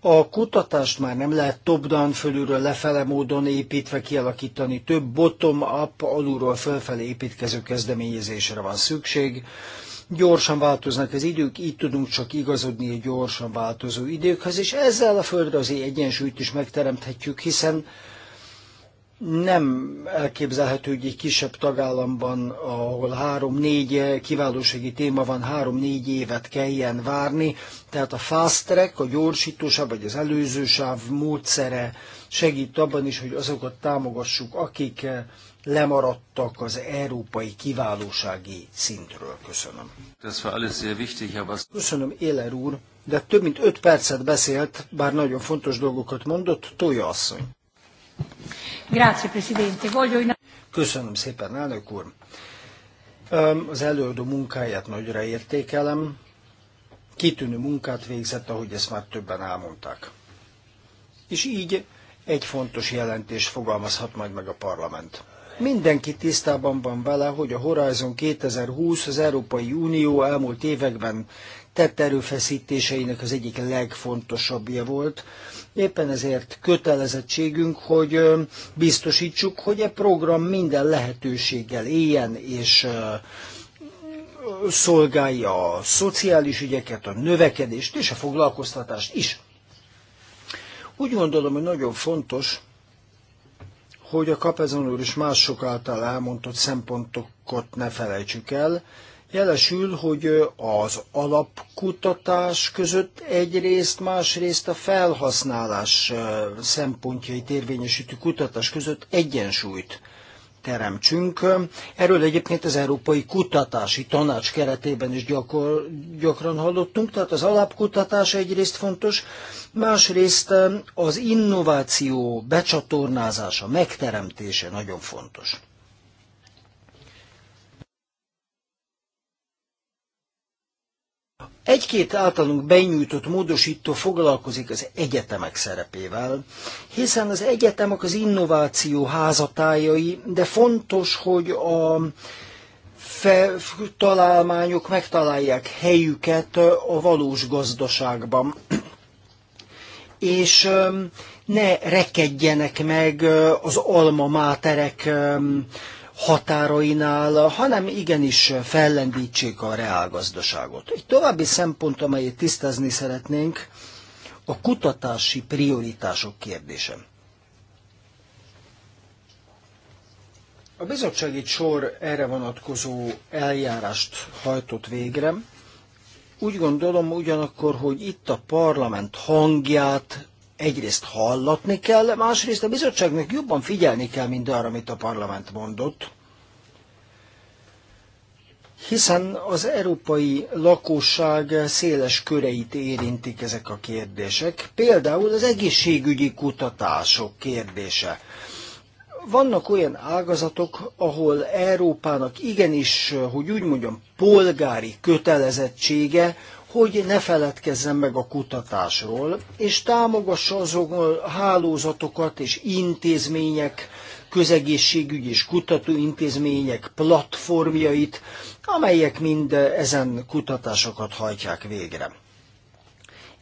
Speaker 1: A kutatást már nem lehet top-down fölülről lefele módon építve kialakítani, több bottom-up, alulról fölfelé építkező kezdeményezésre van szükség. Gyorsan változnak az idők, így tudunk csak igazodni a gyorsan változó időkhez, és ezzel a földrajzi egyensúlyt is megteremthetjük, hiszen nem elképzelhető, hogy egy kisebb tagállamban, ahol három-négy kiválósági téma van, három-négy évet kelljen várni. Tehát a fast track, a gyorsítósáv vagy az előzősáv módszere segít abban is, hogy azokat támogassuk, akik lemaradtak az európai kiválósági szintről. Köszönöm. Köszönöm, Éler úr, de több mint öt percet beszélt, bár nagyon fontos dolgokat mondott, Tója asszony. Köszönöm szépen, elnök úr. Az előadó munkáját nagyra értékelem. Kitűnő munkát végzett, ahogy ezt már többen elmondták. És így egy fontos jelentés fogalmazhat majd meg a parlament. Mindenki tisztában van vele, hogy a Horizon 2020 az Európai Unió elmúlt években tett erőfeszítéseinek az egyik legfontosabbja volt. Éppen ezért kötelezettségünk, hogy biztosítsuk, hogy a e program minden lehetőséggel éljen, és szolgálja a szociális ügyeket, a növekedést és a foglalkoztatást is. Úgy gondolom, hogy nagyon fontos, hogy a Kapezon úr és mások által elmondott szempontokat ne felejtsük el, jelesül, hogy az alapkutatás között egyrészt, másrészt a felhasználás szempontjait érvényesítő kutatás között egyensúlyt teremtsünk. Erről egyébként az Európai Kutatási Tanács keretében is gyakor, gyakran hallottunk, tehát az alapkutatás egyrészt fontos, másrészt az innováció becsatornázása, megteremtése nagyon fontos. Egy-két általunk benyújtott módosító foglalkozik az egyetemek szerepével, hiszen az egyetemek az innováció házatájai, de fontos, hogy a fe- találmányok megtalálják helyüket a valós gazdaságban. És ne rekedjenek meg az alma máterek határainál, hanem igenis fellendítsék a reálgazdaságot. Egy további szempont, amelyet tisztázni szeretnénk, a kutatási prioritások kérdése. A bizottság egy sor erre vonatkozó eljárást hajtott végre. Úgy gondolom ugyanakkor, hogy itt a parlament hangját egyrészt hallatni kell, másrészt a bizottságnak jobban figyelni kell mindarra, amit a parlament mondott, hiszen az európai lakosság széles köreit érintik ezek a kérdések, például az egészségügyi kutatások kérdése. Vannak olyan ágazatok, ahol Európának igenis, hogy úgy mondjam, polgári kötelezettsége, hogy ne feledkezzen meg a kutatásról, és támogassa azok a hálózatokat és intézmények, közegészségügy és kutatóintézmények platformjait, amelyek mind ezen kutatásokat hajtják végre.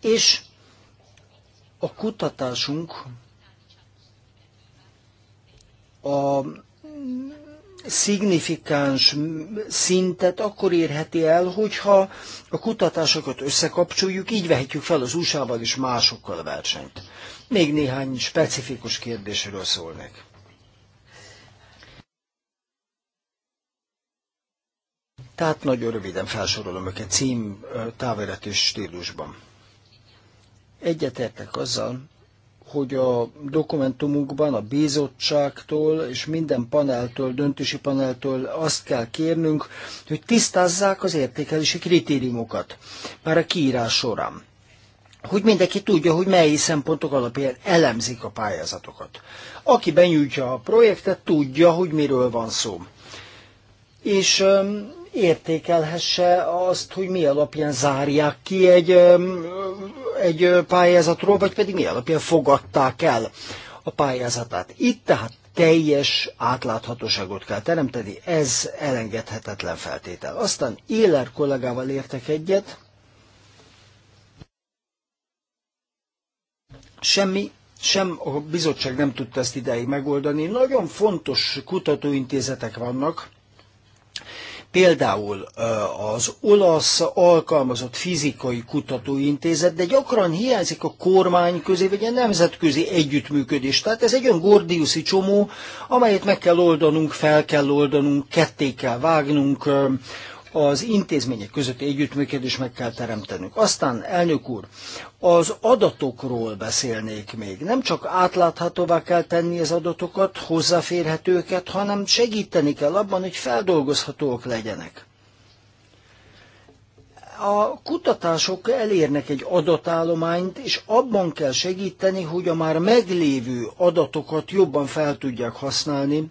Speaker 1: És a kutatásunk a szignifikáns szintet akkor érheti el, hogyha a kutatásokat összekapcsoljuk, így vehetjük fel az USA-val és másokkal a versenyt. Még néhány specifikus kérdésről szólnék. Tehát nagyon röviden felsorolom őket cím, és stílusban. Egyetértek azzal, hogy a dokumentumukban a bizottságtól és minden paneltől, döntési paneltől azt kell kérnünk, hogy tisztázzák az értékelési kritériumokat már a kiírás során. Hogy mindenki tudja, hogy mely szempontok alapján elemzik a pályázatokat. Aki benyújtja a projektet, tudja, hogy miről van szó. És értékelhesse azt, hogy mi alapján zárják ki egy egy pályázatról, vagy pedig mi alapján fogadták el a pályázatát. Itt tehát teljes átláthatóságot kell teremteni, ez elengedhetetlen feltétel. Aztán Éler kollégával értek egyet, semmi, sem a bizottság nem tudta ezt ideig megoldani. Nagyon fontos kutatóintézetek vannak, Például az olasz alkalmazott fizikai kutatóintézet, de gyakran hiányzik a kormány közé, vagy a nemzetközi együttműködés. Tehát ez egy olyan gordiuszi csomó, amelyet meg kell oldanunk, fel kell oldanunk, ketté kell vágnunk, az intézmények közötti együttműködést meg kell teremtenünk. Aztán, elnök úr, az adatokról beszélnék még. Nem csak átláthatóvá kell tenni az adatokat, hozzáférhetőket, hanem segíteni kell abban, hogy feldolgozhatóak legyenek. A kutatások elérnek egy adatállományt, és abban kell segíteni, hogy a már meglévő adatokat jobban fel tudják használni,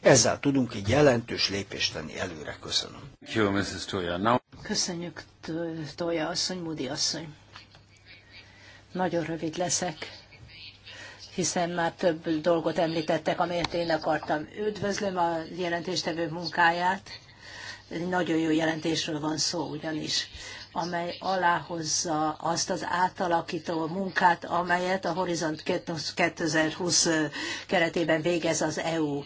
Speaker 1: ezzel tudunk egy jelentős lépést tenni előre. Köszönöm.
Speaker 3: Köszönjük, Tója asszony, Moody asszony. Nagyon rövid leszek, hiszen már több dolgot említettek, amelyet én akartam. Üdvözlöm a jelentéstevő munkáját. Egy nagyon jó jelentésről van szó ugyanis amely aláhozza azt az átalakító munkát, amelyet a Horizont 2020 keretében végez az EU.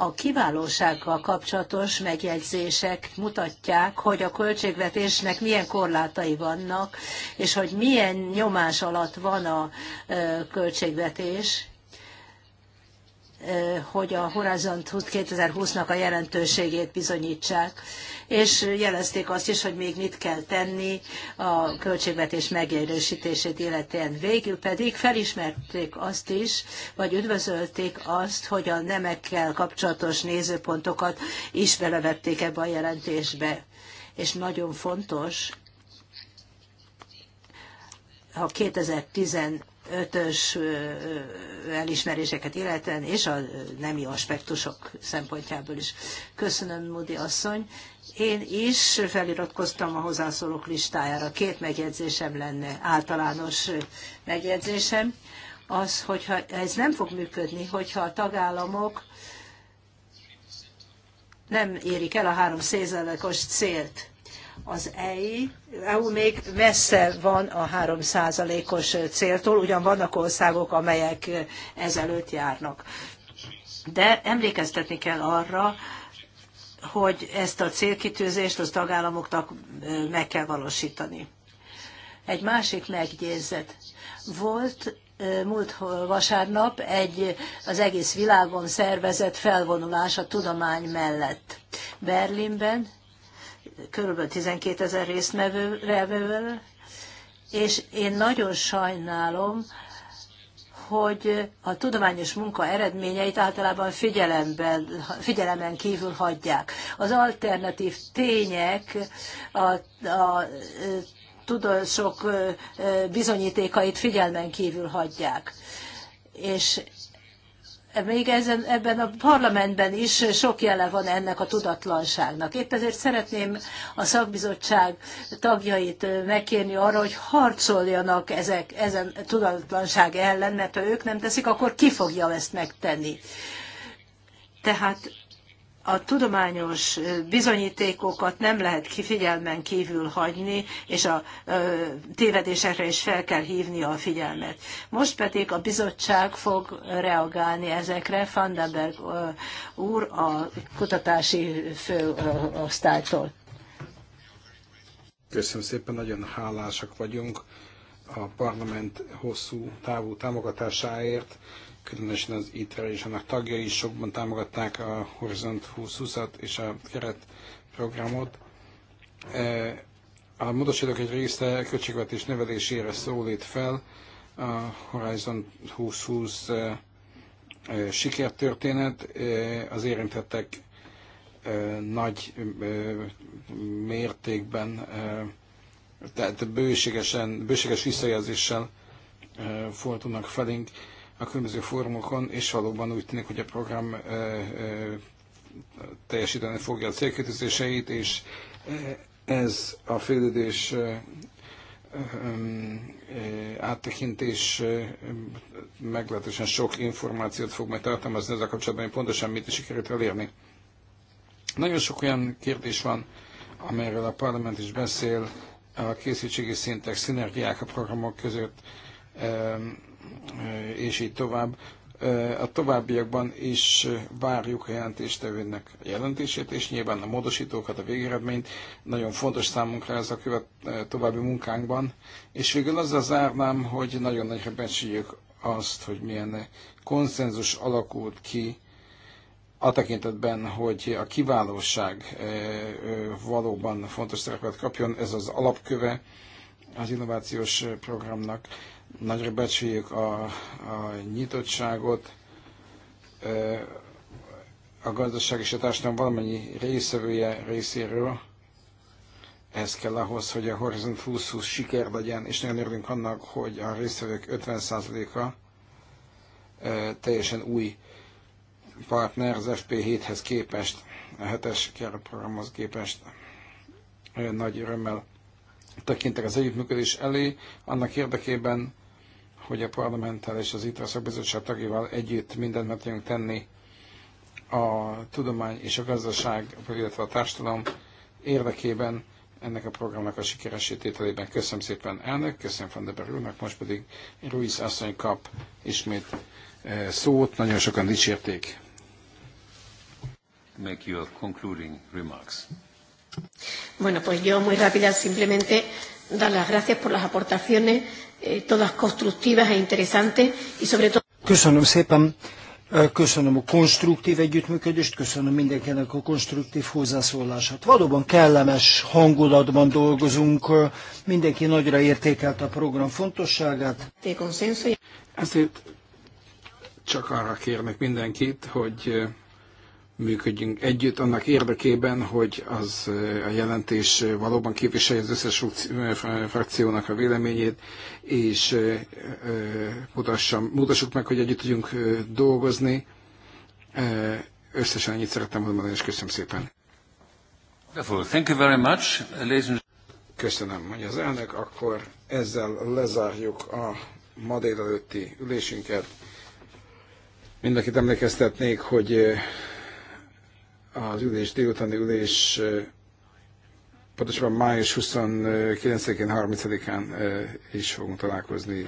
Speaker 3: A kiválósággal kapcsolatos megjegyzések mutatják, hogy a költségvetésnek milyen korlátai vannak, és hogy milyen nyomás alatt van a költségvetés, hogy a Horizon 2020-nak a jelentőségét bizonyítsák, és jelezték azt is, hogy még mit kell tenni a költségvetés megerősítését illetően. Végül pedig felismerték azt is, vagy üdvözölték azt, hogy a nemekkel kapcsolatos nézőpontokat is belevették ebbe a jelentésbe. És nagyon fontos, ha 2010 ötös elismeréseket illetően, és a nemi aspektusok szempontjából is. Köszönöm, Mudi asszony. Én is feliratkoztam a hozzászólók listájára. Két megjegyzésem lenne, általános megjegyzésem. Az, hogyha ez nem fog működni, hogyha a tagállamok nem érik el a három százalékos célt az EI, EU még messze van a 3%-os céltól, ugyan vannak országok, amelyek ezelőtt járnak. De emlékeztetni kell arra, hogy ezt a célkitűzést az tagállamoknak meg kell valósítani. Egy másik megjegyzet. Volt múlt vasárnap egy az egész világon szervezett felvonulás a tudomány mellett. Berlinben kb. 12 ezer résztvevővel, és én nagyon sajnálom, hogy a tudományos munka eredményeit általában figyelemben, figyelemen kívül hagyják. Az alternatív tények a, a tudósok bizonyítékait figyelmen kívül hagyják. És még ezen, ebben a parlamentben is sok jele van ennek a tudatlanságnak. Épp ezért szeretném a szakbizottság tagjait megkérni arra, hogy harcoljanak ezek, ezen tudatlanság ellen, mert ha ők nem teszik, akkor ki fogja ezt megtenni. Tehát a tudományos bizonyítékokat nem lehet kifigyelmen kívül hagyni, és a tévedésekre is fel kell hívni a figyelmet. Most pedig a bizottság fog reagálni ezekre, Fandenberg úr a kutatási főosztálytól.
Speaker 2: Köszönöm szépen, nagyon hálásak vagyunk a parlament hosszú távú támogatásáért különösen az ITER és annak tagjai is sokban támogatták a Horizont 2020-at és a keret programot. E, a módosítók egy része költségvetés nevelésére szólít fel a Horizon 2020 e, e, sikertörténet, az érintettek nagy mértékben, tehát bőségesen, bőséges visszajelzéssel fordulnak felénk a különböző fórumokon, és valóban úgy tűnik, hogy a program teljesíteni fogja a célkötözéseit, és ez a félidős áttekintés meglehetősen sok információt fog majd tartalmazni ezzel kapcsolatban, hogy pontosan mit is sikerült elérni. Nagyon sok olyan kérdés van, amelyről a parlament is beszél, a készítségi szintek, szinergiák a programok között, és így tovább. A továbbiakban is várjuk a jelentéstevőnek jelentését, és nyilván a módosítókat, a végeredményt. Nagyon fontos számunkra ez a követ további munkánkban. És végül azzal zárnám, hogy nagyon nagyra becsüljük azt, hogy milyen konszenzus alakult ki a tekintetben, hogy a kiválóság valóban fontos szerepet kapjon, ez az alapköve az innovációs programnak Nagyra becsüljük a, a nyitottságot. A gazdaság és a társadalom valamennyi részevője részéről ez kell ahhoz, hogy a horizont 2020 siker legyen, és nagyon örülünk annak, hogy a résztvevők 50%-a teljesen új partner az FP7-hez képest, a 7-es keretprogramhoz képest nagy örömmel tekintek az együttműködés elé, annak érdekében, hogy a parlamenttel és az ITRA szakbizottság tagjával együtt mindent meg tudjunk tenni a tudomány és a gazdaság, illetve a társadalom érdekében ennek a programnak a sikeresítételében. Köszönöm szépen elnök, köszönöm Van der úrnak, most pedig Ruiz asszony kap ismét eh, szót, nagyon sokan dicsérték. Make your concluding remarks.
Speaker 3: Bueno, pues yo muy rápida simplemente dar las gracias por las aportaciones, eh, todas constructivas e interesantes, y sobre todo...
Speaker 1: Köszönöm szépen, eh, köszönöm a konstruktív együttműködést, köszönöm mindenkinek a konstruktív hozzászólását. Valóban kellemes hangulatban dolgozunk, eh, mindenki nagyra értékelt a program fontosságát. Ezért
Speaker 2: csak arra kérnek mindenkit, hogy eh, működjünk együtt annak érdekében, hogy az eh, a jelentés eh, valóban képviselje az összes eh, frakciónak a véleményét, és mutassam, mutassuk meg, hogy együtt tudjunk dolgozni. Összesen ennyit szerettem volna mondani, és köszönöm szépen. Thank you very much. Köszönöm, hogy az elnök, akkor ezzel lezárjuk a ma délelőtti ülésünket. Mindenkit emlékeztetnék, hogy az ülés délutáni ülés pontosabban május 29-én, 30-án is fogunk találkozni